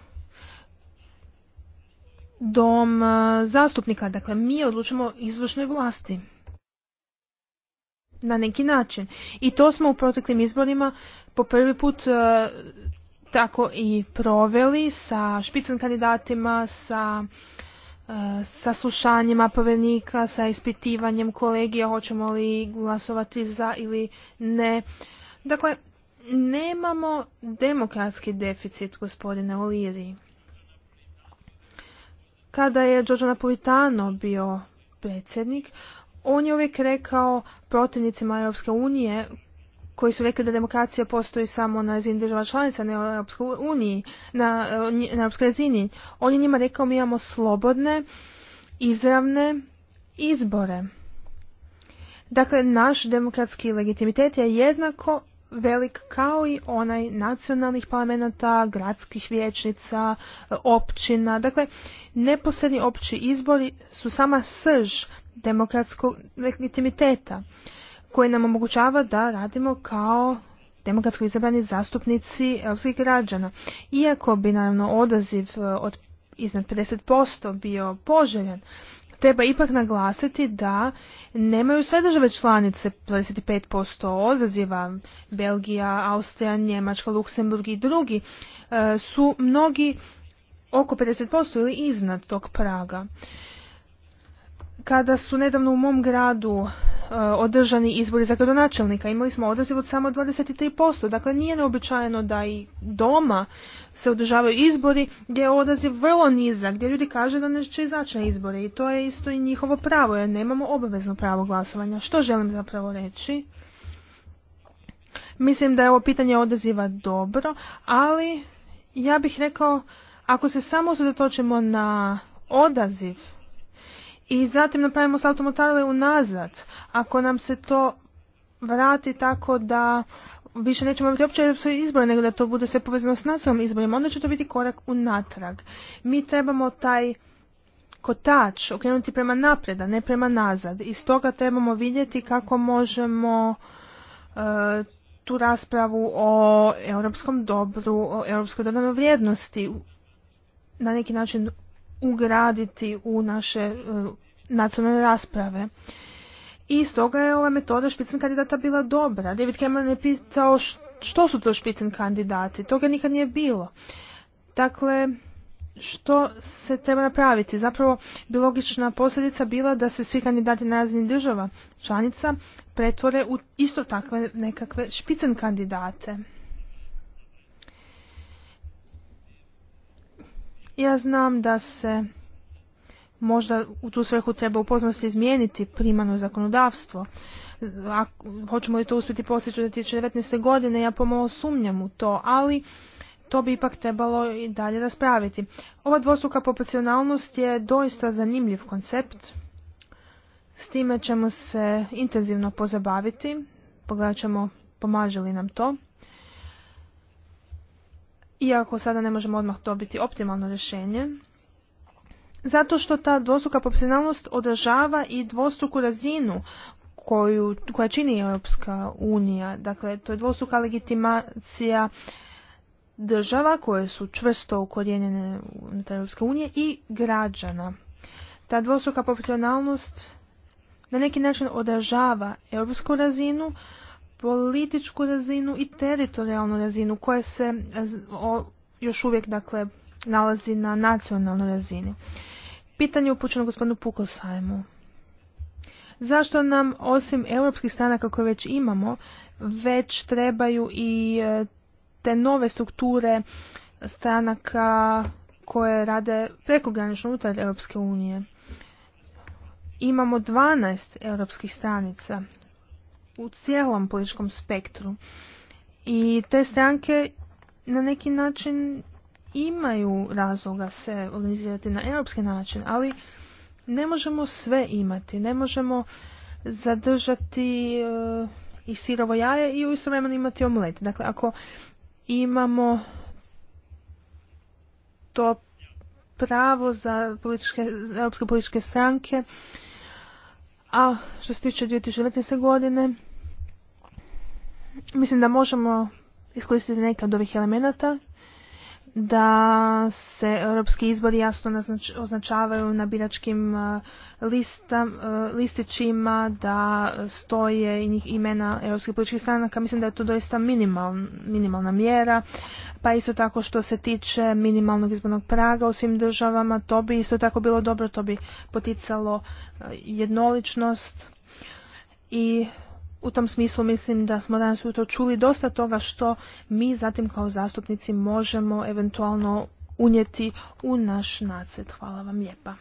dom e, zastupnika. Dakle, mi odlučimo izvršnoj vlasti. Na neki način. I to smo u proteklim izborima po prvi put e, tako i proveli sa špicen kandidatima, sa sa saslušanjima povjerenika, sa ispitivanjem kolegija, hoćemo li glasovati za ili ne. Dakle, nemamo demokratski deficit gospodine O'Leary. Kada je Giorgio Napolitano bio predsjednik, on je uvijek rekao protivnicima Europske unije koji su rekli da demokracija postoji samo na razini država članica, ne na Europskoj uniji, eh, na, Europskoj razini. On je njima rekao mi imamo slobodne, izravne izbore. Dakle, naš demokratski legitimitet je jednako velik kao i onaj nacionalnih parlamenta, gradskih vijećnica, eh, općina. Dakle, neposredni opći izbori su sama srž demokratskog legitimiteta koji nam omogućava da radimo kao demokratsko izabrani zastupnici europskih građana. Iako bi naravno odaziv e, od iznad 50% bio poželjen, treba ipak naglasiti da nemaju sve države članice 25% odaziva, Belgija, Austrija, Njemačka, Luksemburg i drugi, e, su mnogi oko 50% ili iznad tog praga. Kada su nedavno u mom gradu e, održani izbori za gradonačelnika. Imali smo odaziv od samo 23%. Dakle, nije neobičajeno da i doma se održavaju izbori gdje je odaziv vrlo nizak, gdje ljudi kažu da neće izaći na izbore. I to je isto i njihovo pravo, jer nemamo obavezno pravo glasovanja. Što želim zapravo reći? Mislim da je ovo pitanje odaziva dobro, ali ja bih rekao, ako se samo zatočimo na odaziv i zatim napravimo salto mortale unazad. Ako nam se to vrati tako da više nećemo imati opće europske izbore, nego da to bude sve povezano s nacionalnim izborima, onda će to biti korak unatrag. Mi trebamo taj kotač okrenuti prema naprijed, a ne prema nazad. I stoga trebamo vidjeti kako možemo e, tu raspravu o europskom dobru, o europskoj dodanoj vrijednosti na neki način ugraditi u naše e, nacionalne rasprave. I stoga je ova metoda špicen kandidata bila dobra. David Cameron je pitao što su to špicen kandidati. Toga nikad nije bilo. Dakle, što se treba napraviti? Zapravo bi logična posljedica bila da se svi kandidati na razini država članica pretvore u isto takve nekakve špicen kandidate. Ja znam da se možda u tu svrhu treba u potpunosti izmijeniti primarno zakonodavstvo. Ako, hoćemo li to uspjeti postići do 2019. godine, ja pomalo sumnjam u to, ali to bi ipak trebalo i dalje raspraviti. Ova dvostruka proporcionalnost je doista zanimljiv koncept. S time ćemo se intenzivno pozabaviti. Pogledat ćemo pomaže li nam to iako sada ne možemo odmah dobiti optimalno rješenje, zato što ta dvostruka proporcionalnost održava i dvostruku razinu koju, koja čini Europska unija. Dakle, to je dvostruka legitimacija država koje su čvrsto ukorijenjene unutar Europske unije i građana. Ta dvostruka proporcionalnost na neki način održava europsku razinu, političku razinu i teritorijalnu razinu koja se još uvijek dakle nalazi na nacionalnoj razini. Pitanje upućeno gospodinu Pukosajmu. Zašto nam osim europskih stranaka koje već imamo, već trebaju i e, te nove strukture stranaka koje rade prekogranično unutar Europske unije? Imamo 12 europskih stranica u cijelom političkom spektru. I te stranke na neki način imaju razloga se organizirati na europski način, ali ne možemo sve imati, ne možemo zadržati e, i sirovo jaje i u vremenu imati omlet. Dakle, ako imamo to pravo za, za europske političke stranke a što se tiče 2019. godine, mislim da možemo iskoristiti neke od ovih elemenata da se europski izbori jasno označavaju na biračkim e, listam, e, listićima, da stoje i imena europskih političkih stranaka. Mislim da je to doista minimalna mjera. Pa isto tako što se tiče minimalnog izbornog praga u svim državama, to bi isto tako bilo dobro, to bi poticalo e, jednoličnost i u tom smislu mislim da smo danas to čuli dosta toga što mi zatim kao zastupnici možemo eventualno unijeti u naš nacrt. Hvala vam lijepa.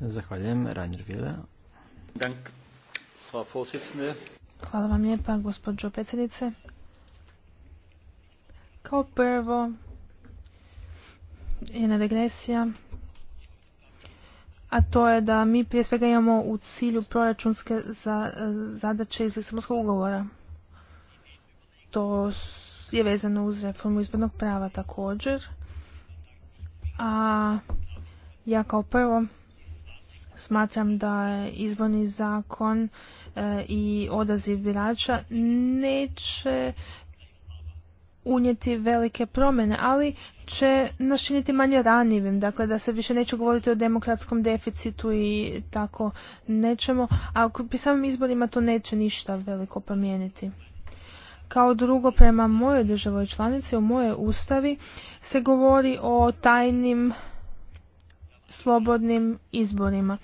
Zahvaljujem, Rainer Hvala vam lijepa, gospođo predsjednice. Kao prvo, jedna regresija a to je da mi prije svega imamo u cilju proračunske zadaće iz Lisabonskog ugovora. To je vezano uz reformu izbornog prava također. A ja kao prvo smatram da je izborni zakon e, i odaziv birača neće unijeti velike promjene, ali će našiniti manje ranivim, dakle da se više neće govoriti o demokratskom deficitu i tako nećemo, a pri samim izborima to neće ništa veliko promijeniti. Kao drugo, prema mojoj državoj članici, u moje ustavi se govori o tajnim slobodnim izborima.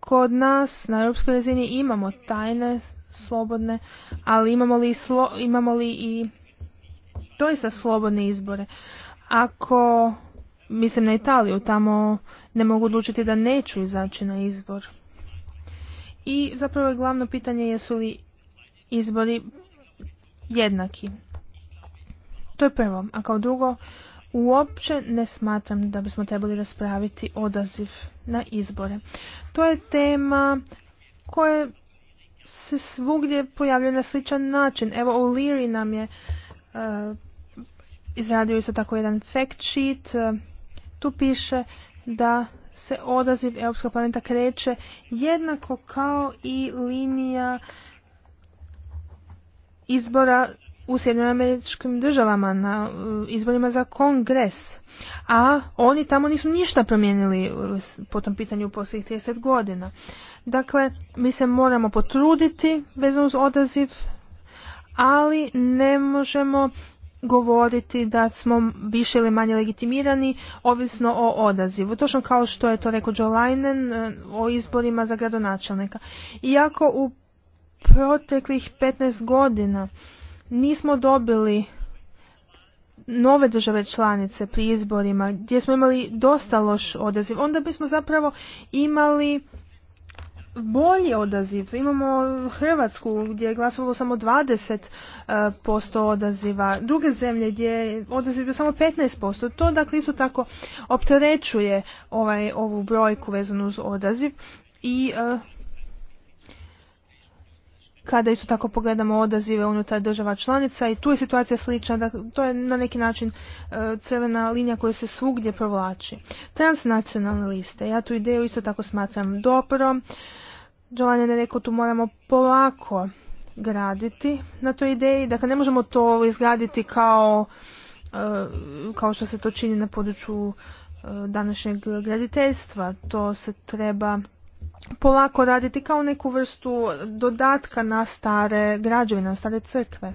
Kod nas na europskoj razini imamo tajne slobodne, ali imamo li, imamo li i doista slobodne izbore. Ako mislim na Italiju, tamo ne mogu odlučiti da neću izaći na izbor. I zapravo je glavno pitanje jesu li izbori jednaki. To je prvo. A kao drugo, uopće ne smatram da bismo trebali raspraviti odaziv na izbore. To je tema koja se svugdje pojavljuje na sličan način. Evo, O'Leary nam je e, izradio isto tako jedan fact sheet. E, tu piše da se odaziv Europskog parlamenta kreće jednako kao i linija izbora u Sjedinim američkim državama na e, izborima za kongres. A oni tamo nisu ništa promijenili e, po tom pitanju u posljednjih 30 godina. Dakle, mi se moramo potruditi vezano uz odaziv, ali ne možemo govoriti da smo više ili manje legitimirani ovisno o odazivu. Točno kao što je to rekao Joe Leinen e, o izborima za gradonačelnika. Iako u proteklih 15 godina nismo dobili nove države članice pri izborima gdje smo imali dosta loš odaziv, onda bismo zapravo imali bolji odaziv. Imamo Hrvatsku gdje je glasovalo samo 20% e, odaziva, druge zemlje gdje je odaziv bio samo 15%. To dakle isto tako opterećuje ovaj, ovu brojku vezanu uz odaziv i e, kada isto tako pogledamo odazive unutar država članica i tu je situacija slična, da to je na neki način e, crvena linija koja se svugdje provlači. Transnacionalne liste, ja tu ideju isto tako smatram dobro. Jovanja je rekao tu moramo polako graditi na toj ideji, dakle ne možemo to izgraditi kao, e, kao što se to čini na području e, današnjeg graditeljstva, to se treba polako raditi kao neku vrstu dodatka na stare građevine, na stare crkve.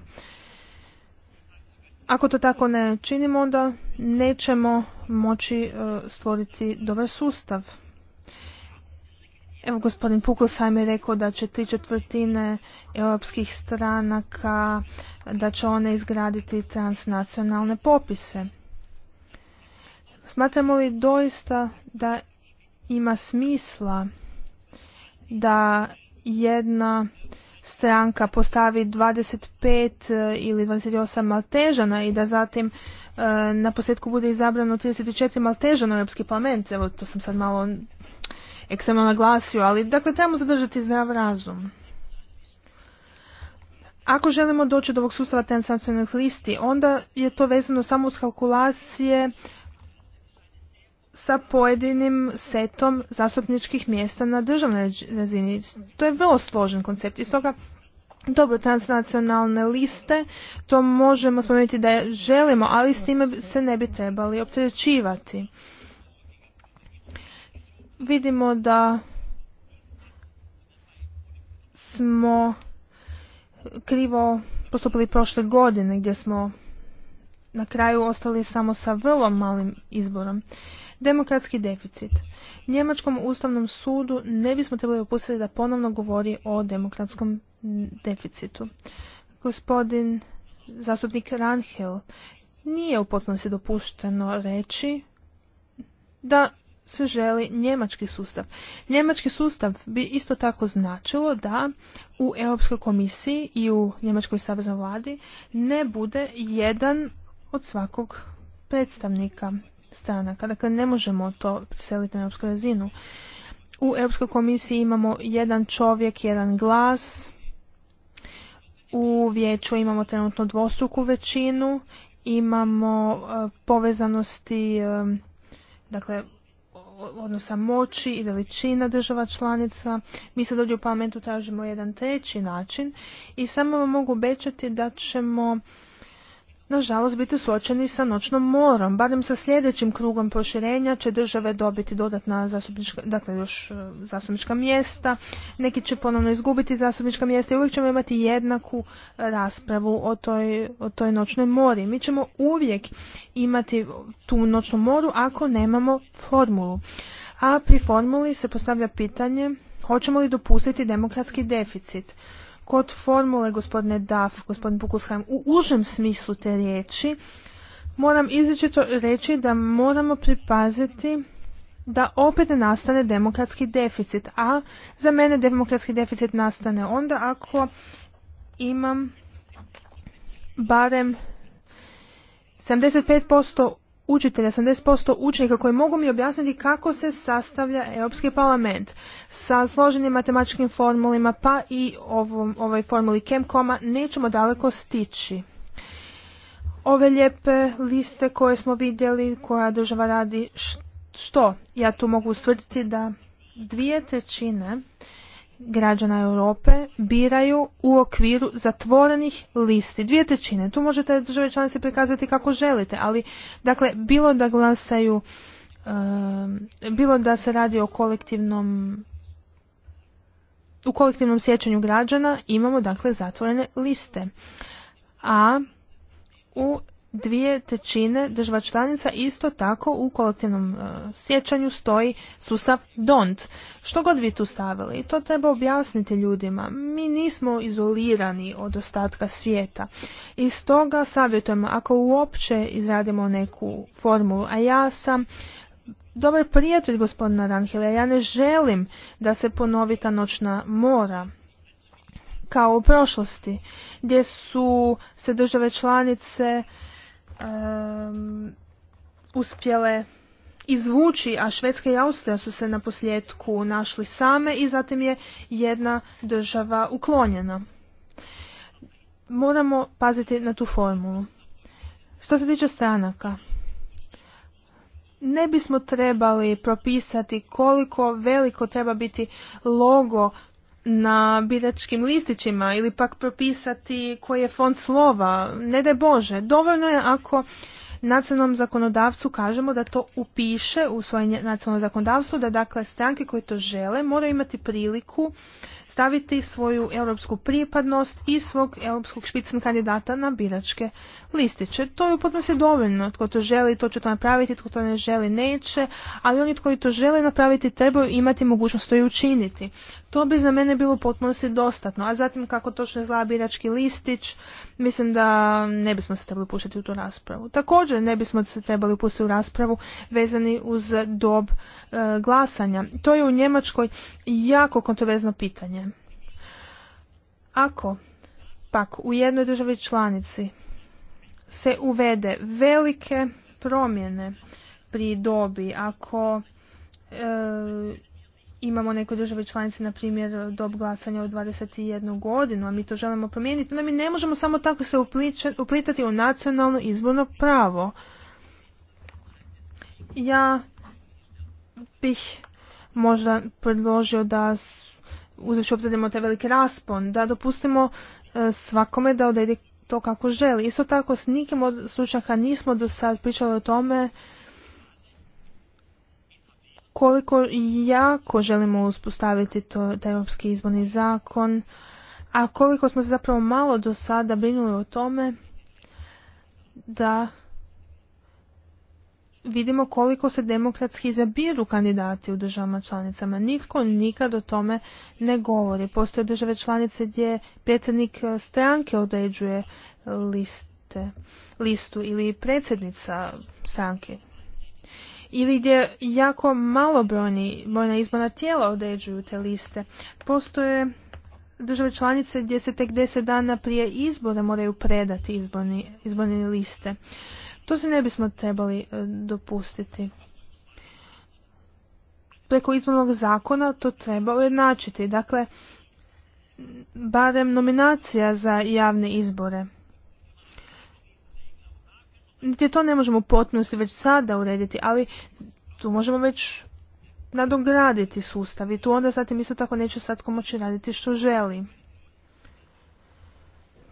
Ako to tako ne činimo, onda nećemo moći e, stvoriti dobar sustav. Evo gospodin Pukelsheim je rekao da će tri četvrtine europskih stranaka, da će one izgraditi transnacionalne popise. Smatramo li doista da ima smisla da jedna stranka postavi 25 e, ili 28 maltežana i da zatim e, na posjetku bude izabrano 34 maltežana u Europski parlament. Evo, to sam sad malo ekstremno naglasio, ali dakle trebamo zadržati zdrav razum. Ako želimo doći do ovog sustava transnacionalnih listi, onda je to vezano samo uz kalkulacije sa pojedinim setom zastupničkih mjesta na državnoj razini. To je vrlo složen koncept i stoga dobro, transnacionalne liste, to možemo spomenuti da želimo, ali s time se ne bi trebali opterećivati. Vidimo da smo krivo postupili prošle godine gdje smo na kraju ostali samo sa vrlo malim izborom. Demokratski deficit. Njemačkom ustavnom sudu ne bismo trebali opustiti da ponovno govori o demokratskom deficitu. Gospodin zastupnik Ranhel nije u potpunosti dopušteno reći da se želi njemački sustav. Njemački sustav bi isto tako značilo da u Europskoj komisiji i u Njemačkoj saveznoj vladi ne bude jedan od svakog predstavnika stranaka. Dakle, ne možemo to preseliti na europsku razinu. U Europskoj komisiji imamo jedan čovjek, jedan glas. U vijeću imamo trenutno dvostruku većinu. Imamo e, povezanosti, e, dakle, odnosa moći i veličina država članica. Mi sad ovdje u parlamentu tražimo jedan treći način i samo vam mogu obećati da ćemo nažalost biti suočeni sa noćnom morom. Barem sa sljedećim krugom proširenja će države dobiti dodatna zastupnička, dakle još e, zastupnička mjesta, neki će ponovno izgubiti zastupnička mjesta i uvijek ćemo imati jednaku raspravu o toj, o toj noćnoj mori. Mi ćemo uvijek imati tu noćnu moru ako nemamo formulu. A pri formuli se postavlja pitanje hoćemo li dopustiti demokratski deficit. Kod formule gospodine Daf, gospodin bukusham u užem smislu te riječi, moram izričito reći da moramo pripaziti da opet nastane demokratski deficit, a za mene demokratski deficit nastane onda ako imam barem 75% učitelja, 80% učenika koji mogu mi objasniti kako se sastavlja Europski parlament sa složenim matematičkim formulima pa i ovom, ovoj formuli Kemkoma nećemo daleko stići. Ove lijepe liste koje smo vidjeli koja država radi što? Ja tu mogu ustvrditi da dvije trećine građana Europe biraju u okviru zatvorenih listi. Dvije trećine. Tu možete države članice prikazati kako želite, ali dakle, bilo da glasaju, um, bilo da se radi o kolektivnom u kolektivnom sjećanju građana imamo dakle zatvorene liste. A u dvije tečine država članica isto tako u kolektivnom e, sjećanju stoji sustav don't. Što god vi tu stavili, to treba objasniti ljudima. Mi nismo izolirani od ostatka svijeta. I stoga savjetujemo, ako uopće izradimo neku formulu, a ja sam dobar prijatelj gospodina Ranhila, ja ne želim da se ponovi ta noćna mora kao u prošlosti, gdje su se države članice um, uspjele izvući, a Švedska i Austrija su se na posljedku našli same i zatim je jedna država uklonjena. Moramo paziti na tu formulu. Što se tiče stranaka, ne bismo trebali propisati koliko veliko treba biti logo na biračkim listićima ili pak propisati koji je fond slova, ne daj Bože. Dovoljno je ako nacionalnom zakonodavcu kažemo da to upiše u svoje nacionalno zakonodavstvo, da dakle stranke koje to žele moraju imati priliku staviti svoju europsku pripadnost i svog europskog špicen kandidata na biračke listiće. To je u potpunosti dovoljno. Tko to želi, to će to napraviti, tko to ne želi, neće, ali oni koji to žele napraviti trebaju imati mogućnost to i učiniti. To bi za mene bilo potpunosti dostatno. A zatim kako točno izgleda birački listić, mislim da ne bismo se trebali puštati u tu raspravu. Također ne bismo se trebali upustiti u raspravu vezani uz dob e, glasanja. To je u Njemačkoj jako kontroverzno pitanje. Ako pak u jednoj državi članici se uvede velike promjene pri dobi, ako e, imamo nekoj državi članici, na primjer, dob glasanja od 21 godinu, a mi to želimo promijeniti, onda mi ne možemo samo tako se uplitati u nacionalno izborno pravo. Ja bih možda predložio da uzevši obzir da taj veliki raspon, da dopustimo e, svakome da odredi to kako želi. Isto tako s nikim od slučaka nismo do sad pričali o tome koliko jako želimo uspostaviti to, taj europski izborni zakon, a koliko smo se zapravo malo do sada brinuli o tome da vidimo koliko se demokratski izabiru kandidati u državama članicama. Nitko nikad o tome ne govori. Postoje države članice gdje predsjednik e, stranke određuje e, liste, listu ili predsjednica stranke. Ili gdje jako malo brojna izborna tijela određuju te liste. Postoje države članice gdje se tek 10 dana prije izbora moraju predati izborni, izborne liste. To se ne bismo trebali e, dopustiti. Preko izbornog zakona to treba ujednačiti. Dakle, barem nominacija za javne izbore. Niti to ne možemo potpunosti već sada urediti, ali tu možemo već nadograditi sustav i tu onda zatim isto tako neće svatko moći raditi što želi.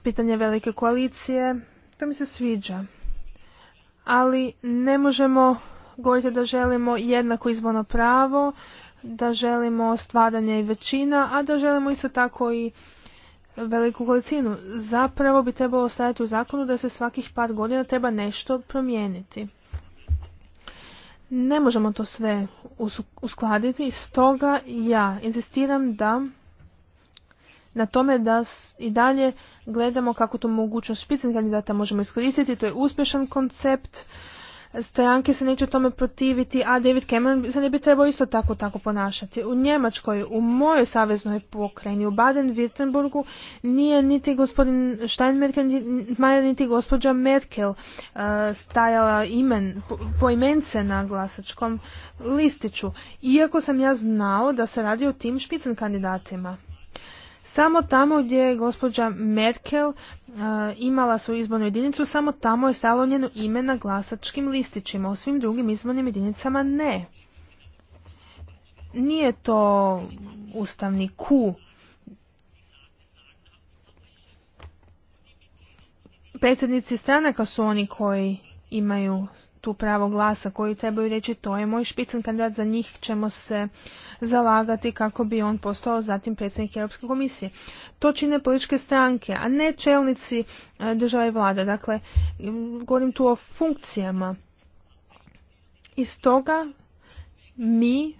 Pitanje velike koalicije, to mi se sviđa ali ne možemo govoriti da želimo jednako izborno pravo, da želimo stvaranje i većina, a da želimo isto tako i veliku kolicinu. Zapravo bi trebalo ostaviti u zakonu da se svakih par godina treba nešto promijeniti. Ne možemo to sve uskladiti, stoga ja insistiram da na tome da i dalje gledamo kako tu mogućnost špicen kandidata možemo iskoristiti. To je uspješan koncept. Stranke se neće tome protiviti, a David Cameron se ne bi trebao isto tako tako ponašati. U Njemačkoj, u mojoj saveznoj pokrajini, u Baden-Württembergu, nije niti gospodin Steinmeier, niti gospođa Merkel uh, stajala imen, po, imence na glasačkom listiću. Iako sam ja znao da se radi o tim špicen kandidatima. Samo tamo gdje je gospođa Merkel e, imala svoju izbornu jedinicu, samo tamo je stalo ime na glasačkim listićima, O svim drugim izbornim jedinicama ne. Nije to ustavni ku. Predsjednici stranaka su oni koji imaju tu pravo glasa koji trebaju reći to je moj špicen kandidat, za njih ćemo se zalagati kako bi on postao zatim predsjednik Europske komisije. To čine političke stranke, a ne čelnici e, države i vlade. Dakle, govorim tu o funkcijama. I stoga mi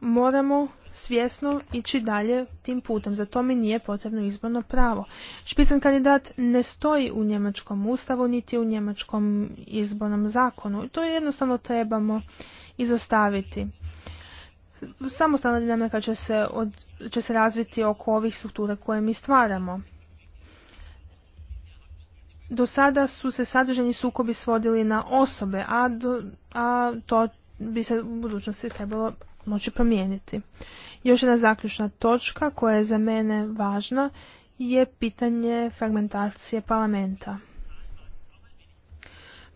moramo svjesno ići dalje tim putem. Za to mi nije potrebno izborno pravo. Špican kandidat ne stoji u njemačkom ustavu niti u njemačkom izbornom zakonu. To jednostavno trebamo izostaviti. Samostalna dinamika će se, od, će se razviti oko ovih struktura koje mi stvaramo. Do sada su se sadrženi sukobi svodili na osobe, a, a to bi se u budućnosti trebalo moći promijeniti. Još jedna zaključna točka koja je za mene važna je pitanje fragmentacije parlamenta.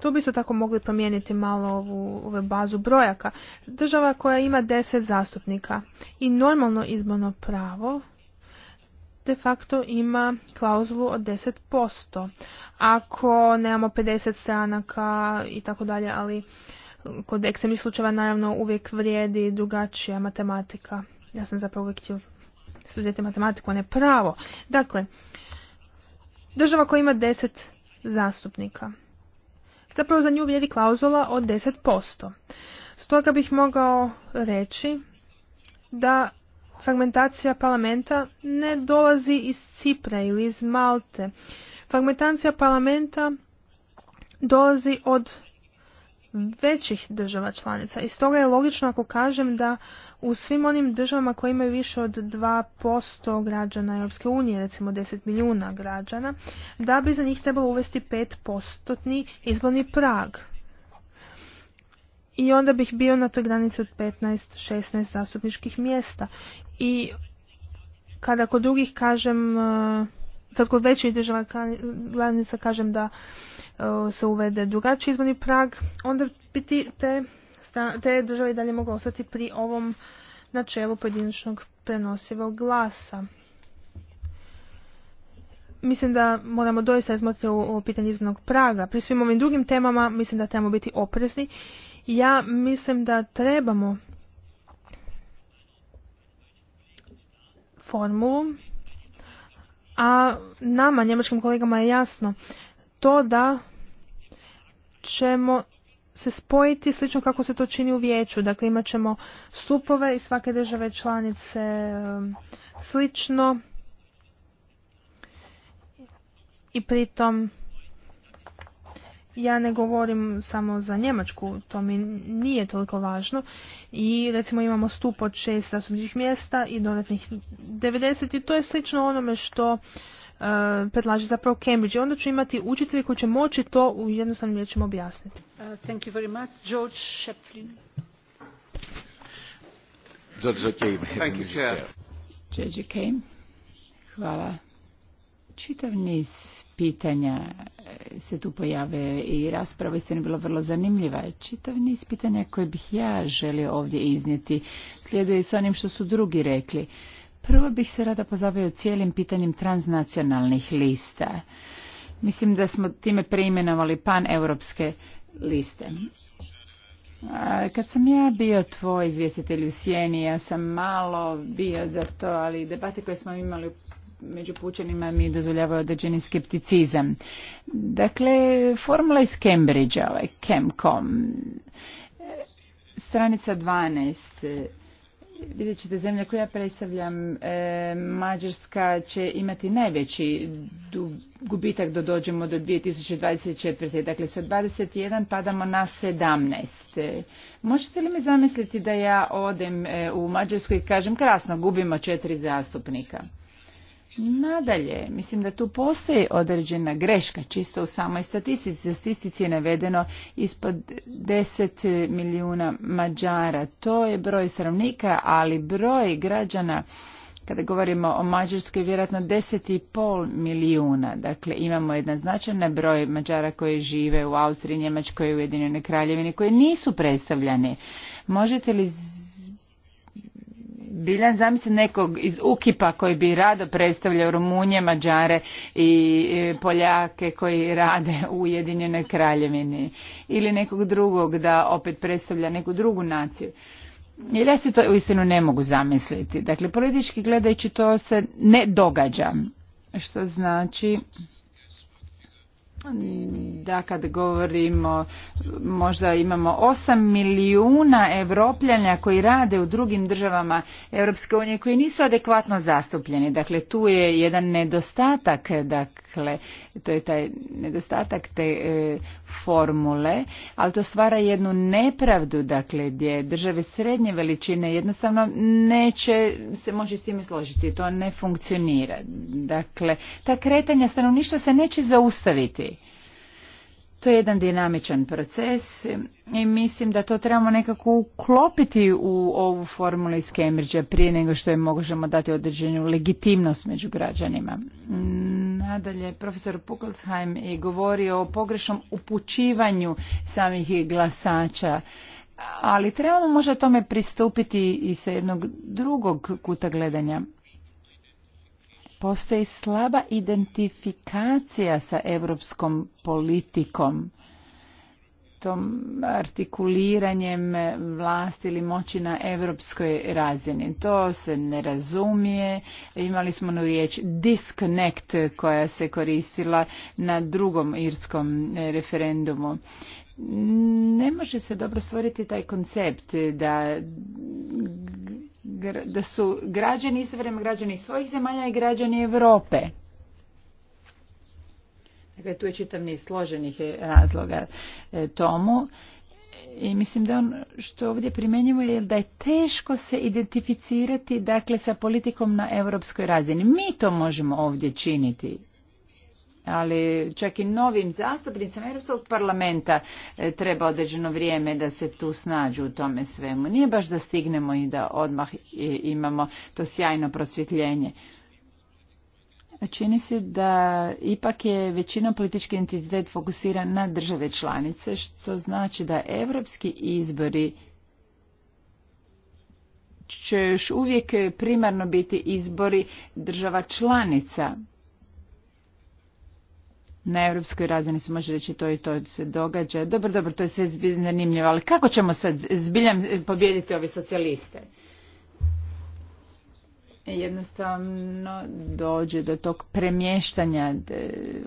Tu bi isto tako mogli promijeniti malo ovu, ovu bazu brojaka. Država koja ima deset zastupnika i normalno izborno pravo de facto ima klauzulu od 10%. Ako nemamo 50 stranaka i tako dalje, ali kod ekstremnih slučajeva naravno uvijek vrijedi drugačija matematika. Ja sam zapravo uvijek htio matematiku, a ne pravo. Dakle, država koja ima 10 zastupnika. Zapravo za nju vrijedi klauzula od 10%. Stoga bih mogao reći da fragmentacija parlamenta ne dolazi iz Cipra ili iz Malte. Fragmentacija parlamenta dolazi od većih država članica. I stoga je logično ako kažem da u svim onim državama koje imaju više od 2% građana Europske unije, recimo 10 milijuna građana, da bi za njih trebalo uvesti 5% izborni prag. I onda bih bio na toj granici od 15-16 zastupničkih mjesta. I kada kod drugih kažem, eh, kad kod većih država članica kažem da E, se uvede drugačiji izborni prag, onda bi te, te države i dalje mogu ostati pri ovom načelu pojedinačnog prenosivog glasa. Mislim da moramo doista razmotriti o pitanju izbornog praga. Pri svim ovim drugim temama mislim da trebamo biti oprezni. Ja mislim da trebamo formulu, a nama, njemačkim kolegama je jasno to da ćemo se spojiti slično kako se to čini u vijeću. Dakle, imat ćemo stupove i svake države članice um, slično i pritom ja ne govorim samo za Njemačku, to mi nije toliko važno. I recimo imamo stup od šest zastupničkih mjesta i dodatnih 90 i to je slično onome što Eh, predlaže zapravo Cambridge. onda ću imati učitelje koji će moći to u jednostavnim riječima objasniti. Eh, thank you very much. George Shepflin. George thank you, chair. George Hvala. Čitav niz pitanja eh, se tu pojave i rasprava istina bila vrlo zanimljiva. Čitav niz pitanja koje bih ja želio ovdje iznijeti slijeduje i s onim što su drugi rekli. Prvo bih se rada pozabavio cijelim pitanjem transnacionalnih lista. Mislim da smo time preimenovali pan-europske liste. Kad sam ja bio tvoj izvjestitelj u Sjeni, ja sam malo bio za to, ali debate koje smo imali među pučanima mi dozvoljavaju određeni skepticizam. Dakle, formula iz Cambridge, ovaj Chemcom, stranica 12, Vidjet ćete, zemlja koju ja predstavljam, e, Mađarska će imati najveći gubitak do dođemo do 2024. Dakle, sa 21 padamo na 17. E, možete li mi zamisliti da ja odem e, u Mađarsku i kažem krasno, gubimo četiri zastupnika? Nadalje, mislim da tu postoji određena greška, čisto u samoj statistici. U statistici je navedeno ispod 10 milijuna Mađara. To je broj stanovnika, ali broj građana, kada govorimo o Mađarskoj, vjerojatno 10,5 milijuna. Dakle, imamo jedna značajna broj Mađara koji žive u Austriji, Njemačkoj, Ujedinjenoj Kraljevini, koji nisu predstavljani. Možete li Biljan, zamisli nekog iz Ukipa koji bi rado predstavljao Rumunje, Mađare i e, Poljake koji rade u Ujedinjenoj kraljevini ili nekog drugog da opet predstavlja neku drugu naciju. Jer ja se to uistinu ne mogu zamisliti. Dakle, politički gledajući to se ne događa. Što znači pa da kad govorimo možda imamo 8 milijuna evropljanja koji rade u drugim državama Europske unije koji nisu adekvatno zastupljeni. Dakle, tu je jedan nedostatak, dakle, to je taj nedostatak te e, formule, ali to stvara jednu nepravdu, dakle, gdje države srednje veličine jednostavno neće se moći s time složiti, to ne funkcionira. Dakle, ta kretanja stanovništva se neće zaustaviti. To je jedan dinamičan proces i mislim da to trebamo nekako uklopiti u ovu formulu iz Cambridgea prije nego što je možemo dati određenu legitimnost među građanima. Nadalje, profesor Pukelsheim je govorio o pogrešnom upućivanju samih glasača, ali trebamo možda tome pristupiti i sa jednog drugog kuta gledanja postoji slaba identifikacija sa europskom politikom tom artikuliranjem vlasti ili moći na europskoj razini. To se ne razumije. Imali smo nu riječ disconnect koja se koristila na drugom irskom referendumu. Ne može se dobro stvoriti taj koncept da da su građani istovremeno građani svojih zemalja i građani Europe. Dakle, tu je čitav niz složenih e, razloga e, tomu. I mislim da ono što ovdje primjenjivo je da je teško se identificirati dakle sa politikom na europskoj razini. Mi to možemo ovdje činiti ali čak i novim zastupnicama Europskog parlamenta e, treba određeno vrijeme da se tu snađu u tome svemu. Nije baš da stignemo i da odmah imamo to sjajno prosvjetljenje. Čini se da ipak je većina politički entitet fokusiran na države članice, što znači da europski izbori će još uvijek primarno biti izbori država članica na europskoj razini se može reći to i to se događa. Dobro, dobro, to je sve zanimljivo, ali kako ćemo sad zbiljam pobijediti ove socijaliste? Jednostavno dođe do tog premještanja,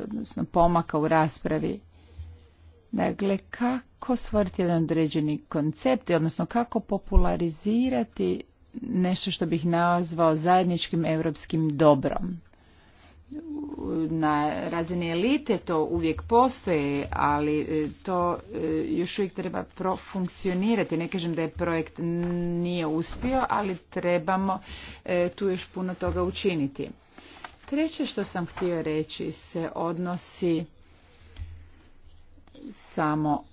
odnosno pomaka u raspravi. Dakle, kako stvoriti jedan određeni koncept, odnosno kako popularizirati nešto što bih nazvao zajedničkim europskim dobrom na razine elite to uvijek postoje, ali e, to e, još uvijek treba profunkcionirati. Ne kažem da je projekt nije uspio, ali trebamo e, tu još puno toga učiniti. Treće što sam htio reći se odnosi samo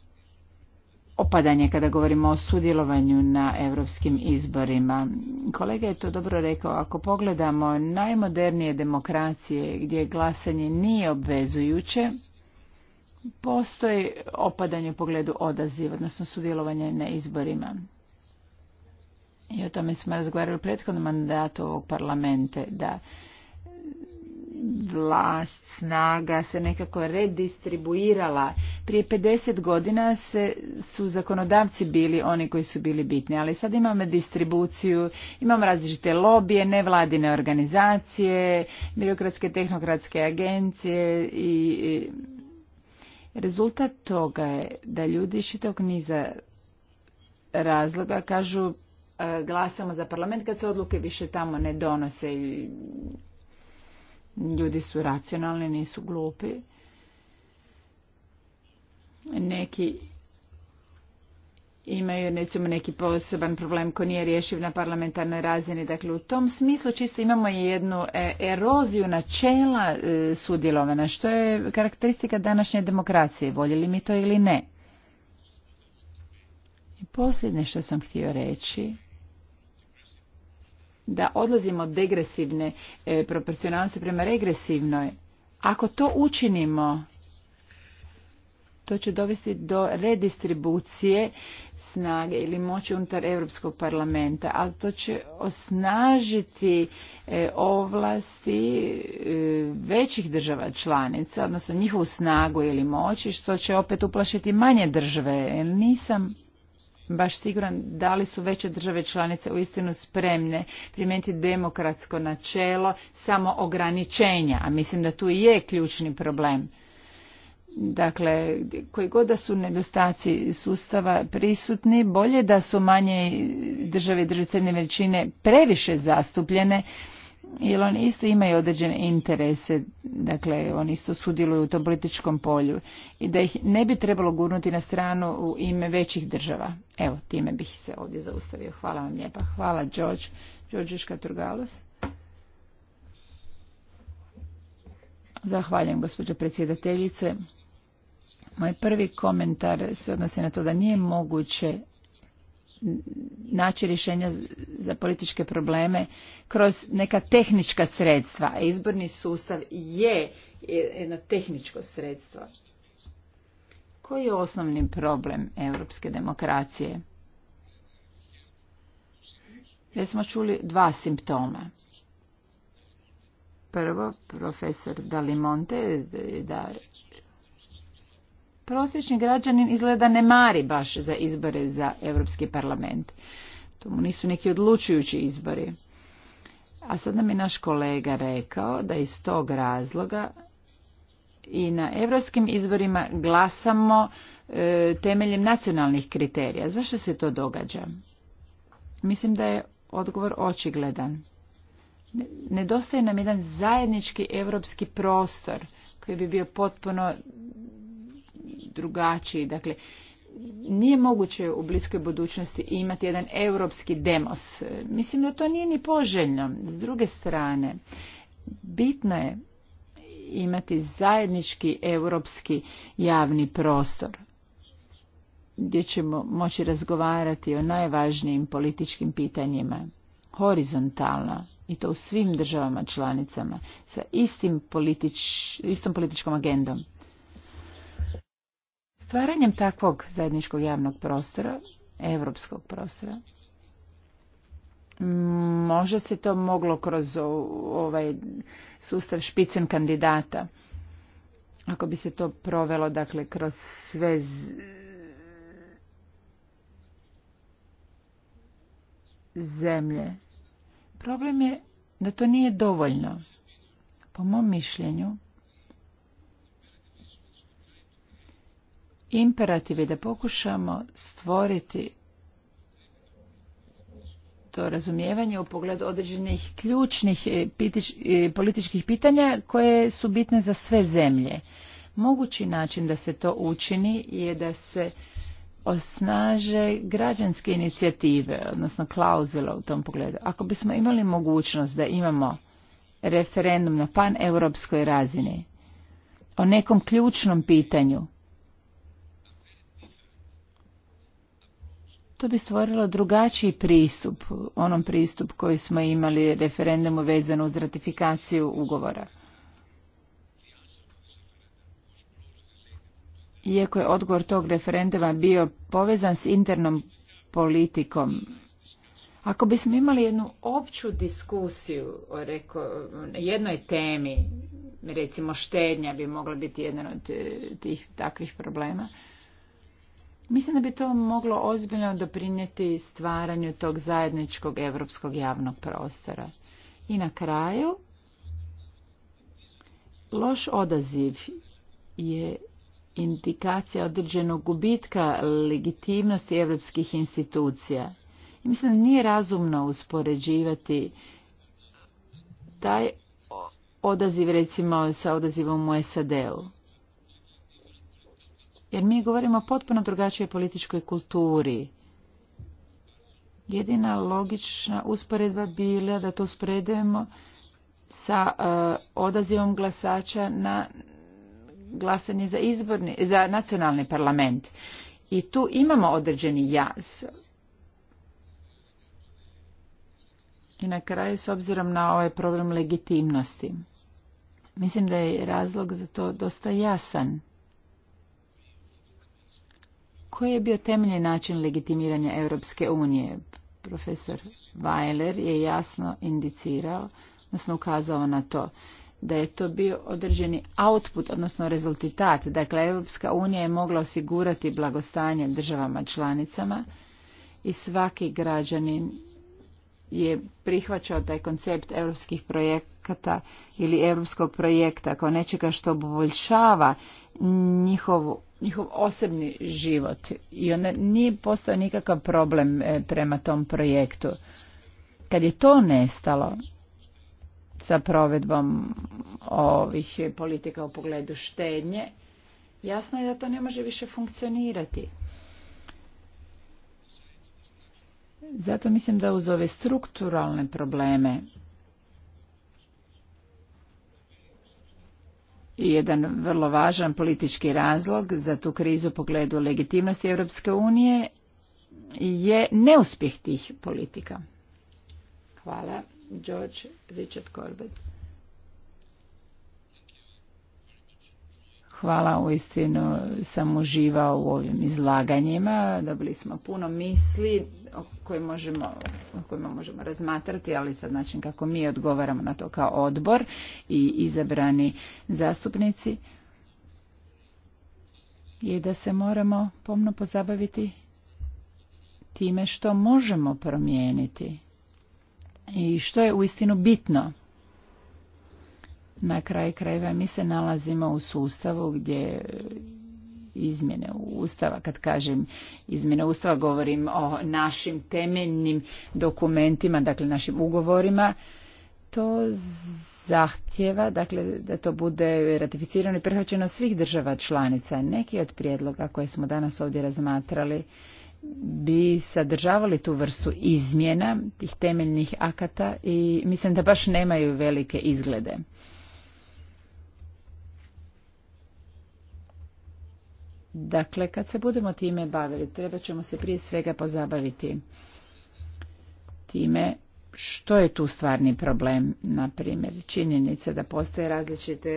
opadanje kada govorimo o sudjelovanju na europskim izborima. Kolega je to dobro rekao, ako pogledamo najmodernije demokracije gdje glasanje nije obvezujuće, postoji opadanje u pogledu odaziva, odnosno sudjelovanja na izborima. I o tome smo razgovarali u prethodnom mandatu ovog parlamente, da vlast snaga se nekako redistribuirala. Prije 50 godina se, su zakonodavci bili oni koji su bili bitni, ali sad imamo distribuciju, imamo različite lobije, nevladine organizacije, birokratske, tehnokratske agencije i, rezultat toga je da ljudi iz niza razloga kažu e, glasamo za parlament kad se odluke više tamo ne donose i Ljudi su racionalni, nisu glupi. Neki imaju recimo neki poseban problem koji nije rješiv na parlamentarnoj razini. Dakle, u tom smislu čisto imamo jednu e, eroziju načela e, sudjelovanja, što je karakteristika današnje demokracije, voljeli mi to ili ne. I posljednje što sam htio reći da odlazimo od degresivne e, proporcionalnosti prema regresivnoj. Ako to učinimo, to će dovesti do redistribucije snage ili moći unutar Europskog parlamenta, ali to će osnažiti e, ovlasti e, većih država članica, odnosno njihovu snagu ili moći, što će opet uplašiti manje države. Nisam baš siguran da li su veće države članice uistinu spremne primijeniti demokratsko načelo samo ograničenja, a mislim da tu i je ključni problem. Dakle, koji god da su nedostaci sustava prisutni, bolje da su manje države i većine veličine previše zastupljene, jer oni isto imaju određene interese, dakle oni isto sudjeluju u tom političkom polju i da ih ne bi trebalo gurnuti na stranu u ime većih država. Evo, time bih se ovdje zaustavio. Hvala vam lijepa. Hvala, George. Turgalos. Zahvaljujem, gospođo predsjedateljice. Moj prvi komentar se odnosi na to da nije moguće naći rješenja za političke probleme kroz neka tehnička sredstva. A izborni sustav je jedno tehničko sredstvo. Koji je osnovni problem europske demokracije? Već smo čuli dva simptoma. Prvo, profesor Dalimonte da prosječni građanin izgleda ne mari baš za izbore za Europski parlament. To mu nisu neki odlučujući izbori. A sad nam je naš kolega rekao da iz tog razloga i na europskim izborima glasamo e, temeljem nacionalnih kriterija. Zašto se to događa? Mislim da je odgovor očigledan. Nedostaje nam jedan zajednički europski prostor koji bi bio potpuno drugačiji. Dakle, nije moguće u bliskoj budućnosti imati jedan europski demos. Mislim da to nije ni poželjno. S druge strane, bitno je imati zajednički europski javni prostor gdje ćemo moći razgovarati o najvažnijim političkim pitanjima horizontalno i to u svim državama članicama sa istim politič, istom političkom agendom. Stvaranjem takvog zajedničkog javnog prostora, europskog prostora, može se to moglo kroz ovaj sustav špicen kandidata. Ako bi se to provelo, dakle, kroz sve zemlje. Problem je da to nije dovoljno. Po mom mišljenju, imperativ je da pokušamo stvoriti to razumijevanje u pogledu određenih ključnih e, e, političkih pitanja koje su bitne za sve zemlje. Mogući način da se to učini je da se osnaže građanske inicijative, odnosno klauzula u tom pogledu. Ako bismo imali mogućnost da imamo referendum na paneuropskoj razini o nekom ključnom pitanju, to bi stvorilo drugačiji pristup, onom pristup koji smo imali referendumu vezano uz ratifikaciju ugovora. Iako je odgovor tog referenduma bio povezan s internom politikom, ako bismo imali jednu opću diskusiju o reko, jednoj temi, recimo štednja bi mogla biti jedan od eh, tih takvih problema, Mislim da bi to moglo ozbiljno doprinijeti stvaranju tog zajedničkog europskog javnog prostora. I na kraju, loš odaziv je indikacija određenog gubitka legitimnosti europskih institucija. I mislim da nije razumno uspoređivati taj odaziv recimo sa odazivom u SAD-u jer mi govorimo o potpuno drugačijoj političkoj kulturi. Jedina logična usporedba bila da to spredujemo sa e, odazivom glasača na glasanje za izborni, za nacionalni parlament. I tu imamo određeni jaz. I na kraju, s obzirom na ovaj problem legitimnosti, mislim da je razlog za to dosta jasan koji je bio temeljni način legitimiranja Europske unije? Profesor Weiler je jasno indicirao, odnosno ukazao na to da je to bio određeni output, odnosno rezultat. Dakle, Europska unija je mogla osigurati blagostanje državama članicama i svaki građanin je prihvaćao taj koncept europskih projekata ili europskog projekta kao nečega što poboljšava njihovu njihov osobni život i onda nije postao nikakav problem e, prema tom projektu. Kad je to nestalo sa provedbom ovih politika u pogledu štednje, jasno je da to ne može više funkcionirati. Zato mislim da uz ove strukturalne probleme jedan vrlo važan politički razlog za tu krizu u pogledu legitimnosti Europske unije je neuspjeh tih politika. Hvala. George Richard Corbett. Hvala, uistinu sam uživao u ovim izlaganjima. Dobili smo puno misli o kojima možemo, o kojima možemo razmatrati, ali sad način kako mi odgovaramo na to kao odbor i izabrani zastupnici je da se moramo pomno pozabaviti time što možemo promijeniti i što je uistinu bitno. Na kraj krajeva mi se nalazimo u sustavu gdje izmjene Ustava, kad kažem izmjene Ustava govorim o našim temeljnim dokumentima, dakle našim ugovorima, to zahtjeva dakle, da to bude ratificirano i prihvaćeno svih država članica. Neki od prijedloga koje smo danas ovdje razmatrali bi sadržavali tu vrstu izmjena tih temeljnih akata i mislim da baš nemaju velike izglede. Dakle, kad se budemo time bavili, treba ćemo se prije svega pozabaviti time što je tu stvarni problem, na primjer, činjenica da postoje različite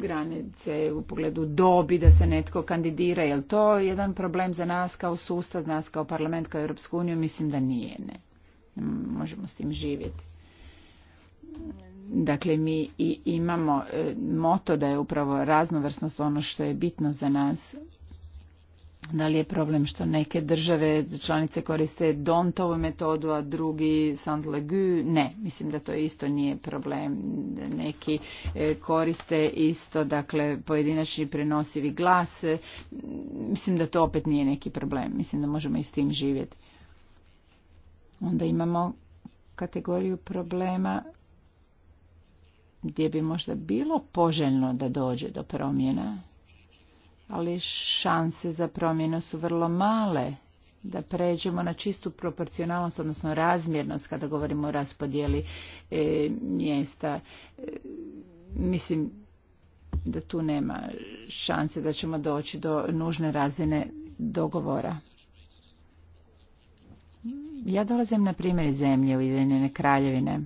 granice u pogledu dobi da se netko kandidira, je li to jedan problem za nas kao sustav, nas kao parlament, kao Europsku uniju, mislim da nije, ne. Možemo s tim živjeti. Dakle, mi i imamo e, moto da je upravo raznovrsnost ono što je bitno za nas da li je problem što neke države članice koriste Dontovu metodu, a drugi saint -Legu? Ne, mislim da to isto nije problem. Neki e, koriste isto, dakle, pojedinačni prenosivi glas. E, mislim da to opet nije neki problem. Mislim da možemo i s tim živjeti. Onda imamo kategoriju problema gdje bi možda bilo poželjno da dođe do promjena ali šanse za promjenu su vrlo male da pređemo na čistu proporcionalnost, odnosno razmjernost kada govorimo o raspodjeli e, mjesta. E, mislim da tu nema šanse da ćemo doći do nužne razine dogovora. Ja dolazim na primjer zemlje zemlje Ujedinjene kraljevine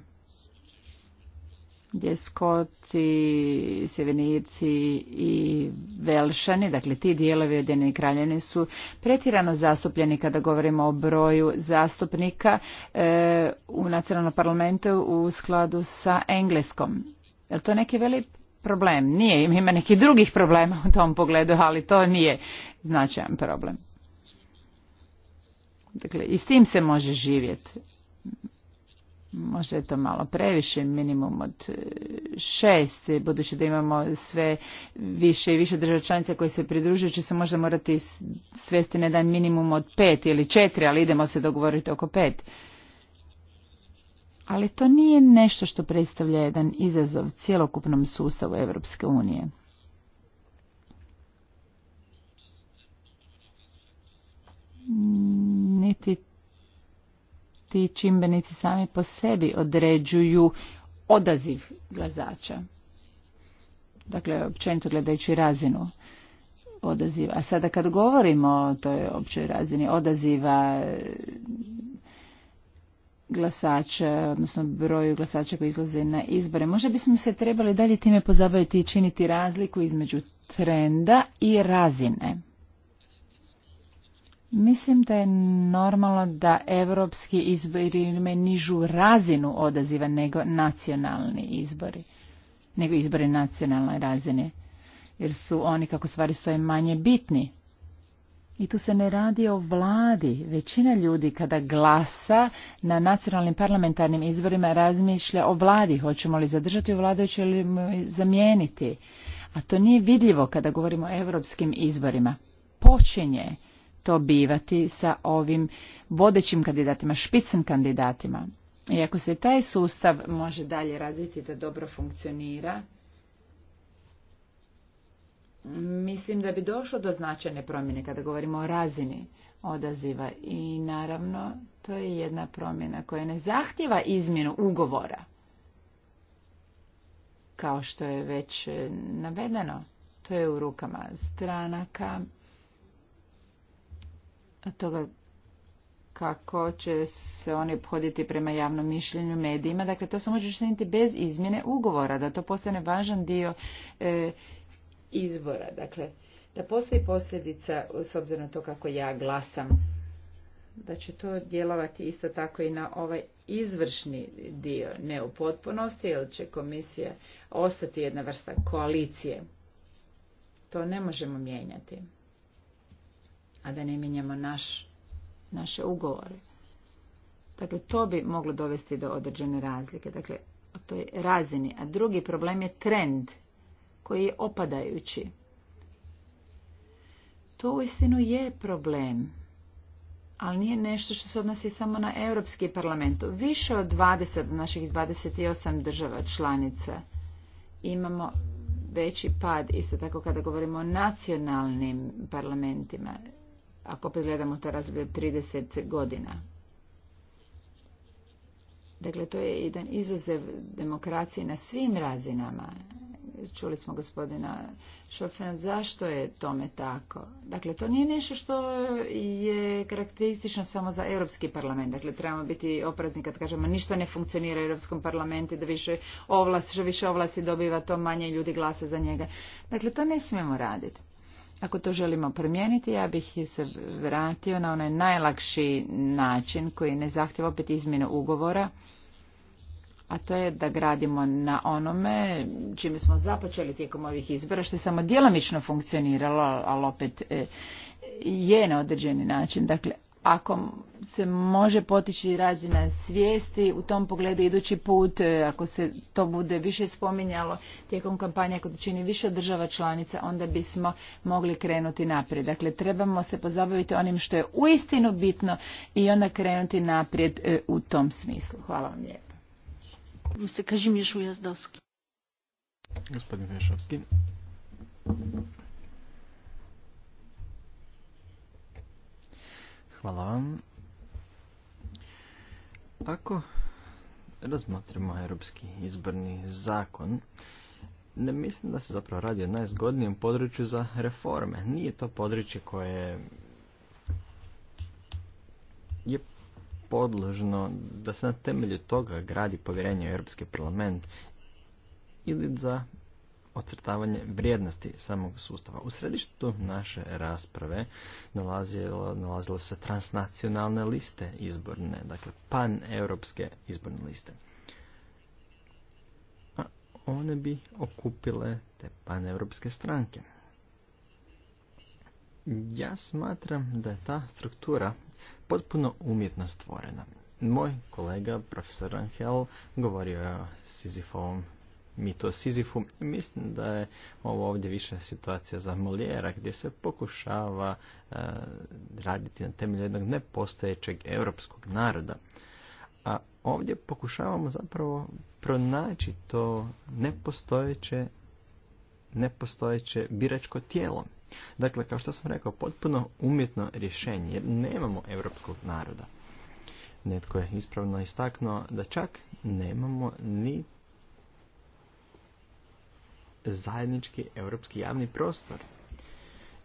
gdje Skoti, Sjevenici i Velšani, dakle ti dijelovi Ujedinjene kraljevine su pretjerano zastupljeni kada govorimo o broju zastupnika e, u nacionalnom parlamentu u skladu sa engleskom. Je to neki velik problem? Nije, ima neki drugih problema u tom pogledu, ali to nije značajan problem. Dakle, i s tim se može živjeti možda je to malo previše, minimum od e, šest, budući da imamo sve više i više država članica koje se pridružuju, će se možda morati svesti na jedan minimum od pet ili četiri, ali idemo se dogovoriti oko pet. Ali to nije nešto što predstavlja jedan izazov cjelokupnom sustavu Evropske unije. Niti ti čimbenici sami po sebi određuju odaziv glasača. Dakle, općenito gledajući razinu odaziva. A sada kad govorimo o toj općoj razini odaziva glasača, odnosno broju glasača koji izlaze na izbore. Možda bismo se trebali dalje time pozabaviti i činiti razliku između trenda i razine. Mislim da je normalno da evropski izbori imaju nižu razinu odaziva nego nacionalni izbori, nego izbori nacionalne razine, jer su oni, kako stvari stoje, manje bitni. I tu se ne radi o vladi. Većina ljudi kada glasa na nacionalnim parlamentarnim izborima razmišlja o vladi. Hoćemo li zadržati u vladajuću ili zamijeniti. A to nije vidljivo kada govorimo o evropskim izborima. Počinje to bivati sa ovim vodećim kandidatima, špicen kandidatima. I ako se taj sustav može dalje razviti da dobro funkcionira, mislim da bi došlo do značajne promjene kada govorimo o razini odaziva i naravno to je jedna promjena koja ne zahtjeva izmjenu ugovora kao što je već navedeno to je u rukama stranaka toga kako će se oni obhoditi prema javnom mišljenju medijima. Dakle, to se može učiniti bez izmjene ugovora, da to postane važan dio e, izbora. Dakle, da postoji posljedica s obzirom na to kako ja glasam, da će to djelovati isto tako i na ovaj izvršni dio, ne u potpunosti, jer će komisija ostati jedna vrsta koalicije. To ne možemo mijenjati a da ne mijenjamo naš, naše ugovore. Dakle, to bi moglo dovesti do određene razlike. Dakle, o toj razini. A drugi problem je trend koji je opadajući. To istinu je problem, ali nije nešto što se odnosi samo na Europski parlament. Više od 20 naših 28 država članica imamo veći pad, isto tako kada govorimo o nacionalnim parlamentima ako pogledamo to razdoblje 30 godina. Dakle, to je jedan izuzev demokracije na svim razinama. Čuli smo gospodina Šofena, zašto je tome tako? Dakle, to nije nešto što je karakteristično samo za Europski parlament. Dakle, trebamo biti oprezni kad kažemo ništa ne funkcionira u Europskom parlamentu, da više ovlasti, što više ovlasti dobiva, to manje ljudi glasa za njega. Dakle, to ne smijemo raditi. Ako to želimo promijeniti, ja bih se vratio na onaj najlakši način koji ne zahtjeva opet izmjenu ugovora, a to je da gradimo na onome čime smo započeli tijekom ovih izbora, što je samo djelomično funkcioniralo, ali opet e, je na određeni način. Dakle, ako se može potići razina svijesti u tom pogledu idući put, e, ako se to bude više spominjalo tijekom kampanje, ako čini više država članica, onda bismo mogli krenuti naprijed. Dakle, trebamo se pozabaviti onim što je uistinu bitno i onda krenuti naprijed e, u tom smislu. Hvala vam lijepo. Gospodin Vešovski. Hvala vam. Ako razmotrimo europski izborni zakon, ne mislim da se zapravo radi o najzgodnijem području za reforme. Nije to područje koje je podložno da se na temelju toga gradi povjerenje u Europski parlament ili za ocrtavanje vrijednosti samog sustava. U središtu naše rasprave nalazilo, nalazilo se transnacionalne liste izborne, dakle paneuropske izborne liste. A one bi okupile te paneuropske stranke. Ja smatram da je ta struktura potpuno umjetno stvorena. Moj kolega, profesor Rangel, govorio je o Sizifovom mi Sizifu. Mislim da je ovo ovdje više situacija za Molijera gdje se pokušava e, raditi na temelju jednog nepostojećeg europskog naroda. A ovdje pokušavamo zapravo pronaći to nepostojeće, nepostojeće biračko tijelo. Dakle, kao što sam rekao, potpuno umjetno rješenje, jer nemamo europskog naroda. Netko je ispravno istaknuo da čak nemamo ni zajednički europski javni prostor.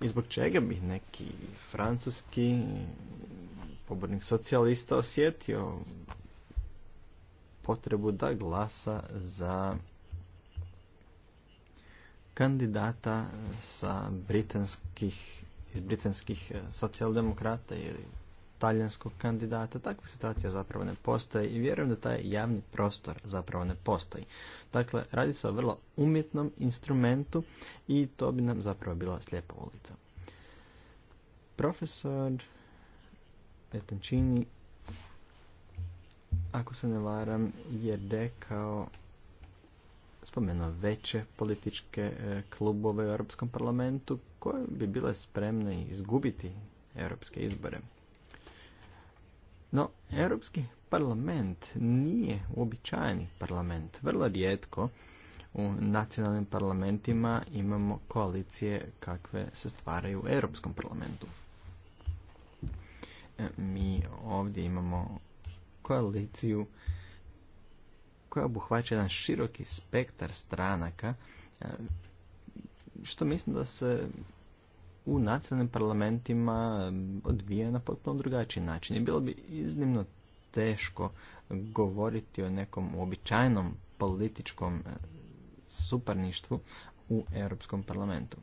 I zbog čega bi neki francuski pobornik socijalista osjetio potrebu da glasa za kandidata sa britanskih, iz britanskih socijaldemokrata ili talijanskog kandidata. Takva situacija zapravo ne postoji i vjerujem da taj javni prostor zapravo ne postoji. Dakle, radi se o vrlo umjetnom instrumentu i to bi nam zapravo bila slijepa ulica. Profesor Petančini, ako se ne varam, je dekao spomenuo veće političke e, klubove u Europskom parlamentu koje bi bile spremne izgubiti europske izbore. No, Europski parlament nije uobičajeni parlament. Vrlo rijetko u nacionalnim parlamentima imamo koalicije kakve se stvaraju u Europskom parlamentu. E, mi ovdje imamo koaliciju koja obuhvaća jedan široki spektar stranaka, e, što mislim da se u nacionalnim parlamentima odvija na potpuno drugačiji način. I bilo bi iznimno teško govoriti o nekom običajnom političkom suparništvu u Europskom parlamentu.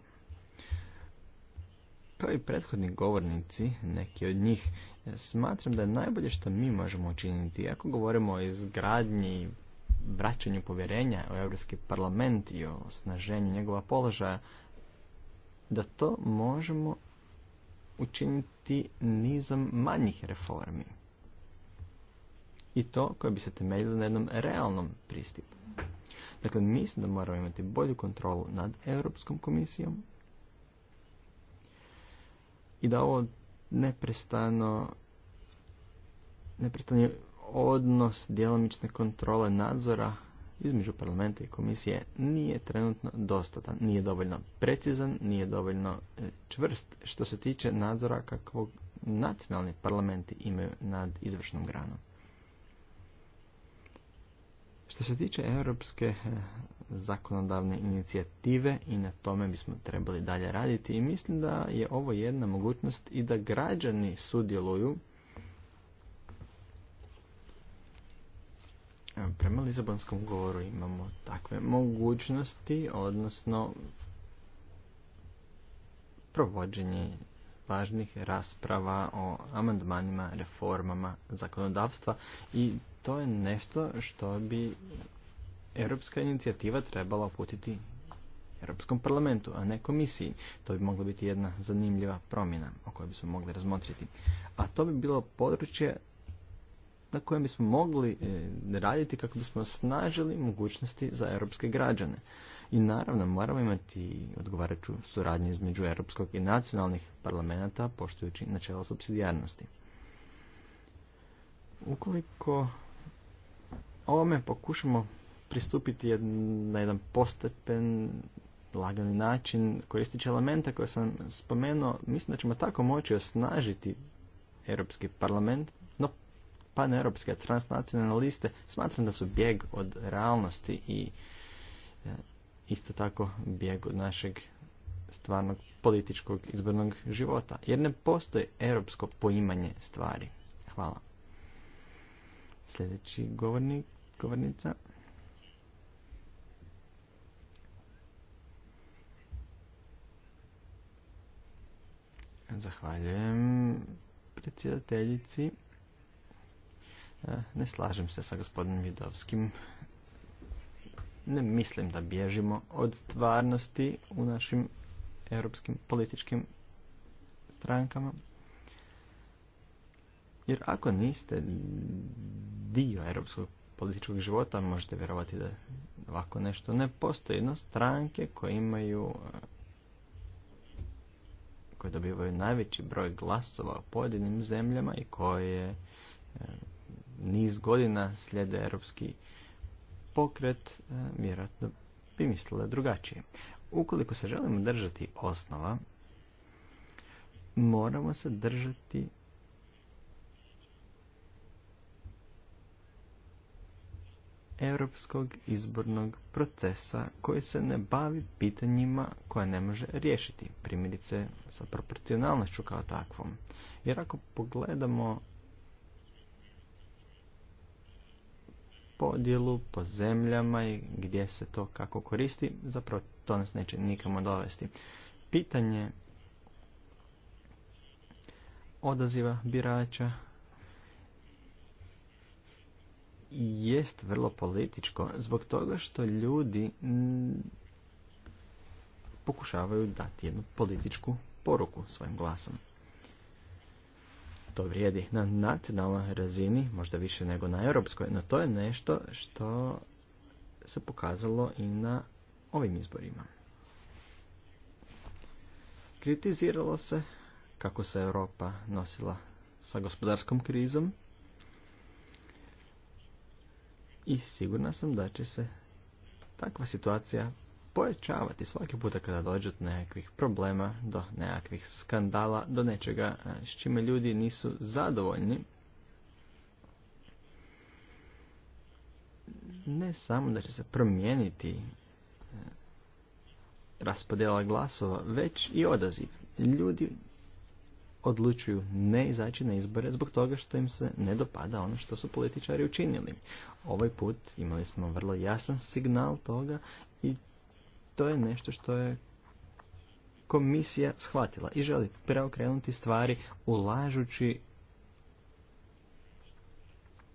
Kao i prethodni govornici, neki od njih, smatram da je najbolje što mi možemo učiniti, ako govorimo o izgradnji vraćanju povjerenja u Europski parlament i o snaženju njegova položaja, da to možemo učiniti nizom manjih reformi. I to koje bi se temeljilo na jednom realnom pristupu. Dakle, mislim da moramo imati bolju kontrolu nad Europskom komisijom i da ovo neprestano neprestani odnos djelomične kontrole nadzora između parlamenta i komisije nije trenutno dostatan, nije dovoljno precizan, nije dovoljno e, čvrst što se tiče nadzora kakvog nacionalni parlamenti imaju nad izvršnom granom. Što se tiče europske e, zakonodavne inicijative i na tome bismo trebali dalje raditi i mislim da je ovo jedna mogućnost i da građani sudjeluju prema Lizabonskom ugovoru imamo takve mogućnosti, odnosno provođenje važnih rasprava o amandmanima, reformama zakonodavstva i to je nešto što bi europska inicijativa trebala uputiti Europskom parlamentu, a ne komisiji. To bi mogla biti jedna zanimljiva promjena o kojoj bismo mogli razmotriti. A to bi bilo područje na kojem bismo mogli e, raditi kako bismo snažili mogućnosti za europske građane. I naravno moramo imati odgovarajuću suradnju između europskog i nacionalnih parlamenta poštujući načela subsidijarnosti. Ukoliko ovome pokušamo pristupiti na jedan postepen, lagani način će elementa koje sam spomenuo, mislim da ćemo tako moći osnažiti Europski parlament paneuropske transnacionalne liste, smatram da su bijeg od realnosti i e, isto tako bjeg od našeg stvarnog političkog izbornog života, jer ne postoji europsko poimanje stvari. Hvala. Sljedeći govornik, govornica. Zahvaljujem predsjedateljici. E, ne slažem se sa gospodinom Vidovskim. Ne mislim da bježimo od stvarnosti u našim europskim političkim strankama. Jer ako niste dio europskog političkog života, možete vjerovati da ovako nešto ne postoji. No stranke koje imaju koje dobivaju najveći broj glasova u pojedinim zemljama i koje niz godina slijede europski pokret, e, vjerojatno bi mislila drugačije. Ukoliko se želimo držati osnova, moramo se držati europskog izbornog procesa koji se ne bavi pitanjima koja ne može riješiti, primjerice sa proporcionalnošću kao takvom. Jer ako pogledamo podjelu po zemljama i gdje se to kako koristi, zapravo to nas neće nikamo dovesti. Pitanje odaziva birača jest vrlo političko zbog toga što ljudi pokušavaju dati jednu političku poruku svojim glasom to vrijedi na nacionalnoj razini, možda više nego na europskoj, no to je nešto što se pokazalo i na ovim izborima. Kritiziralo se kako se Europa nosila sa gospodarskom krizom i sigurna sam da će se takva situacija pojačavati svaki puta kada dođe do nekakvih problema, do nekakvih skandala, do nečega e, s čime ljudi nisu zadovoljni. Ne samo da će se promijeniti e, raspodjela glasova, već i odaziv. Ljudi odlučuju ne izaći na izbore zbog toga što im se ne dopada ono što su političari učinili. Ovaj put imali smo vrlo jasan signal toga i to je nešto što je komisija shvatila i želi preokrenuti stvari ulažući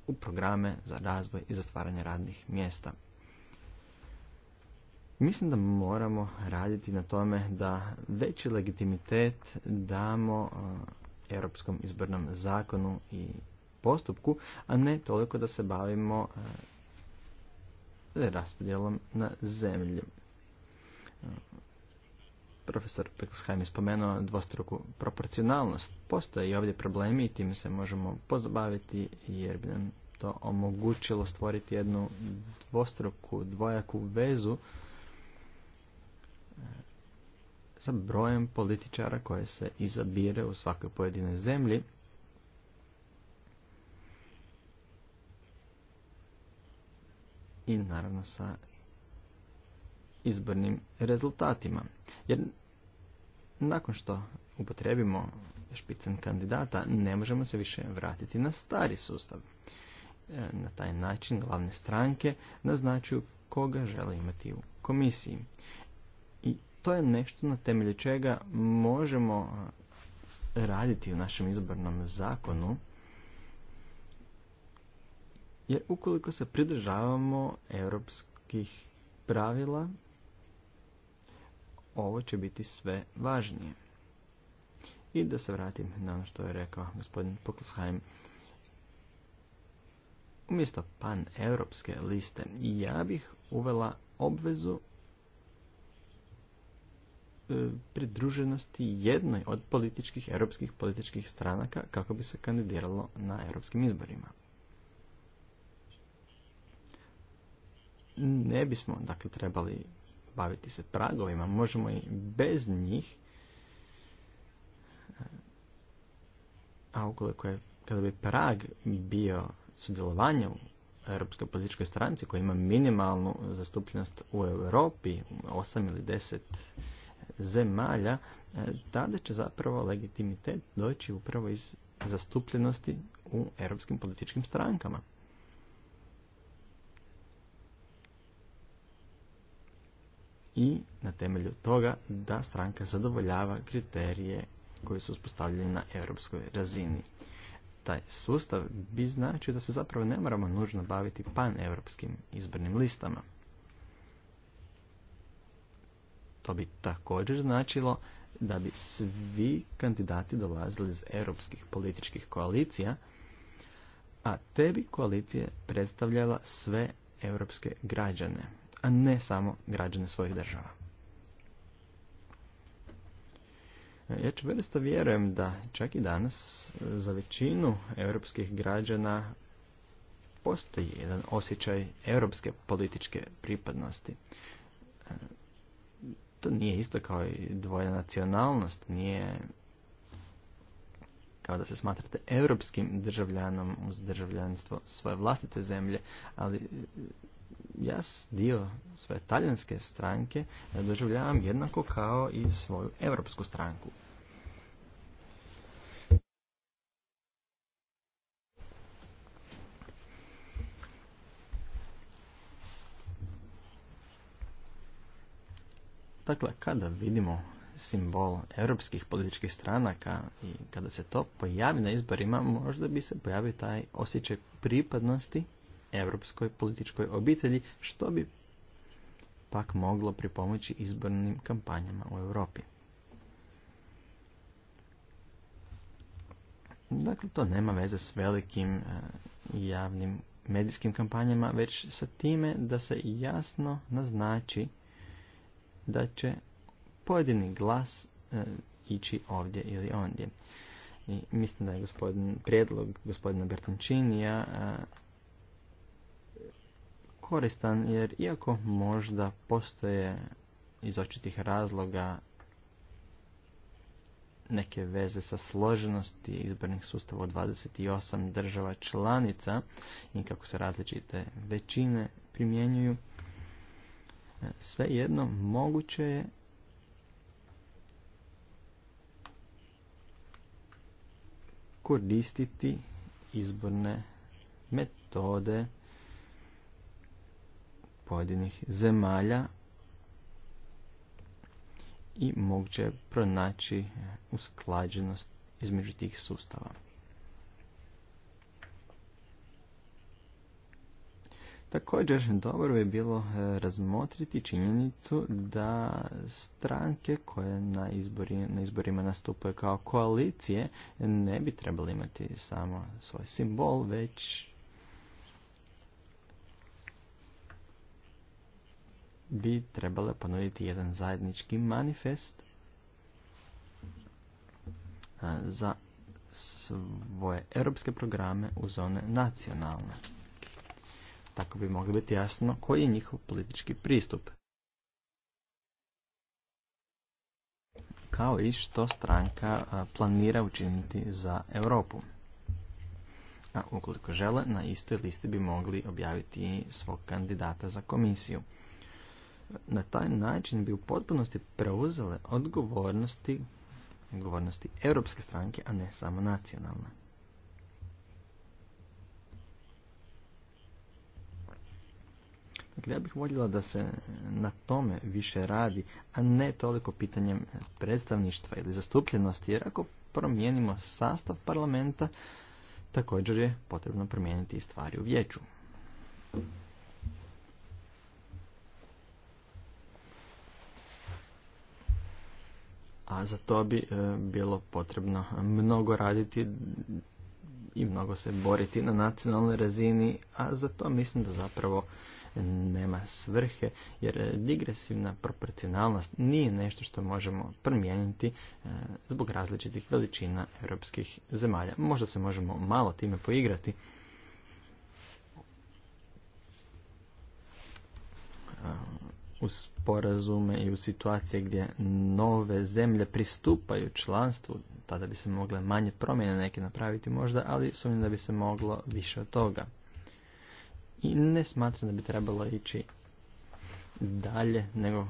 u programe za razvoj i za stvaranje radnih mjesta. Mislim da moramo raditi na tome da veći legitimitet damo Europskom izbornom zakonu i postupku, a ne toliko da se bavimo raspodjelom na zemlju profesor Pekosheim je spomenuo dvostruku proporcionalnost. Postoje i ovdje problemi i time se možemo pozabaviti jer bi nam to omogućilo stvoriti jednu dvostruku, dvojaku vezu e, sa brojem političara koje se izabire u svakoj pojedinoj zemlji. I naravno sa izbornim rezultatima. Jer nakon što upotrebimo špicen kandidata, ne možemo se više vratiti na stari sustav. E, na taj način glavne stranke naznačuju koga žele imati u komisiji. I to je nešto na temelju čega možemo e, raditi u našem izbornom zakonu, jer ukoliko se pridržavamo europskih pravila, ovo će biti sve važnije. I da se vratim na ono što je rekao gospodin Poklesheim. Umjesto pan-europske liste, ja bih uvela obvezu e, pridruženosti jednoj od političkih, europskih političkih stranaka kako bi se kandidiralo na europskim izborima. Ne bismo, dakle, trebali baviti se pragovima, možemo i bez njih. A ukoliko je, kada bi prag bio sudjelovanje u Europskoj političkoj stranci koja ima minimalnu zastupljenost u Europi, 8 ili 10 zemalja, e, tada će zapravo legitimitet doći upravo iz zastupljenosti u europskim političkim strankama. i na temelju toga da stranka zadovoljava kriterije koji su uspostavljeni na europskoj razini. Taj sustav bi značio da se zapravo ne moramo nužno baviti pan europskim izbornim listama. To bi također značilo da bi svi kandidati dolazili iz europskih političkih koalicija, a te bi koalicije predstavljala sve europske građane a ne samo građane svojih država. E, ja ću vjerujem da čak i danas e, za većinu europskih građana postoji jedan osjećaj europske političke pripadnosti. E, to nije isto kao i dvoja nacionalnost, nije kao da se smatrate europskim državljanom uz državljanstvo svoje vlastite zemlje, ali ja dio svoje talijanske stranke doživljavam jednako kao i svoju europsku stranku. Dakle, kada vidimo simbol europskih političkih stranaka i kada se to pojavi na izborima, možda bi se pojavio taj osjećaj pripadnosti europskoj političkoj obitelji, što bi pak moglo pripomoći izbornim kampanjama u Europi. Dakle, to nema veze s velikim e, javnim medijskim kampanjama, već sa time da se jasno naznači da će pojedini glas e, ići ovdje ili ondje. I mislim da je gospodin, prijedlog gospodina Bertončinija e, koristan jer iako možda postoje iz očitih razloga neke veze sa složenosti izbornih sustava od 28 država članica i kako se različite većine primjenjuju, e, svejedno moguće je koristiti izborne metode pojedinih zemalja i moguće pronaći usklađenost između tih sustava. Također, dobro bi bilo e, razmotriti činjenicu da stranke koje na, izbori, na izborima nastupaju kao koalicije ne bi trebali imati samo svoj simbol, već bi trebale ponuditi jedan zajednički manifest za svoje europske programe u zone nacionalne. Tako bi moglo biti jasno koji je njihov politički pristup. Kao i što stranka planira učiniti za Europu. A ukoliko žele, na istoj listi bi mogli objaviti svog kandidata za komisiju na taj način bi u potpunosti preuzele odgovornosti, odgovornosti europske stranke, a ne samo nacionalne. Dakle, ja bih voljela da se na tome više radi, a ne toliko pitanjem predstavništva ili zastupljenosti, jer ako promijenimo sastav parlamenta, također je potrebno promijeniti i stvari u vijeću. a za to bi e, bilo potrebno mnogo raditi i mnogo se boriti na nacionalnoj razini, a za to mislim da zapravo nema svrhe, jer digresivna proporcionalnost nije nešto što možemo promijeniti e, zbog različitih veličina europskih zemalja. Možda se možemo malo time poigrati, u sporazume i u situacije gdje nove zemlje pristupaju članstvu, tada bi se mogle manje promjene neke napraviti možda, ali sumnjam da bi se moglo više od toga. I ne smatram da bi trebalo ići dalje nego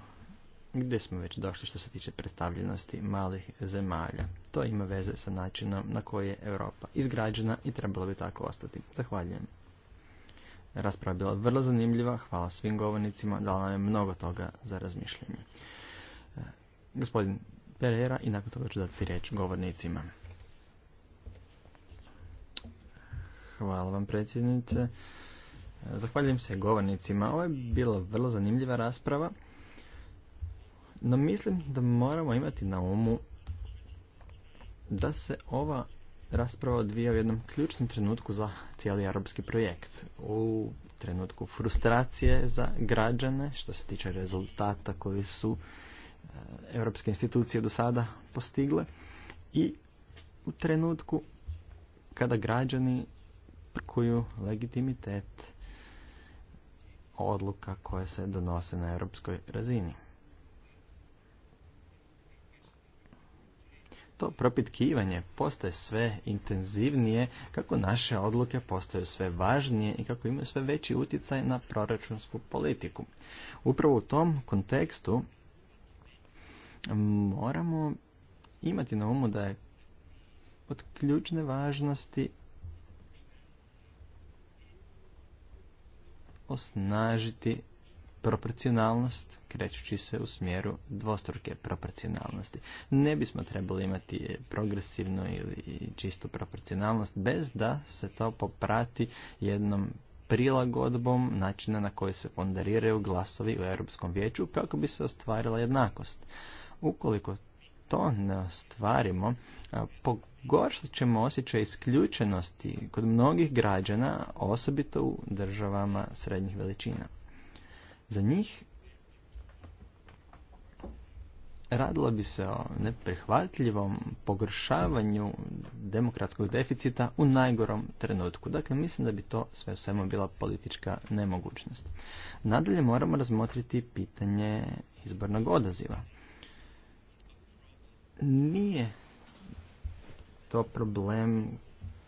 gdje smo već došli što se tiče predstavljenosti malih zemalja. To ima veze sa načinom na koji je Europa izgrađena i trebalo bi tako ostati. Zahvaljujem. Rasprava je bila vrlo zanimljiva, hvala svim govornicima, dala nam je mnogo toga za razmišljanje. E, gospodin Pereira i nakon toga ću dati riječ govornicima. Hvala vam predsjednice. E, zahvaljujem se govornicima. Ovo je bila vrlo zanimljiva rasprava, no mislim da moramo imati na umu da se ova rasprava odvija u jednom ključnom trenutku za cijeli europski projekt. U trenutku frustracije za građane što se tiče rezultata koji su e, europske institucije do sada postigle i u trenutku kada građani prkuju legitimitet odluka koje se donose na europskoj razini. to propitkivanje postaje sve intenzivnije, kako naše odluke postaju sve važnije i kako imaju sve veći utjecaj na proračunsku politiku. Upravo u tom kontekstu moramo imati na umu da je od ključne važnosti osnažiti proporcionalnost krećući se u smjeru dvostruke proporcionalnosti. Ne bismo trebali imati progresivnu ili čistu proporcionalnost bez da se to poprati jednom prilagodbom načina na koji se ponderiraju glasovi u Europskom vijeću kako bi se ostvarila jednakost. Ukoliko to ne ostvarimo, pogoršat ćemo osjećaj isključenosti kod mnogih građana, osobito u državama srednjih veličina. Za njih radilo bi se o neprihvatljivom pogoršavanju demokratskog deficita u najgorom trenutku. Dakle, mislim da bi to sve u svemu bila politička nemogućnost. Nadalje moramo razmotriti pitanje izbornog odaziva. Nije to problem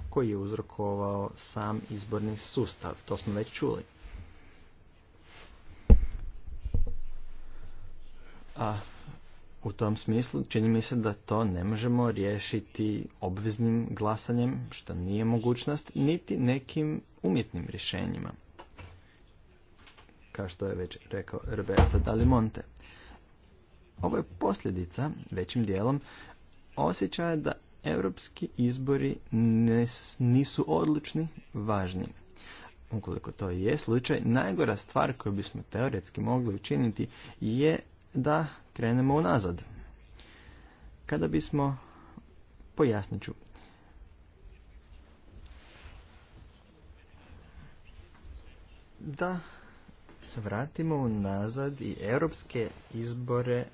koji je uzrokovao sam izborni sustav, to smo već čuli. A u tom smislu čini mi se da to ne možemo riješiti obveznim glasanjem, što nije mogućnost, niti nekim umjetnim rješenjima. Kao što je već rekao Roberto Dalimonte. Ovo je posljedica, većim dijelom, osjećaja da europski izbori nisu odlučni, važni. Ukoliko to je slučaj, najgora stvar koju bismo teoretski mogli učiniti je da krenemo unazad. Kada bismo, pojasnit ću, da se vratimo unazad i europske izbore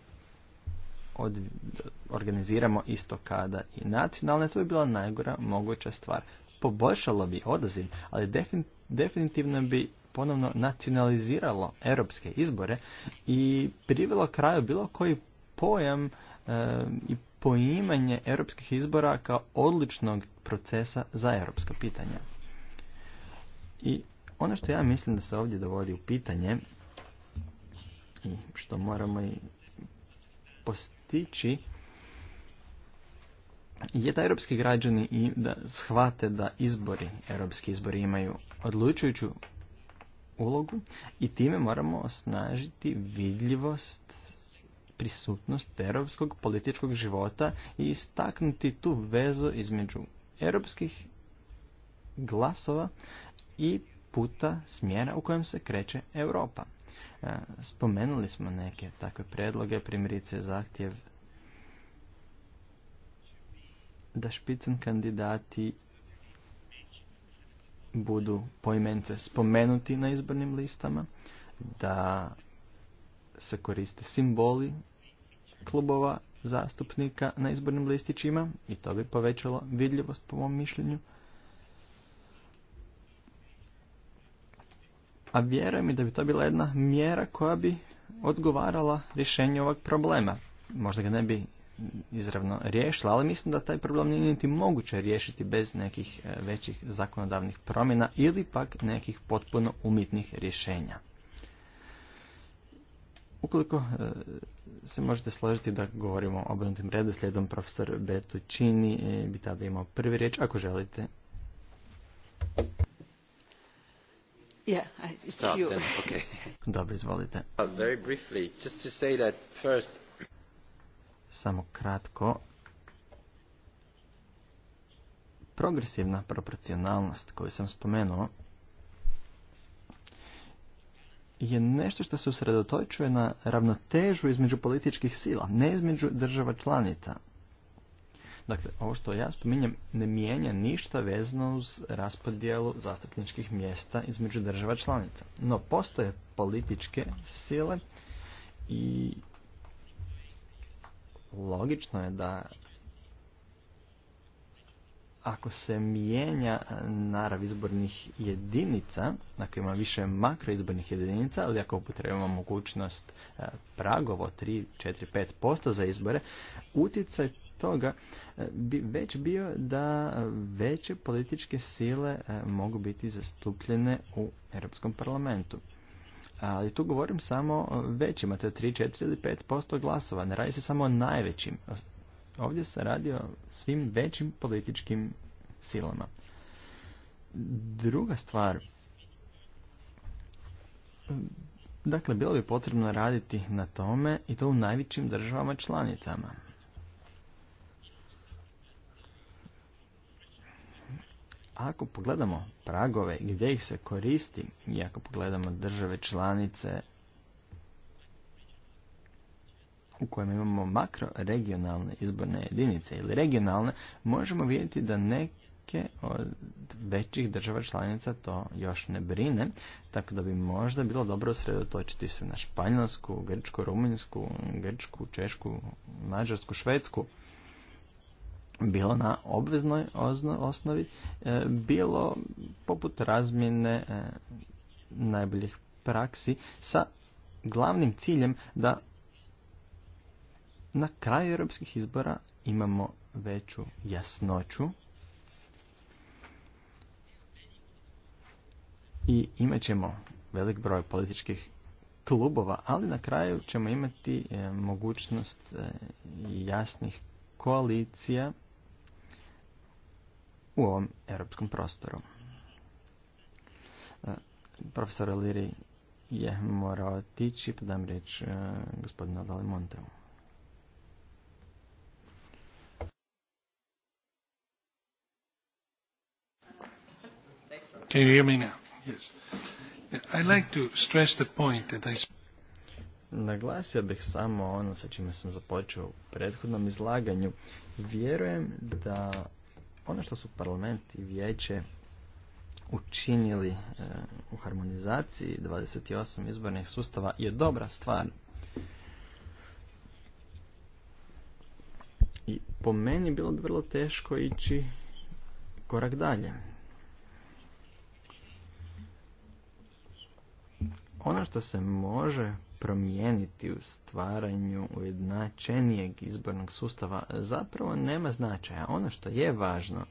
organiziramo isto kada i nacionalne, to bi bila najgora moguća stvar. Poboljšalo bi odaziv, ali definitivno bi ponovno nacionaliziralo europske izbore i privelo kraju bilo koji pojam e, i poimanje europskih izbora kao odličnog procesa za europska pitanja. I ono što ja mislim da se ovdje dovodi u pitanje i što moramo i postići je da europski građani i da shvate da izbori, europski izbori imaju odlučujuću ulogu i time moramo osnažiti vidljivost prisutnost europskog političkog života i istaknuti tu vezu između europskih glasova i puta smjera u kojem se kreće Europa. E, spomenuli smo neke takve predloge, primjerice zahtjev da špicen kandidati budu poimence spomenuti na izbornim listama, da se koriste simboli klubova zastupnika na izbornim listićima i to bi povećalo vidljivost po mom mišljenju. A vjerujem i da bi to bila jedna mjera koja bi odgovarala rješenju ovog problema. Možda ga ne bi izravno riješila, ali mislim da taj problem nije niti moguće riješiti bez nekih e, većih zakonodavnih promjena ili pak nekih potpuno umjetnih rješenja. Ukoliko e, se možete složiti da govorimo o obrnutim slijedom profesor Betučini e, bi tada imao prvi riječ, ako želite. Dobro, izvolite. Uh, briefly, samo kratko. Progresivna proporcionalnost koju sam spomenuo je nešto što se usredotočuje na ravnotežu između političkih sila, ne između država članica. Dakle, ovo što ja spominjem ne mijenja ništa vezano uz raspodjelu zastupničkih mjesta između država članica. No, postoje političke sile i logično je da ako se mijenja narav izbornih jedinica, dakle ima više makroizbornih jedinica, ali ako upotrebujemo mogućnost pragovo 3, 4, 5% za izbore, utjecaj toga e, bi već bio da veće političke sile e, mogu biti zastupljene u Europskom parlamentu ali tu govorim samo o većima, to je 3, 4 ili 5% glasova, ne radi se samo o najvećim. Ovdje se radi o svim većim političkim silama. Druga stvar, dakle, bilo bi potrebno raditi na tome i to u najvećim državama članicama. Ako pogledamo pragove gdje ih se koristi i ako pogledamo države članice u kojem imamo makroregionalne izborne jedinice ili regionalne, možemo vidjeti da neke od većih država članica to još ne brine, tako da bi možda bilo dobro sredotočiti se na Španjolsku, Grčku, Rumunjsku, Grčku, Češku, Mađarsku, Švedsku, bilo na obveznoj osnovi, e, bilo poput razmjene e, najboljih praksi sa glavnim ciljem da na kraju europskih izbora imamo veću jasnoću i imat ćemo velik broj političkih klubova, ali na kraju ćemo imati e, mogućnost jasnih koalicija u ovom europskom prostoru. E, profesor Liri je morao otići, pa dam riječ e, gospodinu Dalimontevu. Naglasio bih samo ono sa čime sam započeo u prethodnom izlaganju. Vjerujem da ono što su parlament i vijeće učinili e, u harmonizaciji 28 izbornih sustava je dobra stvar. I po meni bilo bi vrlo teško ići korak dalje. Ono što se može promijeniti u stvaranju ujednačenijeg izbornog sustava zapravo nema značaja. Ono što je važno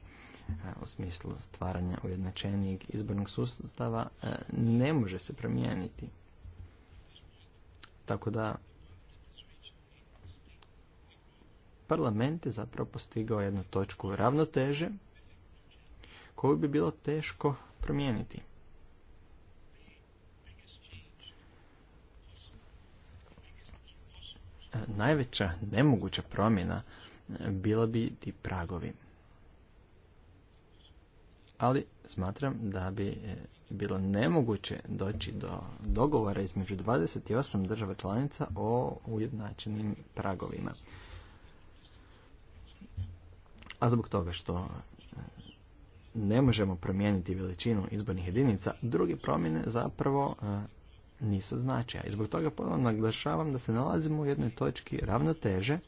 e, u smislu stvaranja ujednačenijeg izbornog sustava e, ne može se promijeniti. Tako da parlament je zapravo postigao jednu točku ravnoteže koju bi bilo teško promijeniti. najveća nemoguća promjena e, bila bi ti pragovi. Ali smatram da bi e, bilo nemoguće doći do dogovora između 28 država članica o ujednačenim pragovima. A zbog toga što e, ne možemo promijeniti veličinu izbornih jedinica, druge promjene zapravo nisu značaja. I zbog toga ponovno naglašavam da se nalazimo u jednoj točki ravnoteže,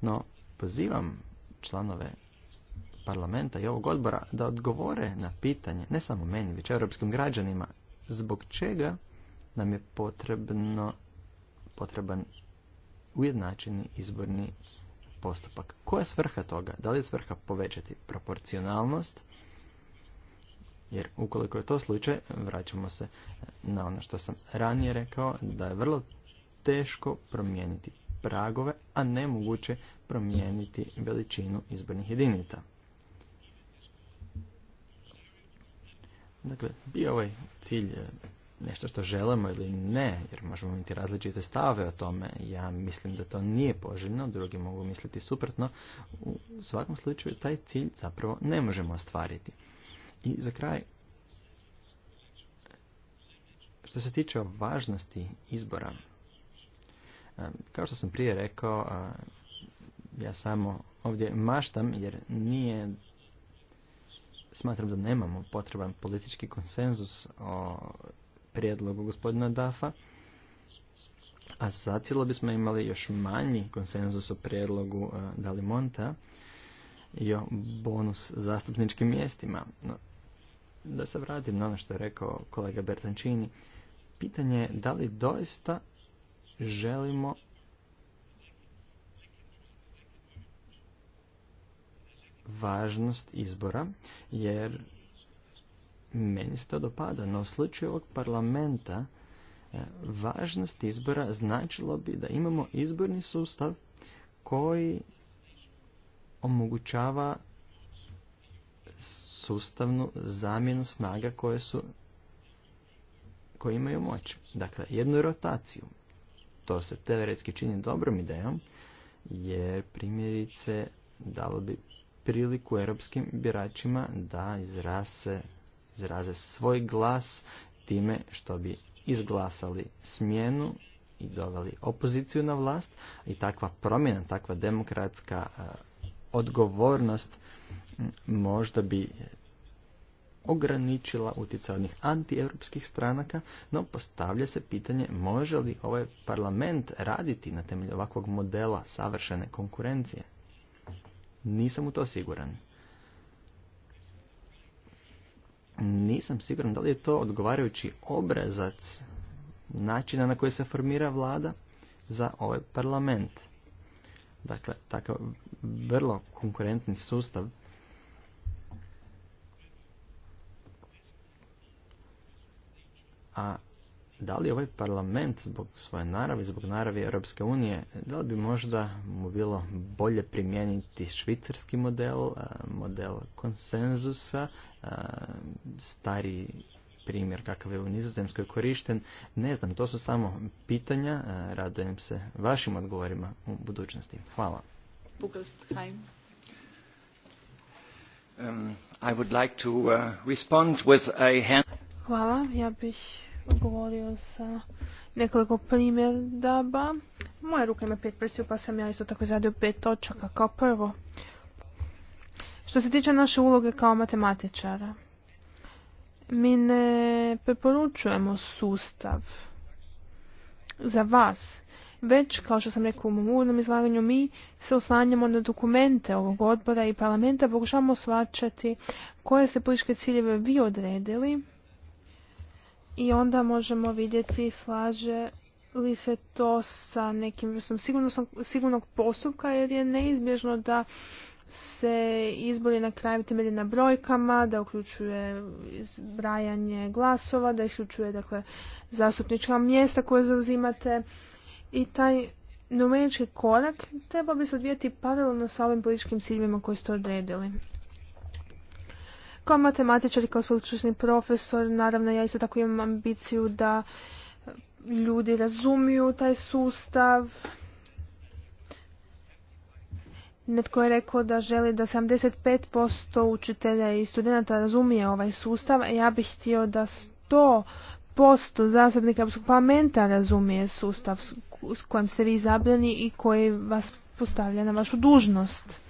no pozivam članove parlamenta i ovog odbora da odgovore na pitanje, ne samo meni, već europskim građanima, zbog čega nam je potrebno, potreban ujednačeni izborni postupak. Koja je svrha toga? Da li je svrha povećati proporcionalnost, jer ukoliko je to slučaj, vraćamo se na ono što sam ranije rekao, da je vrlo teško promijeniti pragove, a nemoguće promijeniti veličinu izbornih jedinica. Dakle, bio ovaj cilj nešto što želimo ili ne, jer možemo imati različite stave o tome. Ja mislim da to nije poželjno, drugi mogu misliti suprotno. U svakom slučaju taj cilj zapravo ne možemo ostvariti. I za kraj, što se tiče važnosti izbora, e, kao što sam prije rekao, e, ja samo ovdje maštam jer nije smatram da nemamo potreban politički konsenzus o prijedlogu gospodina Dafa, a zacijelo bismo imali još manji konsenzus o prijedlogu e, Dalimonta i o bonus zastupničkim mjestima. No, da se vratim na ono što je rekao kolega Bertancini. pitanje je da li doista želimo važnost izbora, jer meni se to dopada, no u slučaju ovog parlamenta e, važnost izbora značilo bi da imamo izborni sustav koji omogućava sustavnu zamjenu snaga koje su koji imaju moć. Dakle, jednu rotaciju. To se teoretski čini dobrom idejom, jer primjerice dalo bi priliku europskim biračima da izrase, izraze svoj glas time što bi izglasali smjenu i doveli opoziciju na vlast i takva promjena, takva demokratska eh, odgovornost možda bi ograničila utjecaj onih antieuropskih stranaka, no postavlja se pitanje može li ovaj parlament raditi na temelju ovakvog modela savršene konkurencije. Nisam u to siguran. Nisam siguran da li je to odgovarajući obrazac načina na koji se formira vlada za ovaj parlament. Dakle, takav vrlo konkurentni sustav A da li ovaj parlament zbog svoje naravi, zbog naravi Europske unije, da li bi možda mu bilo bolje primijeniti švicarski model, model konsenzusa, stari primjer kakav je u nizozemskoj korišten, ne znam, to su samo pitanja, radujem se vašim odgovorima u budućnosti. Hvala. Um, uh, Hvala, ja bih Govorio sa nekoliko primjedaba. Moja ruka ima pet prstiju pa sam ja isto tako izradio pet točaka kao prvo. Što se tiče naše uloge kao matematičara, mi ne preporučujemo sustav za vas, već, kao što sam rekao u mom izlaganju, mi se oslanjamo na dokumente ovog odbora i parlamenta, pokušavamo svačati koje se političke ciljeve vi odredili i onda možemo vidjeti slaže li se to sa nekim vrstom sigurnog postupka jer je neizbježno da se izbori na kraju temelje na brojkama, da uključuje izbrajanje glasova, da isključuje dakle, zastupnička mjesta koje zauzimate i taj numerički korak treba bi se odvijeti paralelno sa ovim političkim ciljevima koje ste odredili. Kao matematičar i kao sveučilišni profesor, naravno ja isto tako imam ambiciju da ljudi razumiju taj sustav. Netko je rekao da želi da 75% učitelja i studenta razumije ovaj sustav, ja bih htio da 100% zasebnika Europskog parlamenta razumije sustav s kojim ste vi izabrani i koji vas postavlja na vašu dužnost.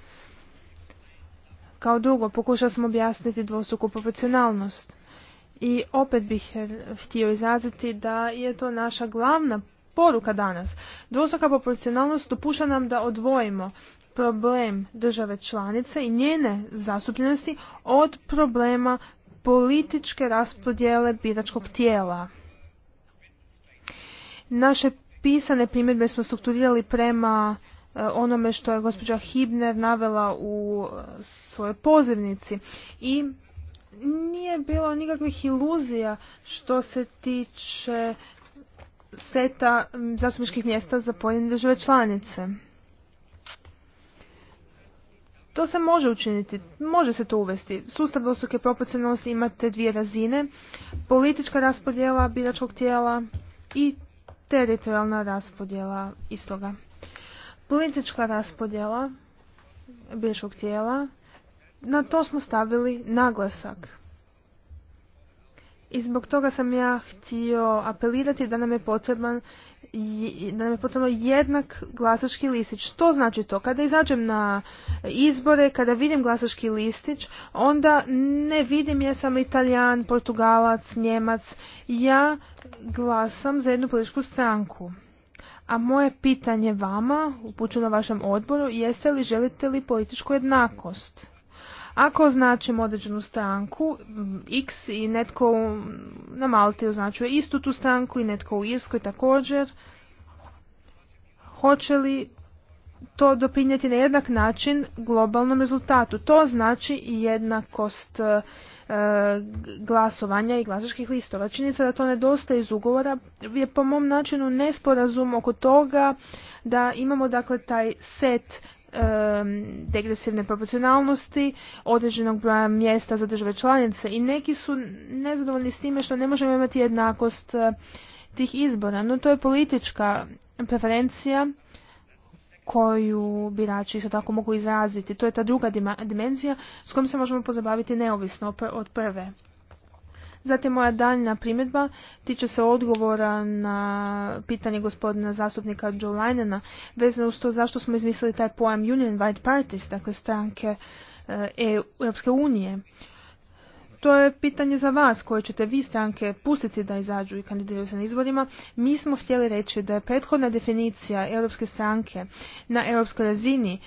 Kao drugo, pokušali smo objasniti dvostruku proporcionalnost. I opet bih eh, htio izraziti da je to naša glavna poruka danas. Dvostruka proporcionalnost dopuša nam da odvojimo problem države članice i njene zastupljenosti od problema političke raspodjele biračkog tijela. Naše pisane primjedbe smo strukturirali prema E, onome što je gospođa Hibner navela u e, svojoj pozivnici i nije bilo nikakvih iluzija što se tiče seta zastupničkih mjesta za pojedine države članice. To se može učiniti, može se to uvesti. Sustav dvostruke proporcionalnosti imate dvije razine, politička raspodjela biračkog tijela i teritorijalna raspodjela istoga. Politička raspodjela biračkog tijela, na to smo stavili naglasak. I zbog toga sam ja htio apelirati da nam je potreban da nam je potrebno jednak glasački listić. Što znači to? Kada izađem na izbore, kada vidim glasački listić, onda ne vidim jesam Italijan, Portugalac, Njemac. Ja glasam za jednu političku stranku. A moje pitanje vama, upućeno vašem odboru, jeste li želite li političku jednakost? Ako označimo određenu stranku mm, X i netko na Malti označuje istu tu stranku i netko u Irskoj također, hoće li to doprinijeti na jednak način globalnom rezultatu? To znači jednakost e, E, glasovanja i glasačkih listova. Činjenica da to nedostaje iz ugovora je po mom načinu nesporazum oko toga da imamo dakle taj set e, degresivne proporcionalnosti, određenog broja mjesta za države članice i neki su nezadovoljni s time što ne možemo imati jednakost e, tih izbora. No to je politička preferencija koju birači isto tako mogu izraziti. To je ta druga dimenzija s kojom se možemo pozabaviti neovisno od prve. Zatim moja daljna primjedba tiče se odgovora na pitanje gospodina zastupnika Joe Linena vezano uz to zašto smo izmislili taj pojam Union White Parties, dakle stranke e, e Europske unije to je pitanje za vas koje ćete vi stranke pustiti da izađu i kandidiraju se na izborima. Mi smo htjeli reći da je prethodna definicija europske stranke na europskoj razini,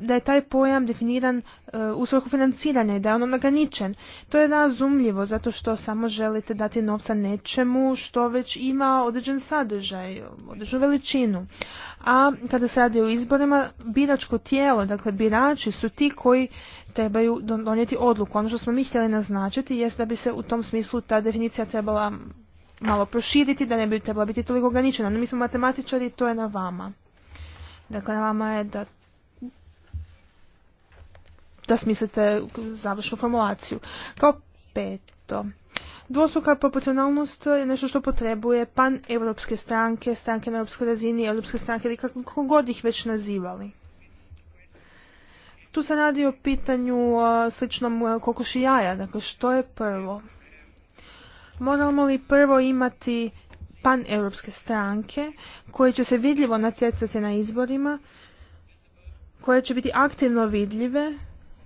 da je taj pojam definiran uh, u svrhu financiranja i da je on ograničen. To je razumljivo zato što samo želite dati novca nečemu što već ima određen sadržaj, određenu veličinu. A kada se radi o izborima, biračko tijelo, dakle birači su ti koji trebaju donijeti odluku. Ono što smo mi htjeli naznačiti jest da bi se u tom smislu ta definicija trebala malo proširiti, da ne bi trebala biti toliko ograničena. No, mi smo matematičari to je na vama. Dakle, na vama je da da smislite završnu formulaciju. Kao peto, dvostruka proporcionalnost je nešto što potrebuje pan evropske stranke, stranke na europskoj razini, europske stranke ili kako god ih već nazivali. Tu se radi o pitanju sličnom kokoši jaja. Dakle, što je prvo? Moramo li prvo imati pan-europske stranke koje će se vidljivo natjecati na izborima, koje će biti aktivno vidljive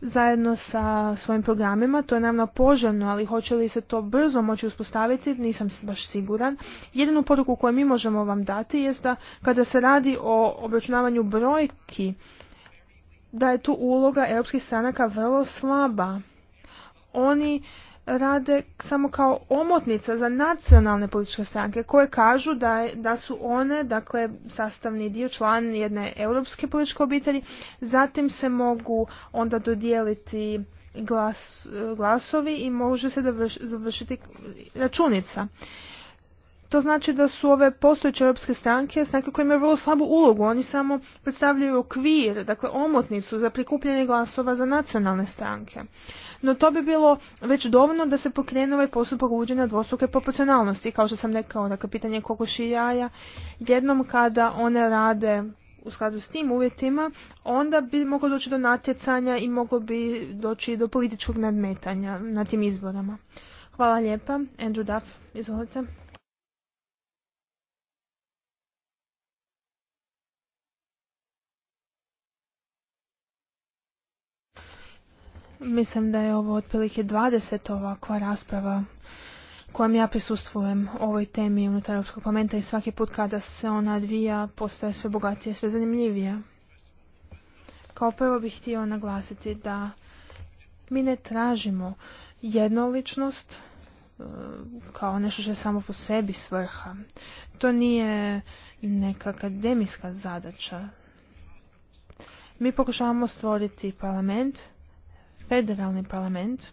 zajedno sa svojim programima. To je naravno poželjno, ali hoće li se to brzo moći uspostaviti, nisam baš siguran. Jedinu poruku koju mi možemo vam dati je da kada se radi o obračunavanju brojki da je tu uloga europskih stranaka vrlo slaba. Oni rade samo kao omotnica za nacionalne političke stranke koje kažu da, da su one dakle sastavni dio član jedne europske političke obitelji zatim se mogu onda dodijeliti glasovi i može se završiti računica to znači da su ove postojeće europske stranke stranke koje imaju vrlo slabu ulogu. Oni samo predstavljaju okvir, dakle omotnicu za prikupljanje glasova za nacionalne stranke. No to bi bilo već dovoljno da se pokrene ovaj postupak uđenja dvostruke proporcionalnosti. Kao što sam rekao, dakle pitanje kokoši i jaja. Jednom kada one rade u skladu s tim uvjetima, onda bi moglo doći do natjecanja i moglo bi doći do političkog nadmetanja na tim izborama. Hvala lijepa. Andrew Duff, izvolite. Mislim da je ovo otprilike 20 ovakva rasprava kojom ja prisustvujem ovoj temi unutar Europskog parlamenta i svaki put kada se ona odvija postaje sve bogatije, sve zanimljivije. Kao prvo bih htio naglasiti da mi ne tražimo jednoličnost e, kao nešto što je samo po sebi svrha. To nije neka akademijska zadaća. Mi pokušavamo stvoriti parlament federalni parlament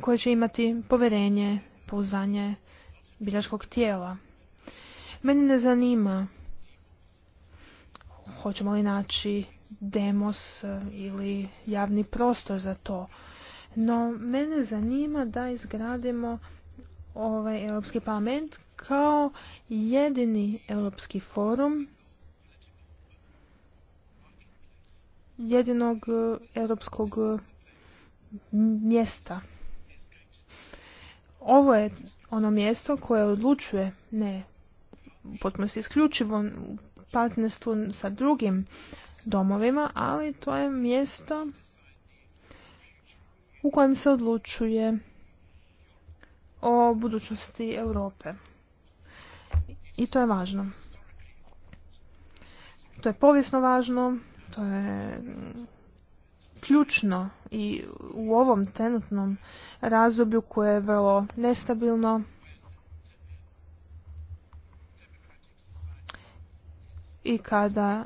koji će imati povjerenje, pouzanje biračkog tijela. Meni ne zanima hoćemo li naći demos eh, ili javni prostor za to. No, mene zanima da izgradimo ovaj Europski parlament kao jedini Europski forum jedinog e, europskog e, mjesta. Ovo je ono mjesto koje odlučuje, ne potpuno se isključivo u partnerstvu sa drugim domovima, ali to je mjesto u kojem se odlučuje o budućnosti Europe. I to je važno. To je povijesno važno, to je ključno i u ovom trenutnom razdoblju koje je vrlo nestabilno i kada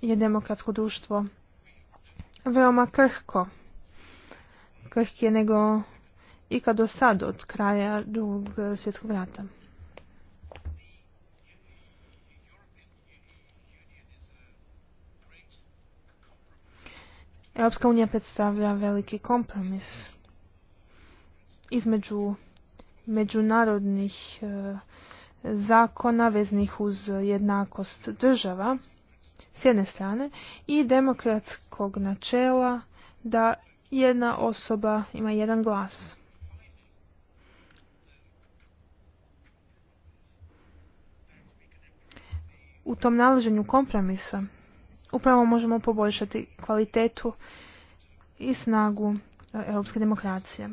je demokratsko društvo veoma krhko. je nego ikad do sad od kraja drugog svjetskog rata. Europska unija predstavlja veliki kompromis između međunarodnih e, zakona veznih uz jednakost država s jedne strane i demokratskog načela da jedna osoba ima jedan glas. U tom nalaženju kompromisa upravo možemo poboljšati kvalitetu i snagu e, europske demokracije.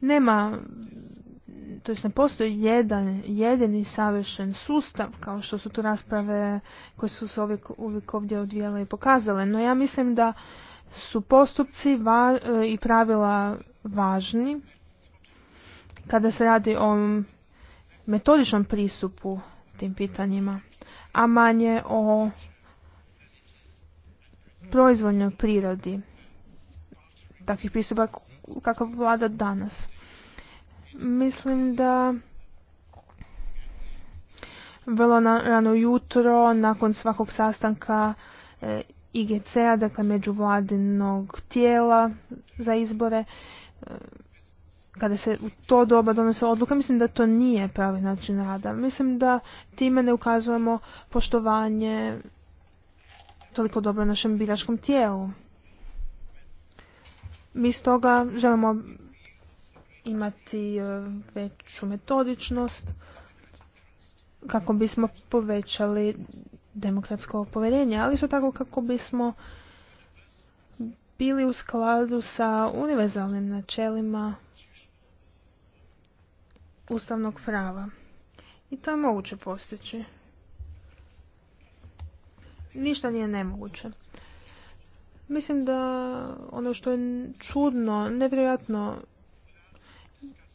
Nema, to jest ne postoji jedan, jedini savršen sustav, kao što su tu rasprave koje su se uvijek, ovdje odvijale i pokazale, no ja mislim da su postupci e, i pravila važni kada se radi o metodičnom pristupu tim pitanjima, a manje o proizvoljnoj prirodi takvih pristupa kakav vlada danas. Mislim da vrlo na, rano jutro, nakon svakog sastanka e, IGC-a, dakle međuvladinog tijela za izbore, e, kada se u to doba donose odluka, mislim da to nije pravi način rada. Mislim da time ne ukazujemo poštovanje toliko dobro našem biračkom tijelu. Mi stoga želimo imati e, veću metodičnost kako bismo povećali demokratsko povjerenje, ali isto tako kako bismo bili u skladu sa univerzalnim načelima ustavnog prava. I to je moguće postići. Ništa nije nemoguće. Mislim da ono što je čudno, nevjerojatno,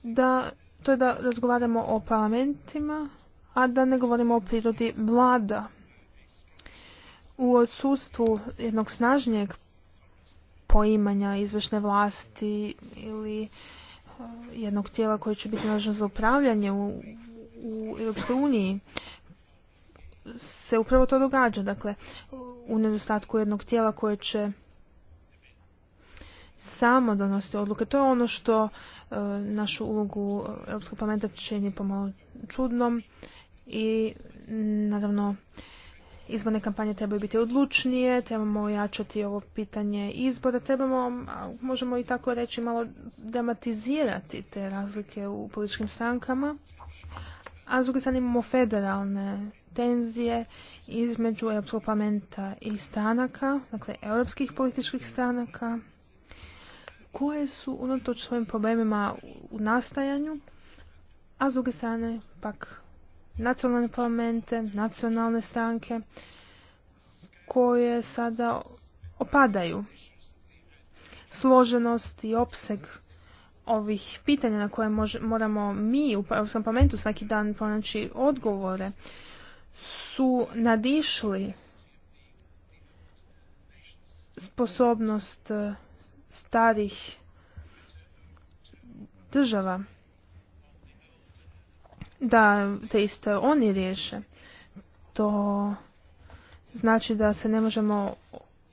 da to je da razgovaramo o parlamentima, a da ne govorimo o prirodi vlada. U odsustvu jednog snažnijeg poimanja izvršne vlasti ili Eh, jednog tijela koje će biti nadležno za upravljanje u, u Europskoj uniji se upravo to događa. Dakle, u nedostatku jednog tijela koje će samo donositi odluke. To je ono što eh, našu ulogu Europskog parlamenta čini pomalo čudnom i naravno izborne kampanje trebaju biti odlučnije, trebamo ojačati ovo pitanje izbora, trebamo, možemo i tako reći, malo dramatizirati te razlike u političkim strankama, a s druge strane imamo federalne tenzije između Europskog parlamenta i stranaka, dakle europskih političkih stranaka, koje su unatoč svojim problemima u nastajanju, a s druge strane pak nacionalne parlamente, nacionalne stranke koje sada opadaju. Složenost i opseg ovih pitanja na koje moramo mi u Europskom parlamentu svaki dan pronaći odgovore su nadišli sposobnost eh, starih država da te isto oni riješe. To znači da se ne možemo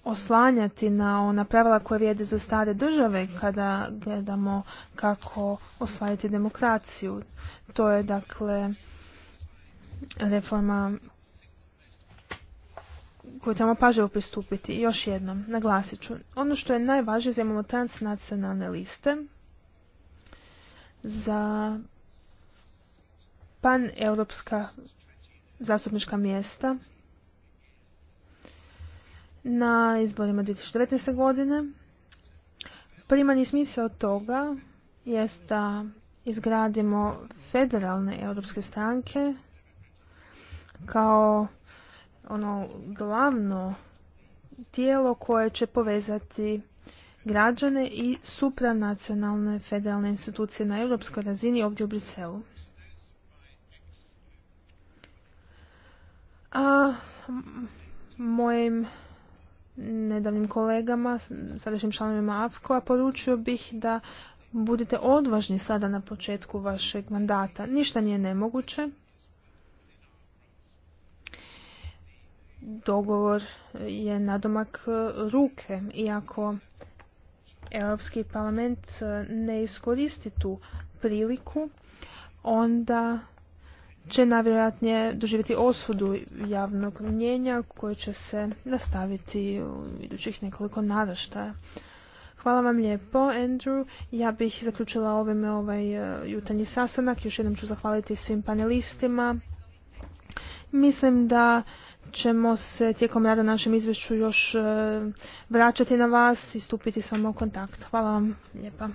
oslanjati na ona pravila koja vrijede za stare države kada gledamo kako osvajati demokraciju. To je dakle reforma koju trebamo pažljivo pristupiti. još jednom, naglasit ću. Ono što je najvažnije, da imamo transnacionalne liste za pan-europska zastupnička mjesta na izborima 2019. godine. Primani smisao toga jest da izgradimo federalne europske stranke kao ono glavno tijelo koje će povezati građane i supranacionalne federalne institucije na europskoj razini ovdje u Briselu. A mojim nedavnim kolegama, sadašnjim članovima AFKO-a, poručio bih da budite odvažni sada na početku vašeg mandata. Ništa nije nemoguće. Dogovor je nadomak ruke, iako Europski parlament e, ne iskoristi tu priliku, onda će najvjerojatnije doživjeti osudu javnog mnjenja koje će se nastaviti u idućih nekoliko nadaštaja. Hvala vam lijepo, Andrew. Ja bih zaključila ovime ovaj e, jutarnji sastanak. Još jednom ću zahvaliti svim panelistima. Mislim da ćemo se tijekom rada našem izvješću još e, vraćati na vas i stupiti s vama u kontakt. Hvala vam lijepa.